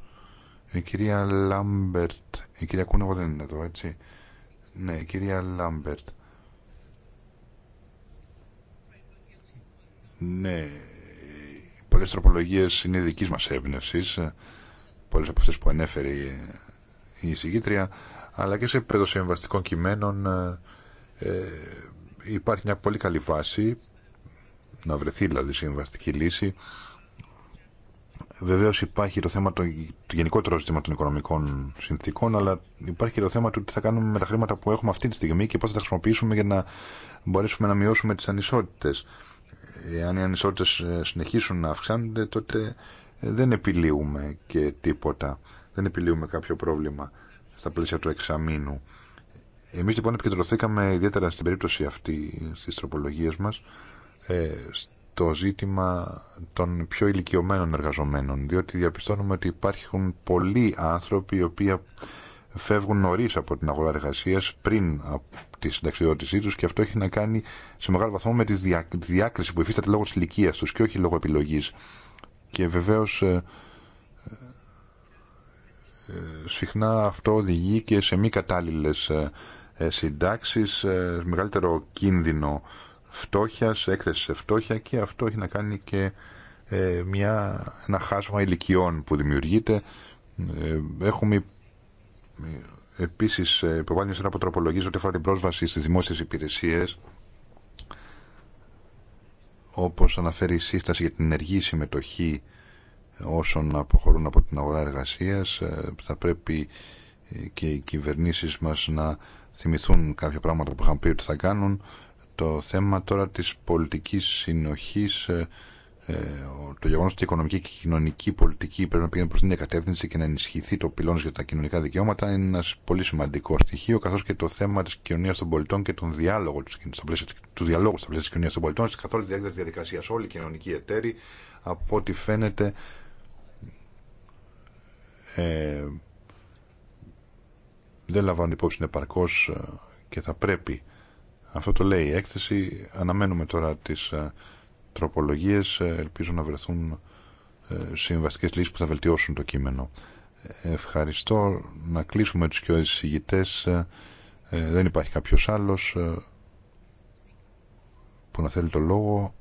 Η κυρία Λάμπερτ. Η κυρία Κούνεβα δεν είναι εδώ, έτσι. Ναι, η κυρία Λάμπερτ. Ναι, Πολλέ τροπολογίε είναι δική μας έμπνευση, ε, Πολλέ από αυτέ που ανέφερε η εισηγήτρια, αλλά και σε πέδο συμβαστικών κειμένων ε, ε, υπάρχει μια πολύ καλή βάση να βρεθεί δηλαδή συμβαστική λύση. Βεβαίω υπάρχει το θέμα του το γενικότερο ζήτημα των οικονομικών συνθήκων, αλλά υπάρχει και το θέμα του τι θα κάνουμε με τα χρήματα που έχουμε αυτή τη στιγμή και πώ θα τα χρησιμοποιήσουμε για να μπορέσουμε να μειώσουμε τι ανισότητε. Αν οι ανισότητε ε, συνεχίσουν να αυξάνονται, τότε ε, δεν επιλύουμε και τίποτα. Δεν επιλύουμε κάποιο πρόβλημα στα πλαίσια του εξαμήνου. Εμεί λοιπόν επικεντρωθήκαμε ιδιαίτερα στην περίπτωση αυτή στι τροπολογίε μα ε, στο ζήτημα των πιο ηλικιωμένων εργαζομένων, διότι διαπιστώνουμε ότι υπάρχουν πολλοί άνθρωποι οι οποίοι φεύγουν νωρί από την αγορά εργασία πριν από τη συνταξιδότησή του και αυτό έχει να κάνει σε μεγάλο βαθμό με τη διάκριση που υφίσταται λόγω τη ηλικία του και όχι λόγω επιλογή. Και βεβαίω ε, ε, συχνά αυτό οδηγεί και σε μη κατάλληλε συντάξει, μεγαλύτερο κίνδυνο φτώχειας, έκθεση σε φτώχεια και αυτό έχει να κάνει και ε, μια, ένα χάσμα ηλικιών που δημιουργείται. Ε, έχουμε ε, επίσης υποβάλει ένα από ό,τι αφορά την πρόσβαση στις δημόσιες υπηρεσίες όπως αναφέρει η σύσταση για την ενεργή συμμετοχή όσων αποχωρούν από την αγορά εργασίας θα πρέπει και οι κυβερνήσεις μας να θυμηθούν κάποια πράγματα που είχαν πει ότι θα κάνουν το θέμα τώρα της πολιτικής συνοχής, ε, ε, το γεγονός ότι η οικονομική και η κοινωνική πολιτική πρέπει να πηγαίνει προς την κατεύθυνση και να ενισχυθεί το πυλώνος για τα κοινωνικά δικαιώματα είναι ένα πολύ σημαντικό στοιχείο, καθώς και το θέμα της κοινωνία των πολιτών και τον διάλογο, του διαλόγου στα πλαίσια της κοινωνίας των πολιτών, καθ' όλη τη διάρκεια της διαδικασίας, όλοι οι κοινωνικοί εταίροι, από ό,τι φαίνεται, ε, δεν λαμβάνουν υπόψη επαρκώς ε, και θα πρέπει αυτό το λέει η έκθεση. Αναμένουμε τώρα τις ε, τροπολογίες. Ε, ελπίζω να βρεθούν ε, συμβαστικές λύσεις που θα βελτιώσουν το κείμενο. Ευχαριστώ. Να κλείσουμε τους και ε, Δεν υπάρχει κάποιος άλλος που να θέλει το λόγο.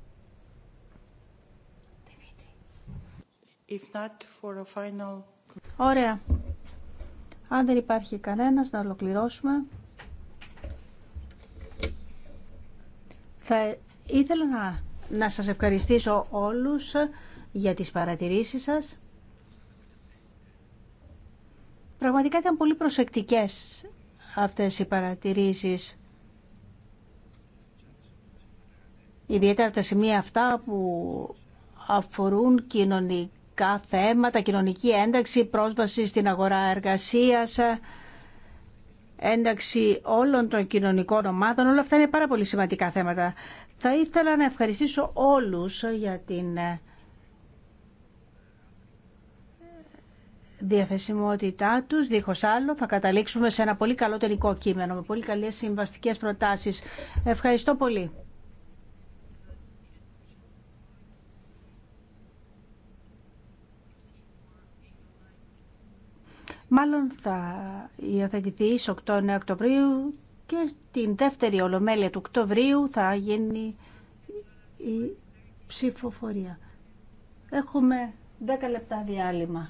Ωραία. Αν δεν υπάρχει κανένας, να ολοκληρώσουμε. Θα ήθελα να, να σας ευχαριστήσω όλους για τις παρατηρήσεις σας. Πραγματικά ήταν πολύ προσεκτικές αυτές οι παρατηρήσεις. Ιδιαίτερα τα σημεία αυτά που αφορούν κοινωνικά θέματα, κοινωνική ένταξη, πρόσβαση στην αγορά εργασίας, ένταξη όλων των κοινωνικών ομάδων. Όλα αυτά είναι πάρα πολύ σημαντικά θέματα. Θα ήθελα να ευχαριστήσω όλους για την ε, διαθεσιμότητά τους. Δίχως άλλο θα καταλήξουμε σε ένα πολύ καλό τελικό κείμενο με πολύ καλές συμβαστικές προτάσεις. Ευχαριστώ πολύ. Μάλλον θα υιοθετηθεί στις 8 9 Οκτωβρίου και στην δεύτερη ολομέλεια του Οκτωβρίου θα γίνει η ψηφοφορία. Έχουμε 10 λεπτά διάλειμμα.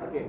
Okay.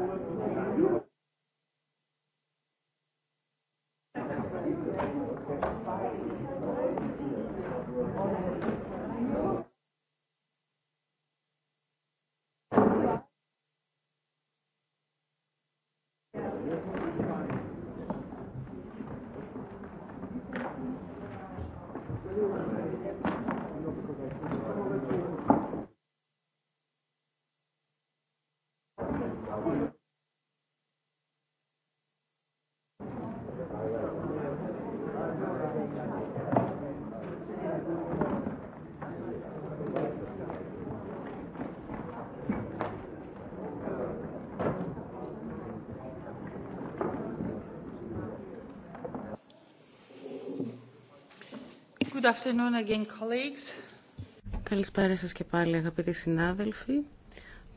Ευχαριστώ. Good afternoon again, colleagues. Καλησπέρα σας και πάλι αγαπητοί συνάδελφοι.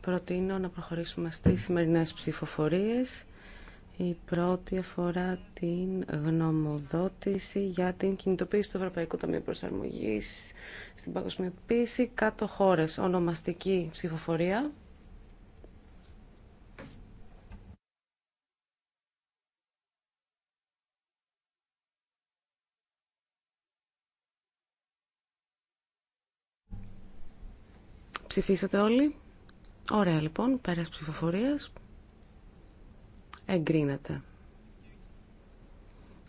Προτείνω να προχωρήσουμε στις σημερινές ψηφοφορίες. Η πρώτη αφορά την γνωμοδότηση για την κινητοποίηση του Ευρωπαϊκού Ταμείου Προσαρμογής στην παγκοσμιοποίηση κάτω χώρες. Ονομαστική ψηφοφορία. Ψηφίσατε όλοι. Ωραία λοιπόν, πέρας ψηφοφορίας. Εγκρίνεται.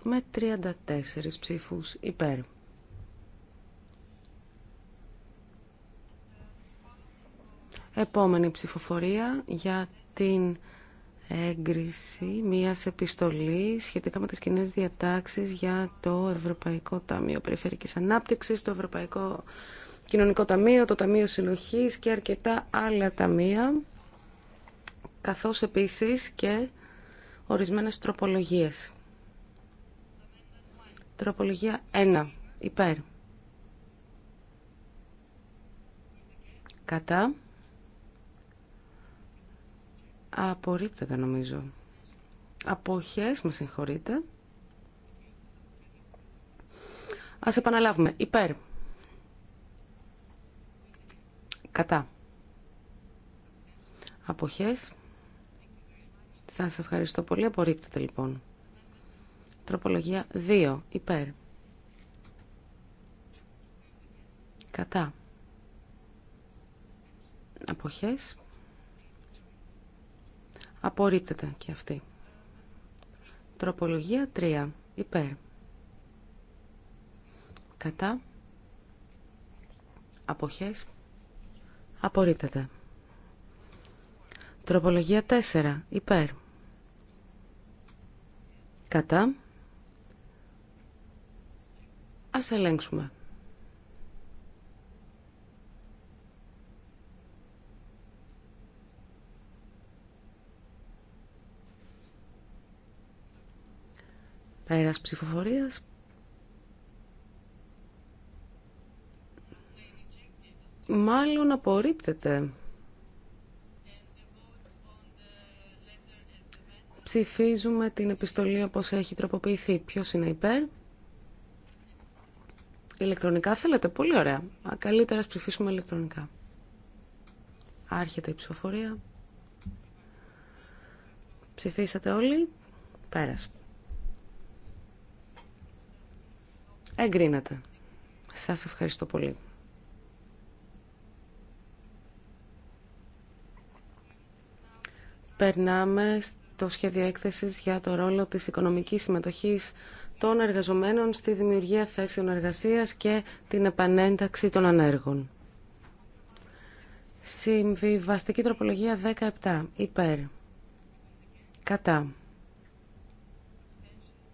Με 34 ψήφους υπέρ. Επόμενη ψηφοφορία για την έγκριση μιας επιστολής σχετικά με τις κοινέ διατάξεις για το Ευρωπαϊκό Ταμείο Περιφερικής Ανάπτυξης, το Ευρωπαϊκό Κοινωνικό Ταμείο, το Ταμείο Συνοχής και αρκετά άλλα ταμεία, καθώς επίσης και ορισμένες τροπολογίες. Τροπολογία 1. Υπέρ. Κατά. Απορρίπτεται νομίζω. Αποχές, με συγχωρείτε. Ας επαναλάβουμε. Υπέρ. Κατά. Αποχές. Σας ευχαριστώ πολύ. Απορρίπτεται λοιπόν. Τροπολογία 2. Υπέρ. Κατά. Αποχές. Απορρίπτεται και αυτή. Τροπολογία 3. Υπέρ. Κατά. Αποχές. Απορρίπτεται. Τροπολογία 4. Υπέρ. Κατά. Ας ελέγξουμε. Πέρας ψηφοφορίας. Μάλλον απορρίπτεται. Ψηφίζουμε την επιστολή όπως έχει τροποποιηθεί. Ποιος είναι υπέρ. Ηλεκτρονικά θέλετε. Πολύ ωραία. Καλύτερα ας ψηφίσουμε ηλεκτρονικά. Άρχεται η ψηφοφορία. Ψηφίσατε όλοι. Πέρας. Εγκρίνατε. Σας ευχαριστώ πολύ. περνάμε στο σχέδιο έκθεσης για το ρόλο της οικονομικής συμμετοχής των εργαζομένων στη δημιουργία θέσεων εργασίας και την επανένταξη των ανέργων. Συμβιβαστική τροπολογία 17. Υπέρ. Κατά.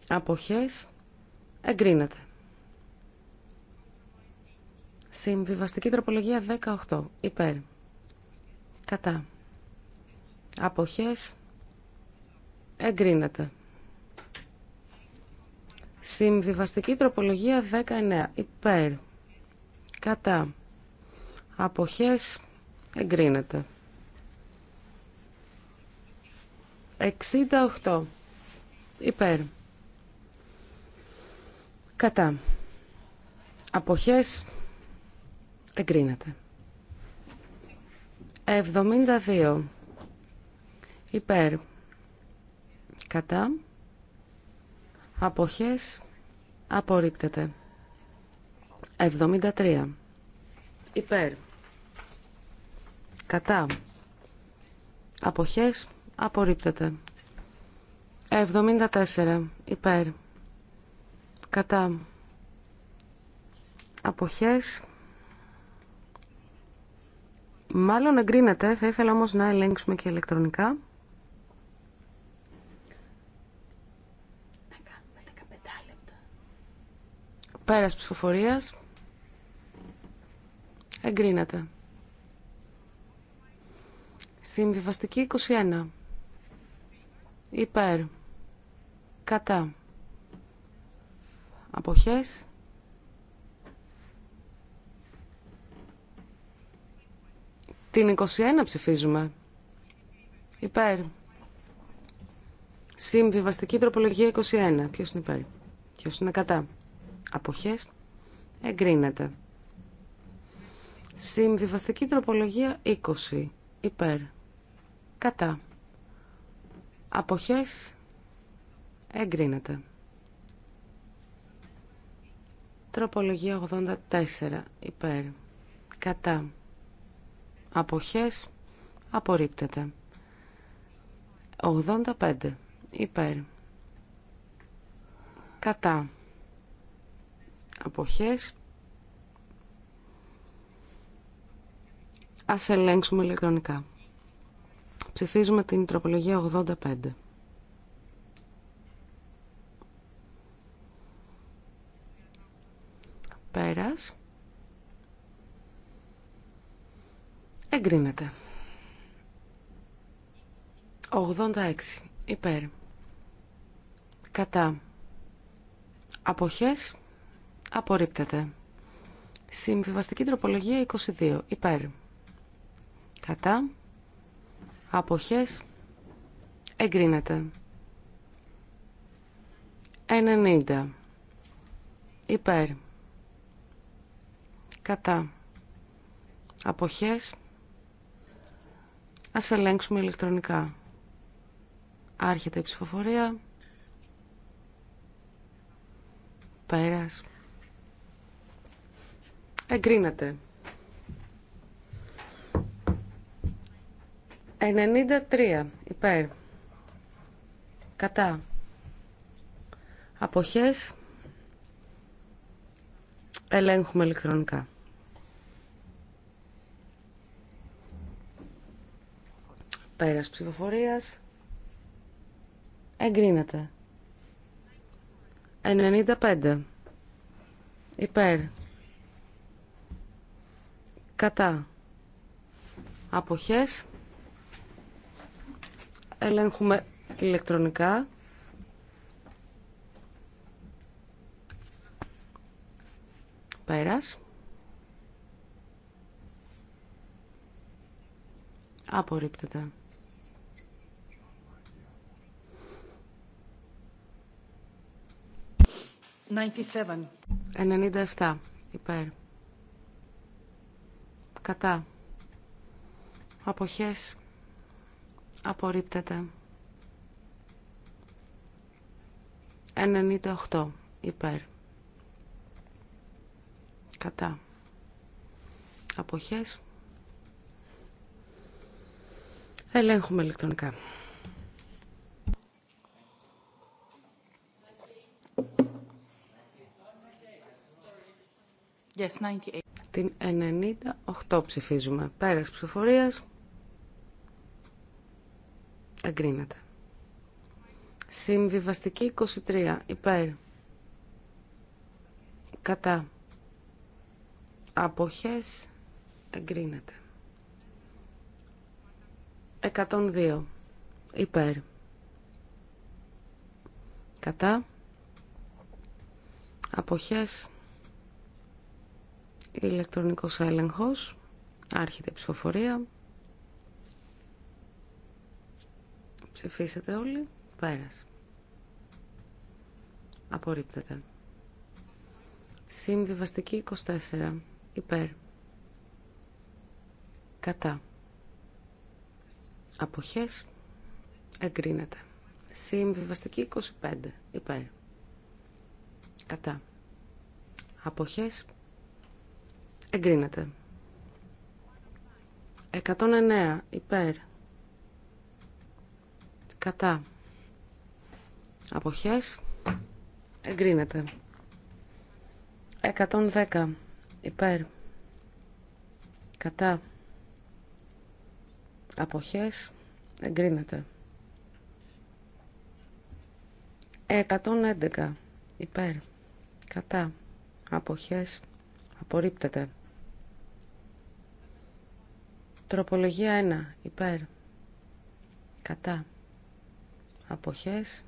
Αποχές. Εγκρίνεται. Συμβιβαστική τροπολογία 18. Υπέρ. Κατά αποχές εγκρίνεται. Συμβιβαστική τροπολογία 19. Υπέρ. Κατά. Αποχές εγκρίνεται. 68. Υπέρ. Κατά. Αποχές εγκρίνεται. 72 υπέρ κατά αποχές απορρίπτεται 73 υπέρ κατά αποχές απορρίπτεται 74 υπέρ κατά αποχές μάλλον εγκρίνεται θα ήθελα όμως να ελέγξουμε και ηλεκτρονικά Πέρας ψηφοφορίας. Εγκρίνεται. Συμβιβαστική 21. Υπέρ. Κατά. Αποχές. Την 21 ψηφίζουμε. Υπέρ. Συμβιβαστική τροπολογία 21. Ποιος είναι υπέρ. Ποιος είναι κατά αποχές εγκρίνεται. Συμβιβαστική τροπολογία 20 υπέρ κατά αποχές εγκρίνεται. Τροπολογία 84 υπέρ κατά αποχές απορρίπτεται. 85 υπέρ κατά αποχές. Ας ελέγξουμε ηλεκτρονικά. Ψηφίζουμε την τροπολογία 85. Πέρας. Εγκρίνεται. 86. Υπέρ. Κατά. Αποχές. Απορρίπτεται. Συμβιβαστική τροπολογία 22. Υπέρ. Κατά. Αποχές. Εγκρίνεται. 90. Υπέρ. Κατά. Αποχές. Ας ελέγξουμε ηλεκτρονικά. Άρχεται η ψηφοφορία. Πέρας. Εγκρίνεται. 93 υπέρ. Κατά. Αποχές. Ελέγχουμε ηλεκτρονικά. Πέρας ψηφοφορίας. Εγκρίνεται. 95. Υπέρ κατά αποχές ελέγχουμε ηλεκτρονικά πέρας απορρίπτεται Ninety 97 υπέρ κατά αποχές απορρίπτεται 98 υπέρ κατά αποχές ελέγχουμε ηλεκτρονικά Yes, 98. Την 98 ψηφίζουμε. Πέρας ψηφοφορίας. Εγκρίνεται. Συμβιβαστική 23. Υπέρ. Κατά. Αποχές. Εγκρίνεται. 102. Υπέρ. Κατά. Αποχές. Ηλεκτρονικός έλεγχος. Άρχεται η ψηφοφορία. Ψηφίσετε όλοι. Πέρας. Απορρίπτεται. Συμβιβαστική 24. Υπέρ. Κατά. Αποχές. Εγκρίνεται. Συμβιβαστική 25. Υπέρ. Κατά. Αποχές. Εγκρίνεται. 109 υπέρ. Κατά. Αποχές. Εγκρίνεται. 110 υπέρ. Κατά. Αποχές. Εγκρίνεται. 111 υπέρ. Κατά. Αποχές. Απορρίπτεται. Τροπολογία 1. Υπέρ. Κατά. Αποχές.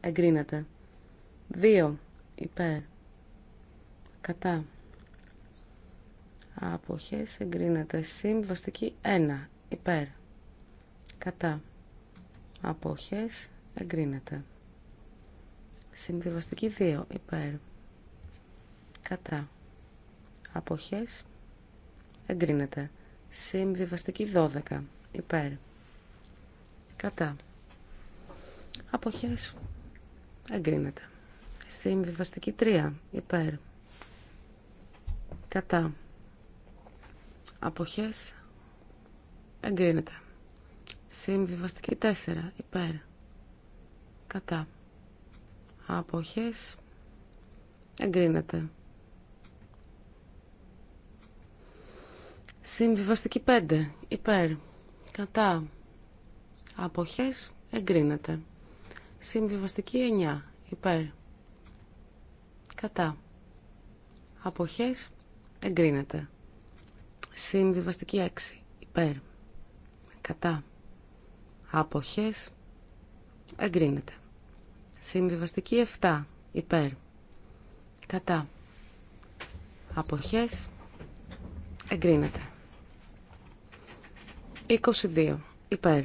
Εγκρίνεται. 2. Υπέρ. Κατά. Αποχές. Εγκρίνεται. Συμβαστική 1. Υπέρ. Κατά. Αποχές. Εγκρίνεται. Συμβιβαστική 2. Υπέρ. Κατά. Αποχές. Εγκρίνεται. Συμβιβαστική 12. Υπέρ. Κατά. Αποχές. Εγκρίνεται. Συμβιβαστική 3. Υπέρ. Κατά. Αποχές. Εγκρίνεται. Συμβιβαστική 4. Υπέρ. Κατά. Αποχές. Εγκρίνεται. Συμβιβαστική 5. Υπέρ. Κατά. Αποχές. Εγκρίνεται. Συμβιβαστική 9. Υπέρ. Κατά. Αποχές. Εγκρίνεται. Συμβιβαστική 6. Υπέρ. Κατά. Αποχές. Εγκρίνεται. Συμβιβαστική 7. Υπέρ. Κατά. Αποχές. Εγκρίνεται. 22. Υπέρ.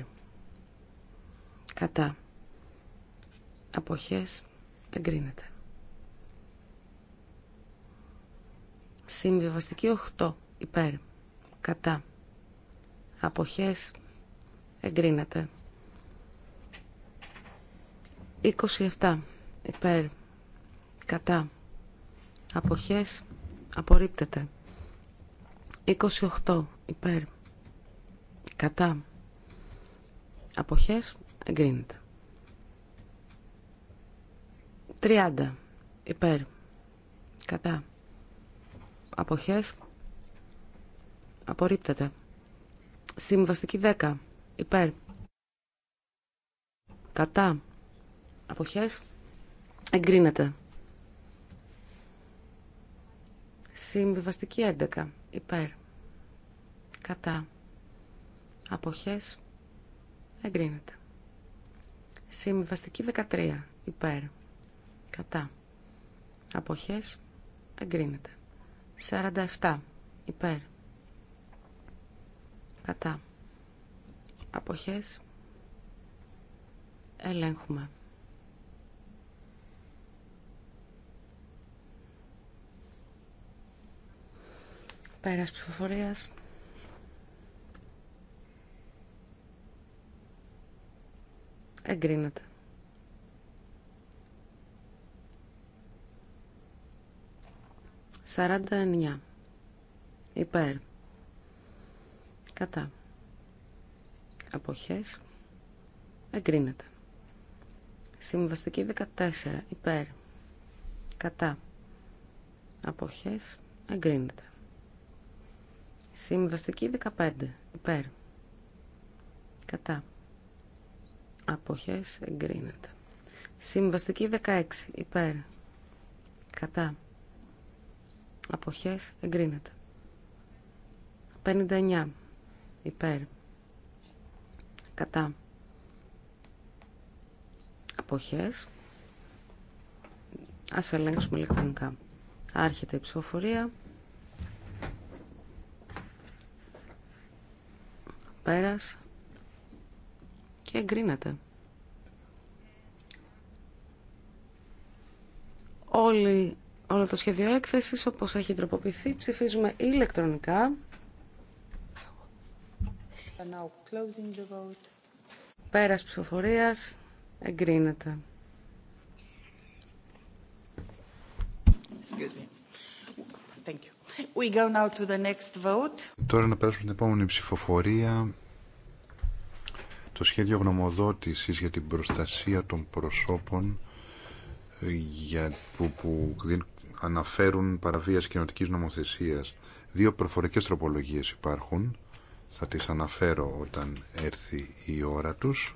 Κατά. Αποχές. Εγκρίνεται. Συμβιβαστική 8. Υπέρ. Κατά. Αποχές. Εγκρίνεται. 27. Υπέρ. Κατά. Αποχές. Απορρίπτεται. 28. Υπέρ. Κατά. Αποχές εγκρίνεται. 30. Υπέρ. Κατά. Αποχές. Απορρίπτεται. Συμβαστική 10. Υπέρ. Κατά. Αποχές. Εγκρίνεται. Συμβιβαστική 11. Υπέρ. Κατά αποχές εγκρίνεται. Συμβαστική 13 υπέρ κατά αποχές εγκρίνεται. 47 υπέρ κατά αποχές ελέγχουμε. Πέρας ψηφοφορίας Εγκρίνεται. Σαράντα εννιά. Υπέρ. Κατά. Αποχές. Εγκρίνεται. Συμβαστική δεκατέσσερα. Υπέρ. Κατά. Αποχές. Εγκρίνεται. Συμβαστική δεκαπέντε. Υπέρ. Κατά αποχές εγκρίνεται. Συμβαστική 16 υπέρ κατά αποχές εγκρίνεται. 59 υπέρ κατά αποχές ας ελέγξουμε ηλεκτρονικά άρχεται η ψηφοφορία Πέρασε και εγκρίνεται. Όλη, όλο το σχέδιο έκθεση. Όπω έχει τροποποιηθεί ψηφίζουμε ηλεκτρονικά. Πέρας ψηφοφορίας εγκρίνεται. Τώρα να περάσουμε την επόμενη ψηφοφορία το σχέδιο γνωμοδότησης για την προστασία των προσώπων ε, για, που, που αναφέρουν παραβίαση κοινοτικής νομοθεσίας. Δύο προφορικές τροπολογίες υπάρχουν. Θα τις αναφέρω όταν έρθει η ώρα τους.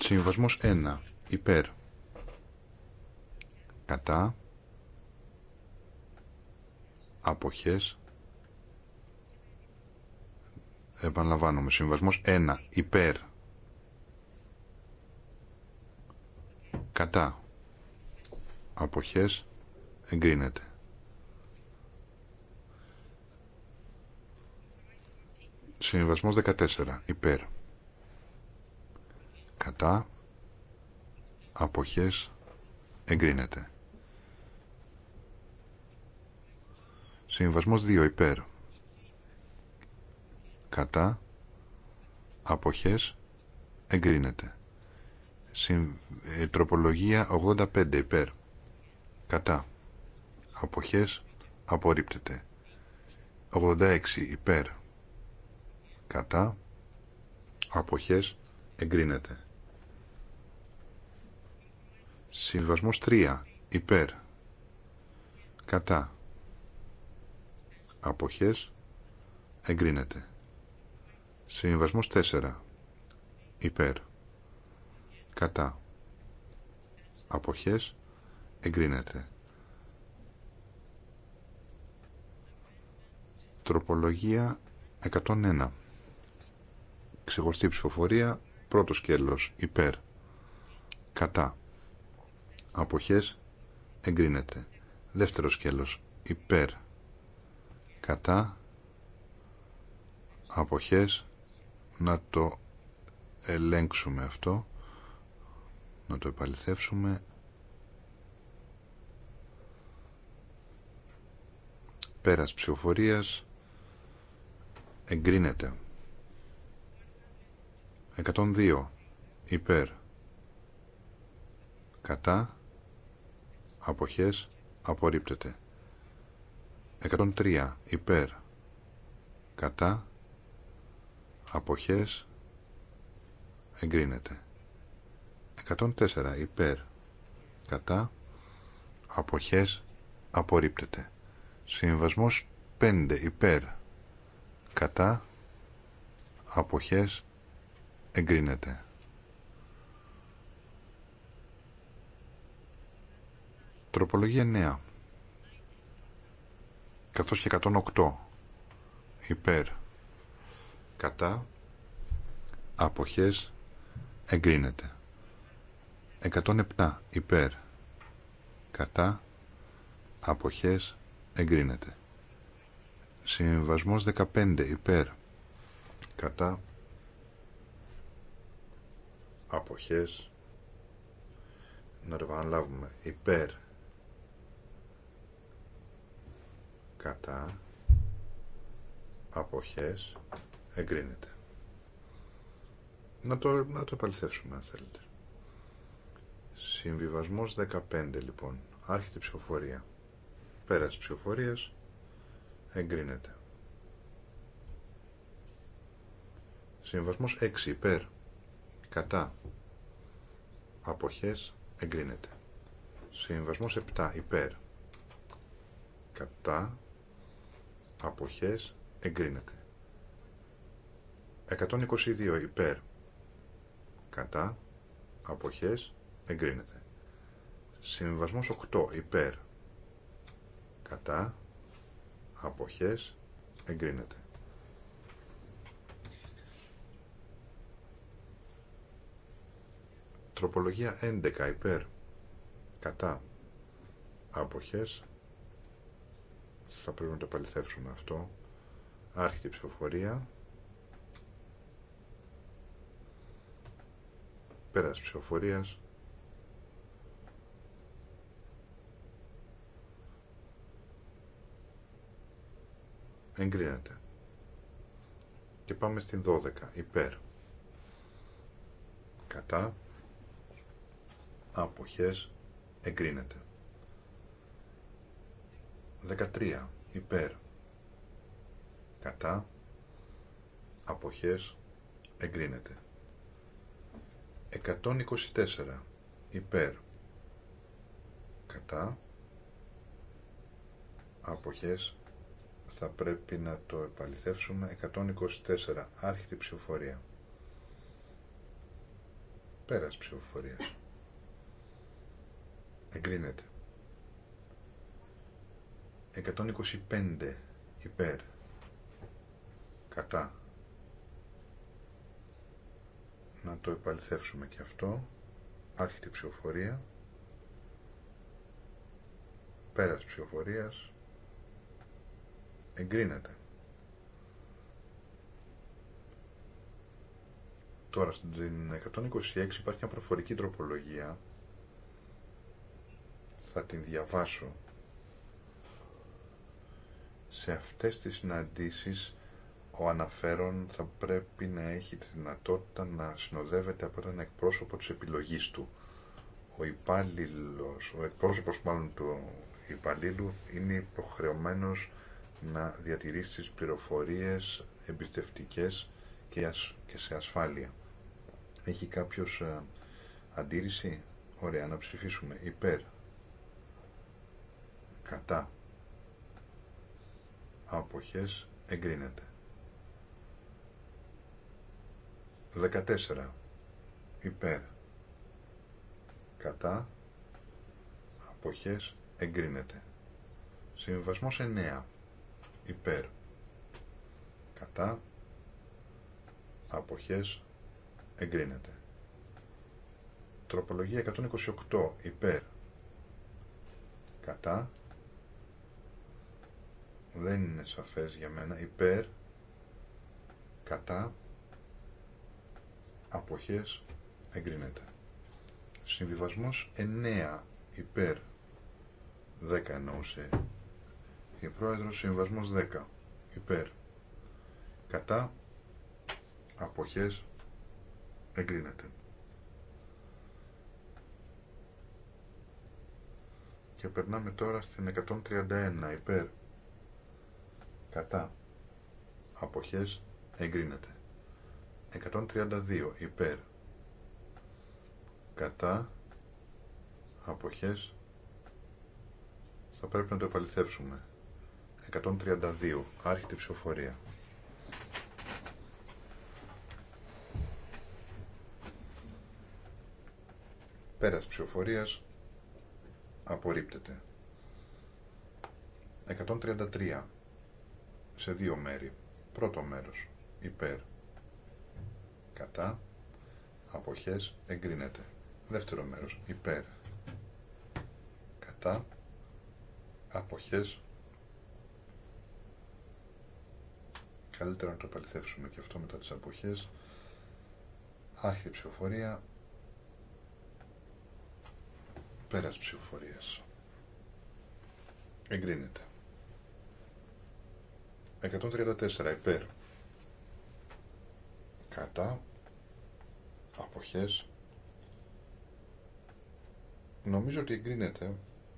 Συμβασμός 1. Υπέρ. Κατά. Αποχές. Επαναλαμβάνουμε. Συμβασμός 1. Υπέρ. Κατά. Αποχές. Εγκρίνεται. Συμβασμός 14. Υπέρ. Κατά. Αποχές. Εγκρίνεται. Συμβασμός 2. Υπέρ κατά αποχές εγκρίνεται ε, τροπολογία 85 υπέρ κατά αποχές απορρίπτεται 86 υπέρ κατά αποχές εγκρίνεται συμβασμός 3 υπέρ κατά αποχές εγκρίνεται Συμβασμός 4. Υπέρ. Κατά. Αποχές. Εγκρίνεται. Τροπολογία 101. Ξεχωριστή ψηφοφορία. Πρώτο σκέλος. Υπέρ. Κατά. Αποχές. Εγκρίνεται. Δεύτερο σκέλος. Υπέρ. Κατά. Αποχές να το ελέγξουμε αυτό, να το επαληθεύσουμε. Πέρας ψηφοφορίας εγκρίνεται. 102 υπέρ κατά αποχές απορρίπτεται. 103 υπέρ κατά αποχές εγκρίνεται 104 υπέρ κατά αποχές απορρίπτεται συμβασμός 5 υπέρ κατά αποχές εγκρίνεται τροπολογία 9 καθώς και 108 υπέρ κατά αποχές εγκρίνεται 107 υπέρ κατά αποχές εγκρίνεται συμβασμός 15 υπέρ κατά αποχές να επαναλάβουμε υπέρ κατά αποχές εγκρίνεται. Να το, να το επαληθεύσουμε αν θέλετε. Συμβιβασμός 15 λοιπόν. Άρχεται ψηφοφορία. Πέρας ψηφοφορία, εγκρίνεται. Συμβασμός 6 υπέρ. Κατά. Αποχές εγκρίνεται. Συμβασμός 7 υπέρ. Κατά. Αποχές εγκρίνεται. 122 υπέρ κατά αποχές εγκρίνεται συμβασμός 8 υπέρ κατά αποχές εγκρίνεται τροπολογία 11 υπέρ κατά αποχές θα πρέπει να το παληθεύσουμε αυτό άρχιτη ψηφοφορία Πέρας ψηφοφορίας. Εγκρίνεται. Και πάμε στην 12. Υπέρ. Κατά. Αποχές. Εγκρίνεται. 13. Υπέρ. Κατά. Αποχές. Εγκρίνεται. 124 υπέρ κατά αποχές θα πρέπει να το επαληθεύσουμε 124 άρχιτη ψηφοφορία πέρας ψηφοφορία. εγκρίνεται 125 υπέρ κατά να το επαληθεύσουμε και αυτό. Άρχεται η ψηφοφορία. Πέρας ψηφοφορίας. Εγκρίνεται. Τώρα στην 126 υπάρχει μια προφορική τροπολογία. Θα την διαβάσω. Σε αυτές τις συναντήσεις ο αναφέρον θα πρέπει να έχει τη δυνατότητα να συνοδεύεται από έναν εκπρόσωπο της επιλογής του. Ο υπαλλήλος, ο εκπρόσωπος μάλλον του υπαλλήλου είναι υποχρεωμένος να διατηρήσει τις πληροφορίες εμπιστευτικές και, και σε ασφάλεια. Έχει κάποιος ε, αντίρρηση? Ωραία, να ψηφίσουμε. Υπέρ. Κατά. Αποχές εγκρίνεται. 14 υπέρ κατά αποχές εγκρίνεται συμβασμός 9 υπέρ κατά αποχές εγκρίνεται τροπολογία 128 υπέρ κατά δεν είναι σαφές για μένα υπέρ κατά αποχές εγκρίνεται. Συμβιβασμός 9 υπέρ 10 εννοούσε η πρόεδρος, συμβιβασμός 10 υπέρ κατά αποχές εγκρίνεται. Και περνάμε τώρα στην 131 υπέρ κατά αποχές εγκρίνεται. 132 υπέρ κατά αποχές θα πρέπει να το επαληθεύσουμε 132 άρχιτη ψηφοφορία πέρας ψηφοφορίας απορρίπτεται 133 σε δύο μέρη πρώτο μέρος υπέρ κατά, αποχές, εγκρίνεται. Δεύτερο μέρος, υπέρ, κατά, αποχές, καλύτερα να το παληθεύσουμε και αυτό μετά τις αποχές, άρχη ψηφοφορία, πέρας ψηφοφορίας. Εγκρίνεται. 134 υπέρ κατά αποχές νομίζω ότι εγκρίνεται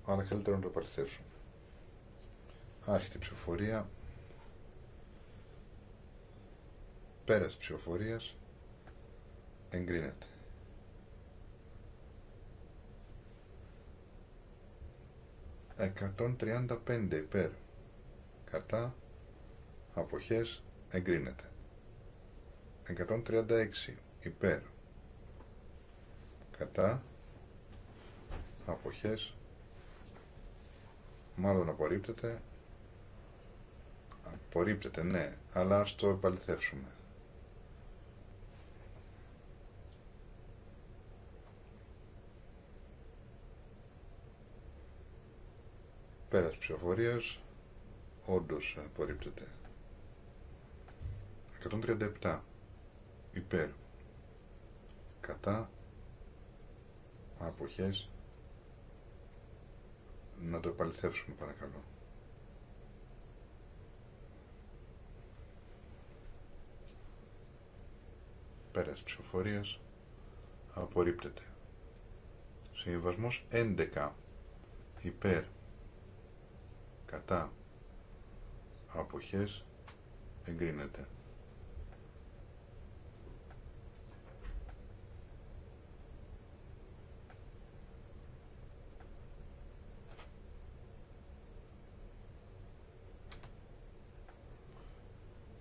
αλλά καλύτερα να το παρθέσουμε άρχιτη ψηφοφορία πέρας ψηφοφορίας εγκρίνεται Εκατόν τριάντα πέντε υπέρ κατά αποχές εγκρίνεται 136 υπέρ κατά αποχές μάλλον απορρίπτεται απορρίπτεται ναι αλλά ας το επαληθεύσουμε πέρας ψηφοφορίας όντως απορρίπτεται 137 υπέρ κατά αποχές να το επαληθεύσουμε παρακαλώ πέρας ψηφοφορίας απορρίπτεται συμβασμός 11 υπέρ κατά αποχές εγκρίνεται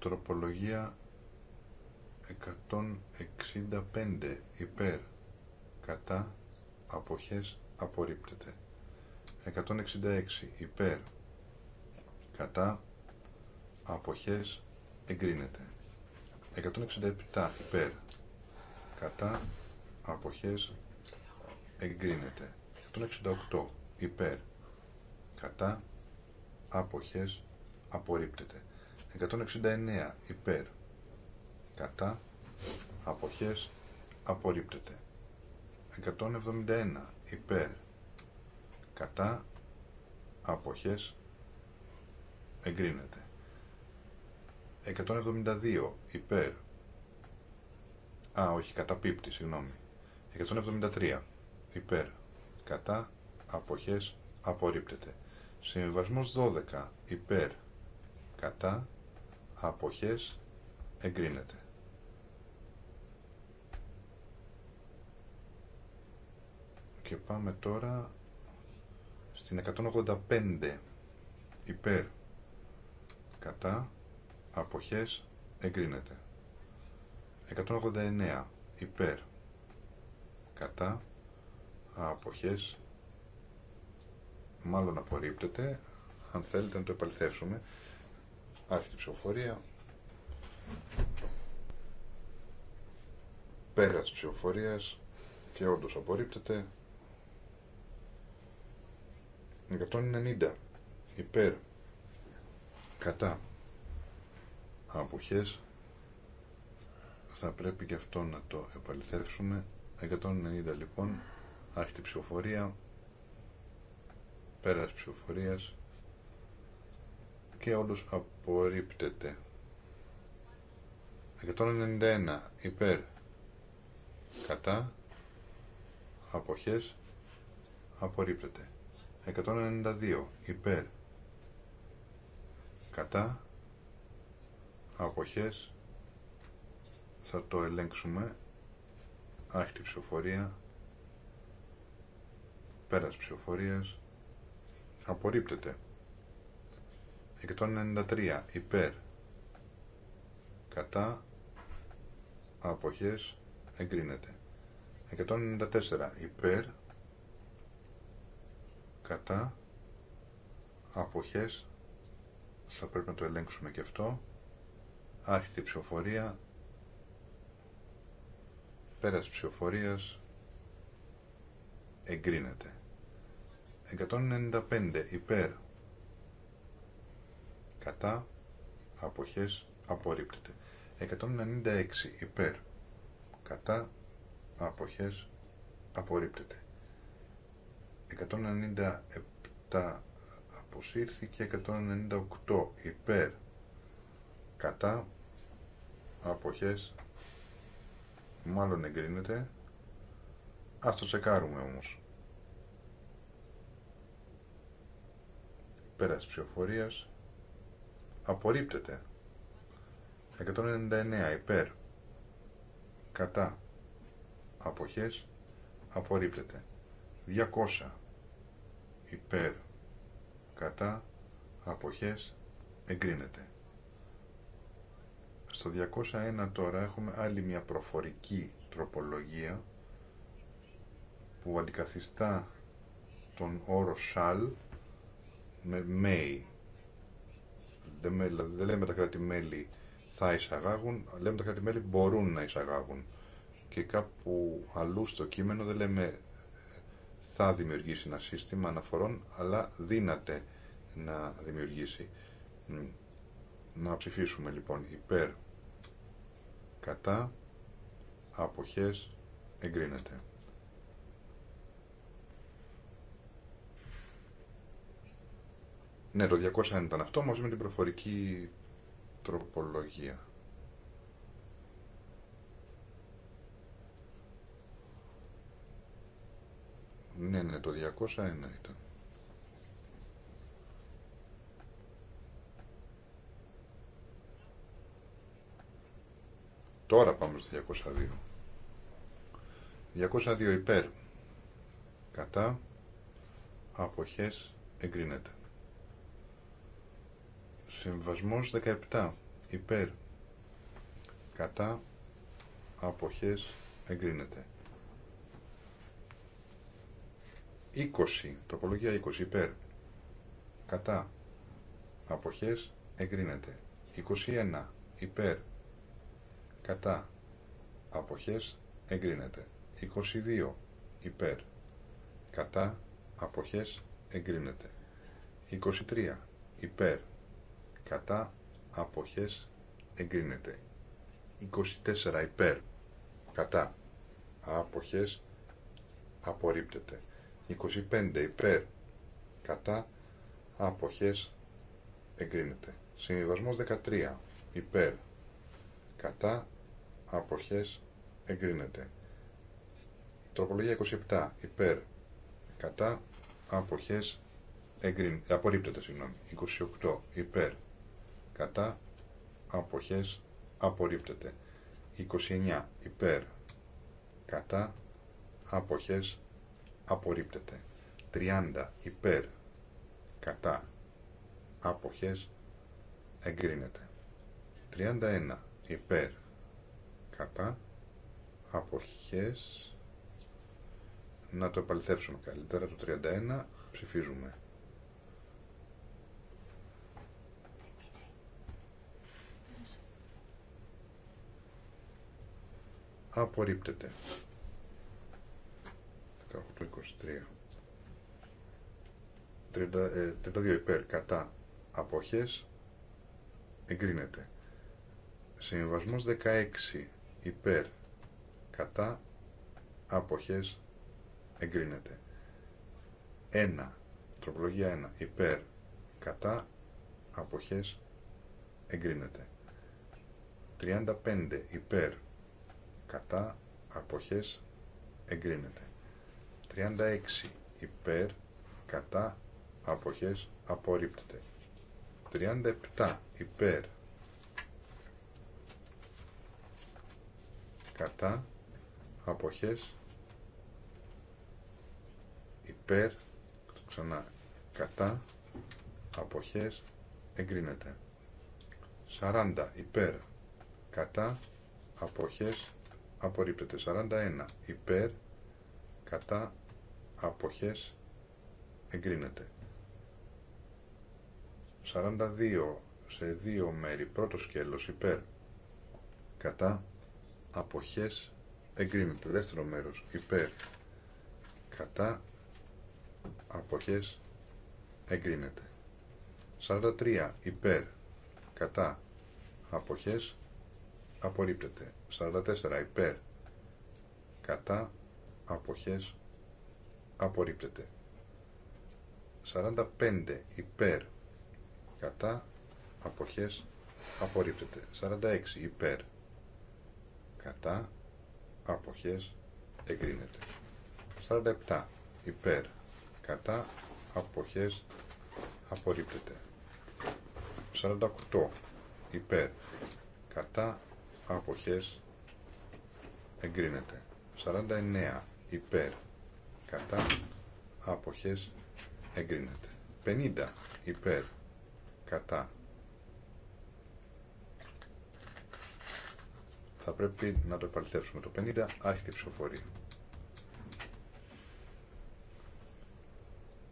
Τροπολογία 165 υπέρ κατά αποχές απορρίπτεται. 166 υπέρ κατά αποχές εγκρίνεται. 167 υπέρ κατά αποχές εγκρίνεται. 168 υπέρ κατά αποχές απορρίπτεται. 169 υπέρ κατά αποχές απορρίπτεται 171 υπέρ κατά αποχές εγκρίνεται 172 υπέρ α όχι κατά πίπτη, συγγνώμη 173 υπέρ κατά αποχές απορρίπτεται Συμβασμός 12 υπέρ κατά αποχές εγκρίνεται. Και πάμε τώρα στην 185 υπέρ κατά αποχές εγκρίνεται. 189 υπέρ κατά αποχές μάλλον απορρίπτεται αν θέλετε να το επαληθεύσουμε Άρχεται ψηφοφορία. Πέρας ψηφοφορία και όντω απορρίπτεται. 190 υπέρ κατά αποχές θα πρέπει και αυτό να το επαληθεύσουμε 190 λοιπόν άρχιτη ψηφοφορία πέρας ψηφοφορίας και όλους απορρίπτεται 191 υπέρ κατά αποχές απορρίπτεται 192 υπέρ κατά αποχές θα το ελέγξουμε άρχιτη ψηφοφορία πέρας ψηφοφορίας απορρίπτεται 193 υπέρ κατά αποχές εγκρίνεται 194 υπέρ κατά αποχές θα πρέπει να το ελέγξουμε και αυτό άρχιτη ψηφοφορία πέρας ψηφοφορίας εγκρίνεται 195 υπέρ κατά αποχές απορρίπτεται 196 υπέρ κατά αποχές απορρίπτεται 197 αποσύρθηκε 198 υπέρ κατά αποχές μάλλον εγκρίνεται ας το τσεκάρουμε όμως πέρας ψηφοφορίας Απορρίπτεται. 199 υπέρ. Κατά. Αποχές. Απορρίπτεται. 200 υπέρ. Κατά. Αποχές. Εγκρίνεται. Στο 201 τώρα έχουμε άλλη μια προφορική τροπολογία που αντικαθιστά τον όρο shall με may Δηλαδή δεν λέμε τα κράτη-μέλη θα εισαγάγουν, λέμε τα κράτη-μέλη μπορούν να εισαγάγουν. Και κάπου αλλού στο κείμενο δεν λέμε θα δημιουργήσει ένα σύστημα αναφορών, αλλά δύναται να δημιουργήσει. Να ψηφίσουμε λοιπόν υπέρ, κατά, αποχές, εγκρίνεται. Ναι, το 200 ήταν αυτό μαζί με την προφορική τροπολογία. Ναι, ναι, το 201 ήταν. Τώρα πάμε στο 202. 202 υπέρ. Κατά. Αποχές εγκρίνεται. Συμβασμός 17. Υπέρ. Κατά. Αποχές. Εγκρίνεται. 20. Τροπολογία 20. Υπέρ. Κατά. Αποχές. Εγκρίνεται. 21. Υπέρ. Κατά. Αποχές. Εγκρίνεται. 22. Υπέρ. Κατά. Αποχές. Εγκρίνεται. 23. Υπέρ κατά αποχές εγκρίνεται 24 υπέρ κατά αποχές απορρίπτεται 25 υπέρ κατά αποχές εγκρίνεται συμβιβασμός 13 υπέρ κατά αποχές εγκρίνεται τροπολογία 27 υπέρ κατά αποχές εγκρίνεται απορρίπτεται συγγνώμη 28 υπέρ κατά αποχές απορρίπτεται 29 υπέρ κατά αποχές απορρίπτεται 30 υπέρ κατά αποχές εγκρίνεται 31 υπέρ κατά αποχές να το επαληθεύσουμε καλύτερα το 31 ψηφίζουμε απορρίπτεται 18-23 32 ε, υπέρ κατά αποχές εγκρίνεται συμβασμός 16 υπέρ κατά αποχές εγκρίνεται 1 τροπολογία 1 υπέρ κατά αποχές εγκρίνεται 35 υπέρ κατά αποχές εγκρίνεται 36 υπέρ κατά αποχές απορρίπτεται 37 υπέρ κατά αποχές υπέρ ξανά κατά αποχές εγκρίνεται 40 υπέρ κατά αποχές απορρίπτεται 41 υπέρ κατά αποχές εγκρίνεται 42 σε δύο μέρη πρώτο σκέλος υπέρ κατά αποχές εγκρίνεται δεύτερο μέρος υπέρ κατά αποχές εγκρίνεται 43 υπέρ κατά αποχές απορρίπτεται 44 υπέρ κατά αποχές απορρίπτεται 45 υπέρ κατά αποχές απορρίπτεται 46 υπέρ κατά αποχές εγκρίνεται 47 υπέρ κατά αποχές απορρίπτεται 48 υπέρ κατά αποχές εγκρίνεται 49 υπέρ κατά αποχές εγκρίνεται 50 υπέρ κατά θα πρέπει να το επαληθεύσουμε το 50 άρχιτη ψηφοφορία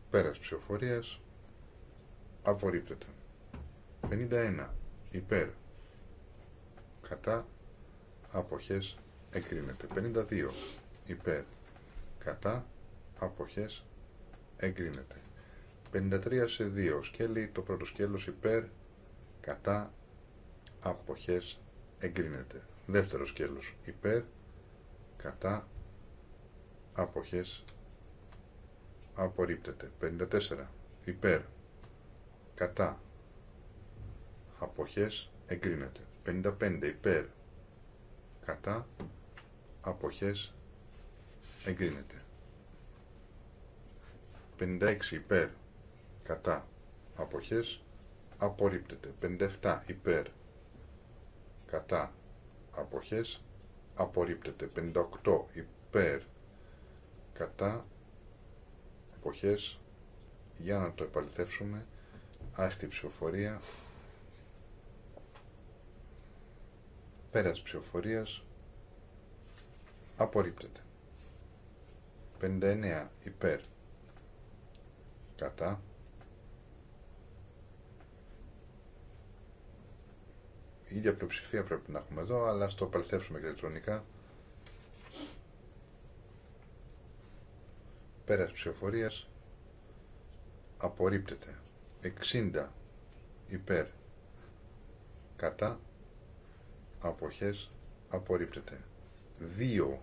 πέρας ψηφοφορίας απορρίπτεται 51 υπέρ κατά αποχές εγκρίνεται 52 υπέρ κατά αποχές εγκρίνεται 53 σε 2 σκέλη το πρώτο σκέλος υπέρ κατά αποχές εγκρίνεται δεύτερο σκέλος υπέρ κατά αποχές απορρίπτεται 54 υπέρ κατά αποχές εγκρίνεται 55 υπέρ κατά αποχές εγκρίνεται 56 υπέρ κατά αποχές απορρίπτεται 57 υπέρ κατά αποχές απορρίπτεται 58 υπέρ κατά αποχές για να το επαληθεύσουμε άχτη ψηφοφορία Πέρας ψηφοφορίας απορρίπτεται. 59 υπέρ κατά η ίδια πλειοψηφία πρέπει να έχουμε εδώ αλλά στο το και ηλεκτρονικά πέρας ψηφοφορίας απορρίπτεται 60 υπέρ κατά αποχές απορρίπτεται 2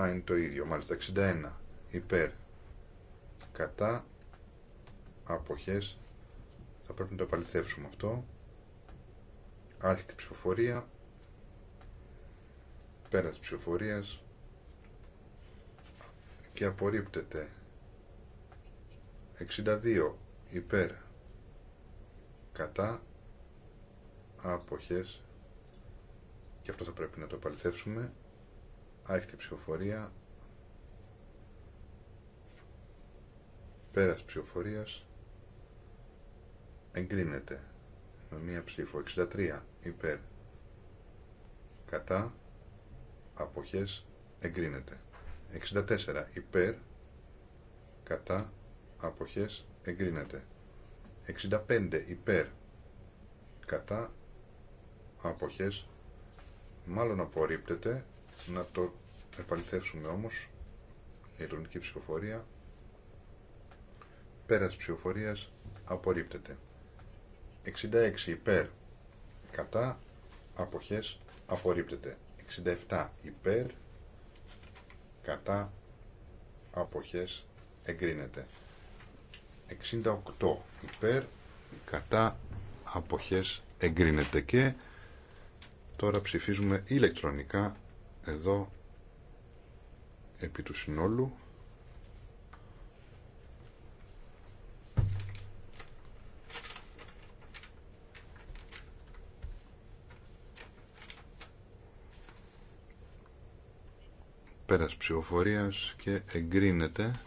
α είναι το ίδιο μάλιστα 61 υπέρ κατά αποχές θα πρέπει να το επαληθεύσουμε αυτό η ψηφοφορία πέρας της ψηφοφορίας και απορρίπτεται 62 υπέρ κατά αποχές και αυτό θα πρέπει να το επαληθεύσουμε άρχιτη ψηφοφορία πέρας ψηφοφορίας εγκρίνεται με μία ψήφο 63 υπέρ κατά αποχές εγκρίνεται 64 υπέρ κατά αποχές εγκρίνεται 65 υπέρ κατά αποχές μάλλον απορρίπτεται να το επαληθεύσουμε όμως η ηλεκτρονική ψηφοφορία πέρας ψηφοφορίας απορρίπτεται 66 υπέρ κατά αποχές απορρίπτεται 67 υπέρ κατά αποχές εγκρίνεται 68 υπέρ κατά αποχές εγκρίνεται και τώρα ψηφίζουμε ηλεκτρονικά εδώ επί του συνόλου. Πέρας ψηφοφορίας και εγκρίνεται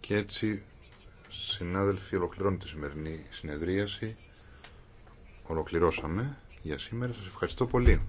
και έτσι Συνάδελφοι, ολοκληρώνει τη σημερινή συνεδρίαση. Ολοκληρώσαμε για σήμερα. Σας ευχαριστώ πολύ.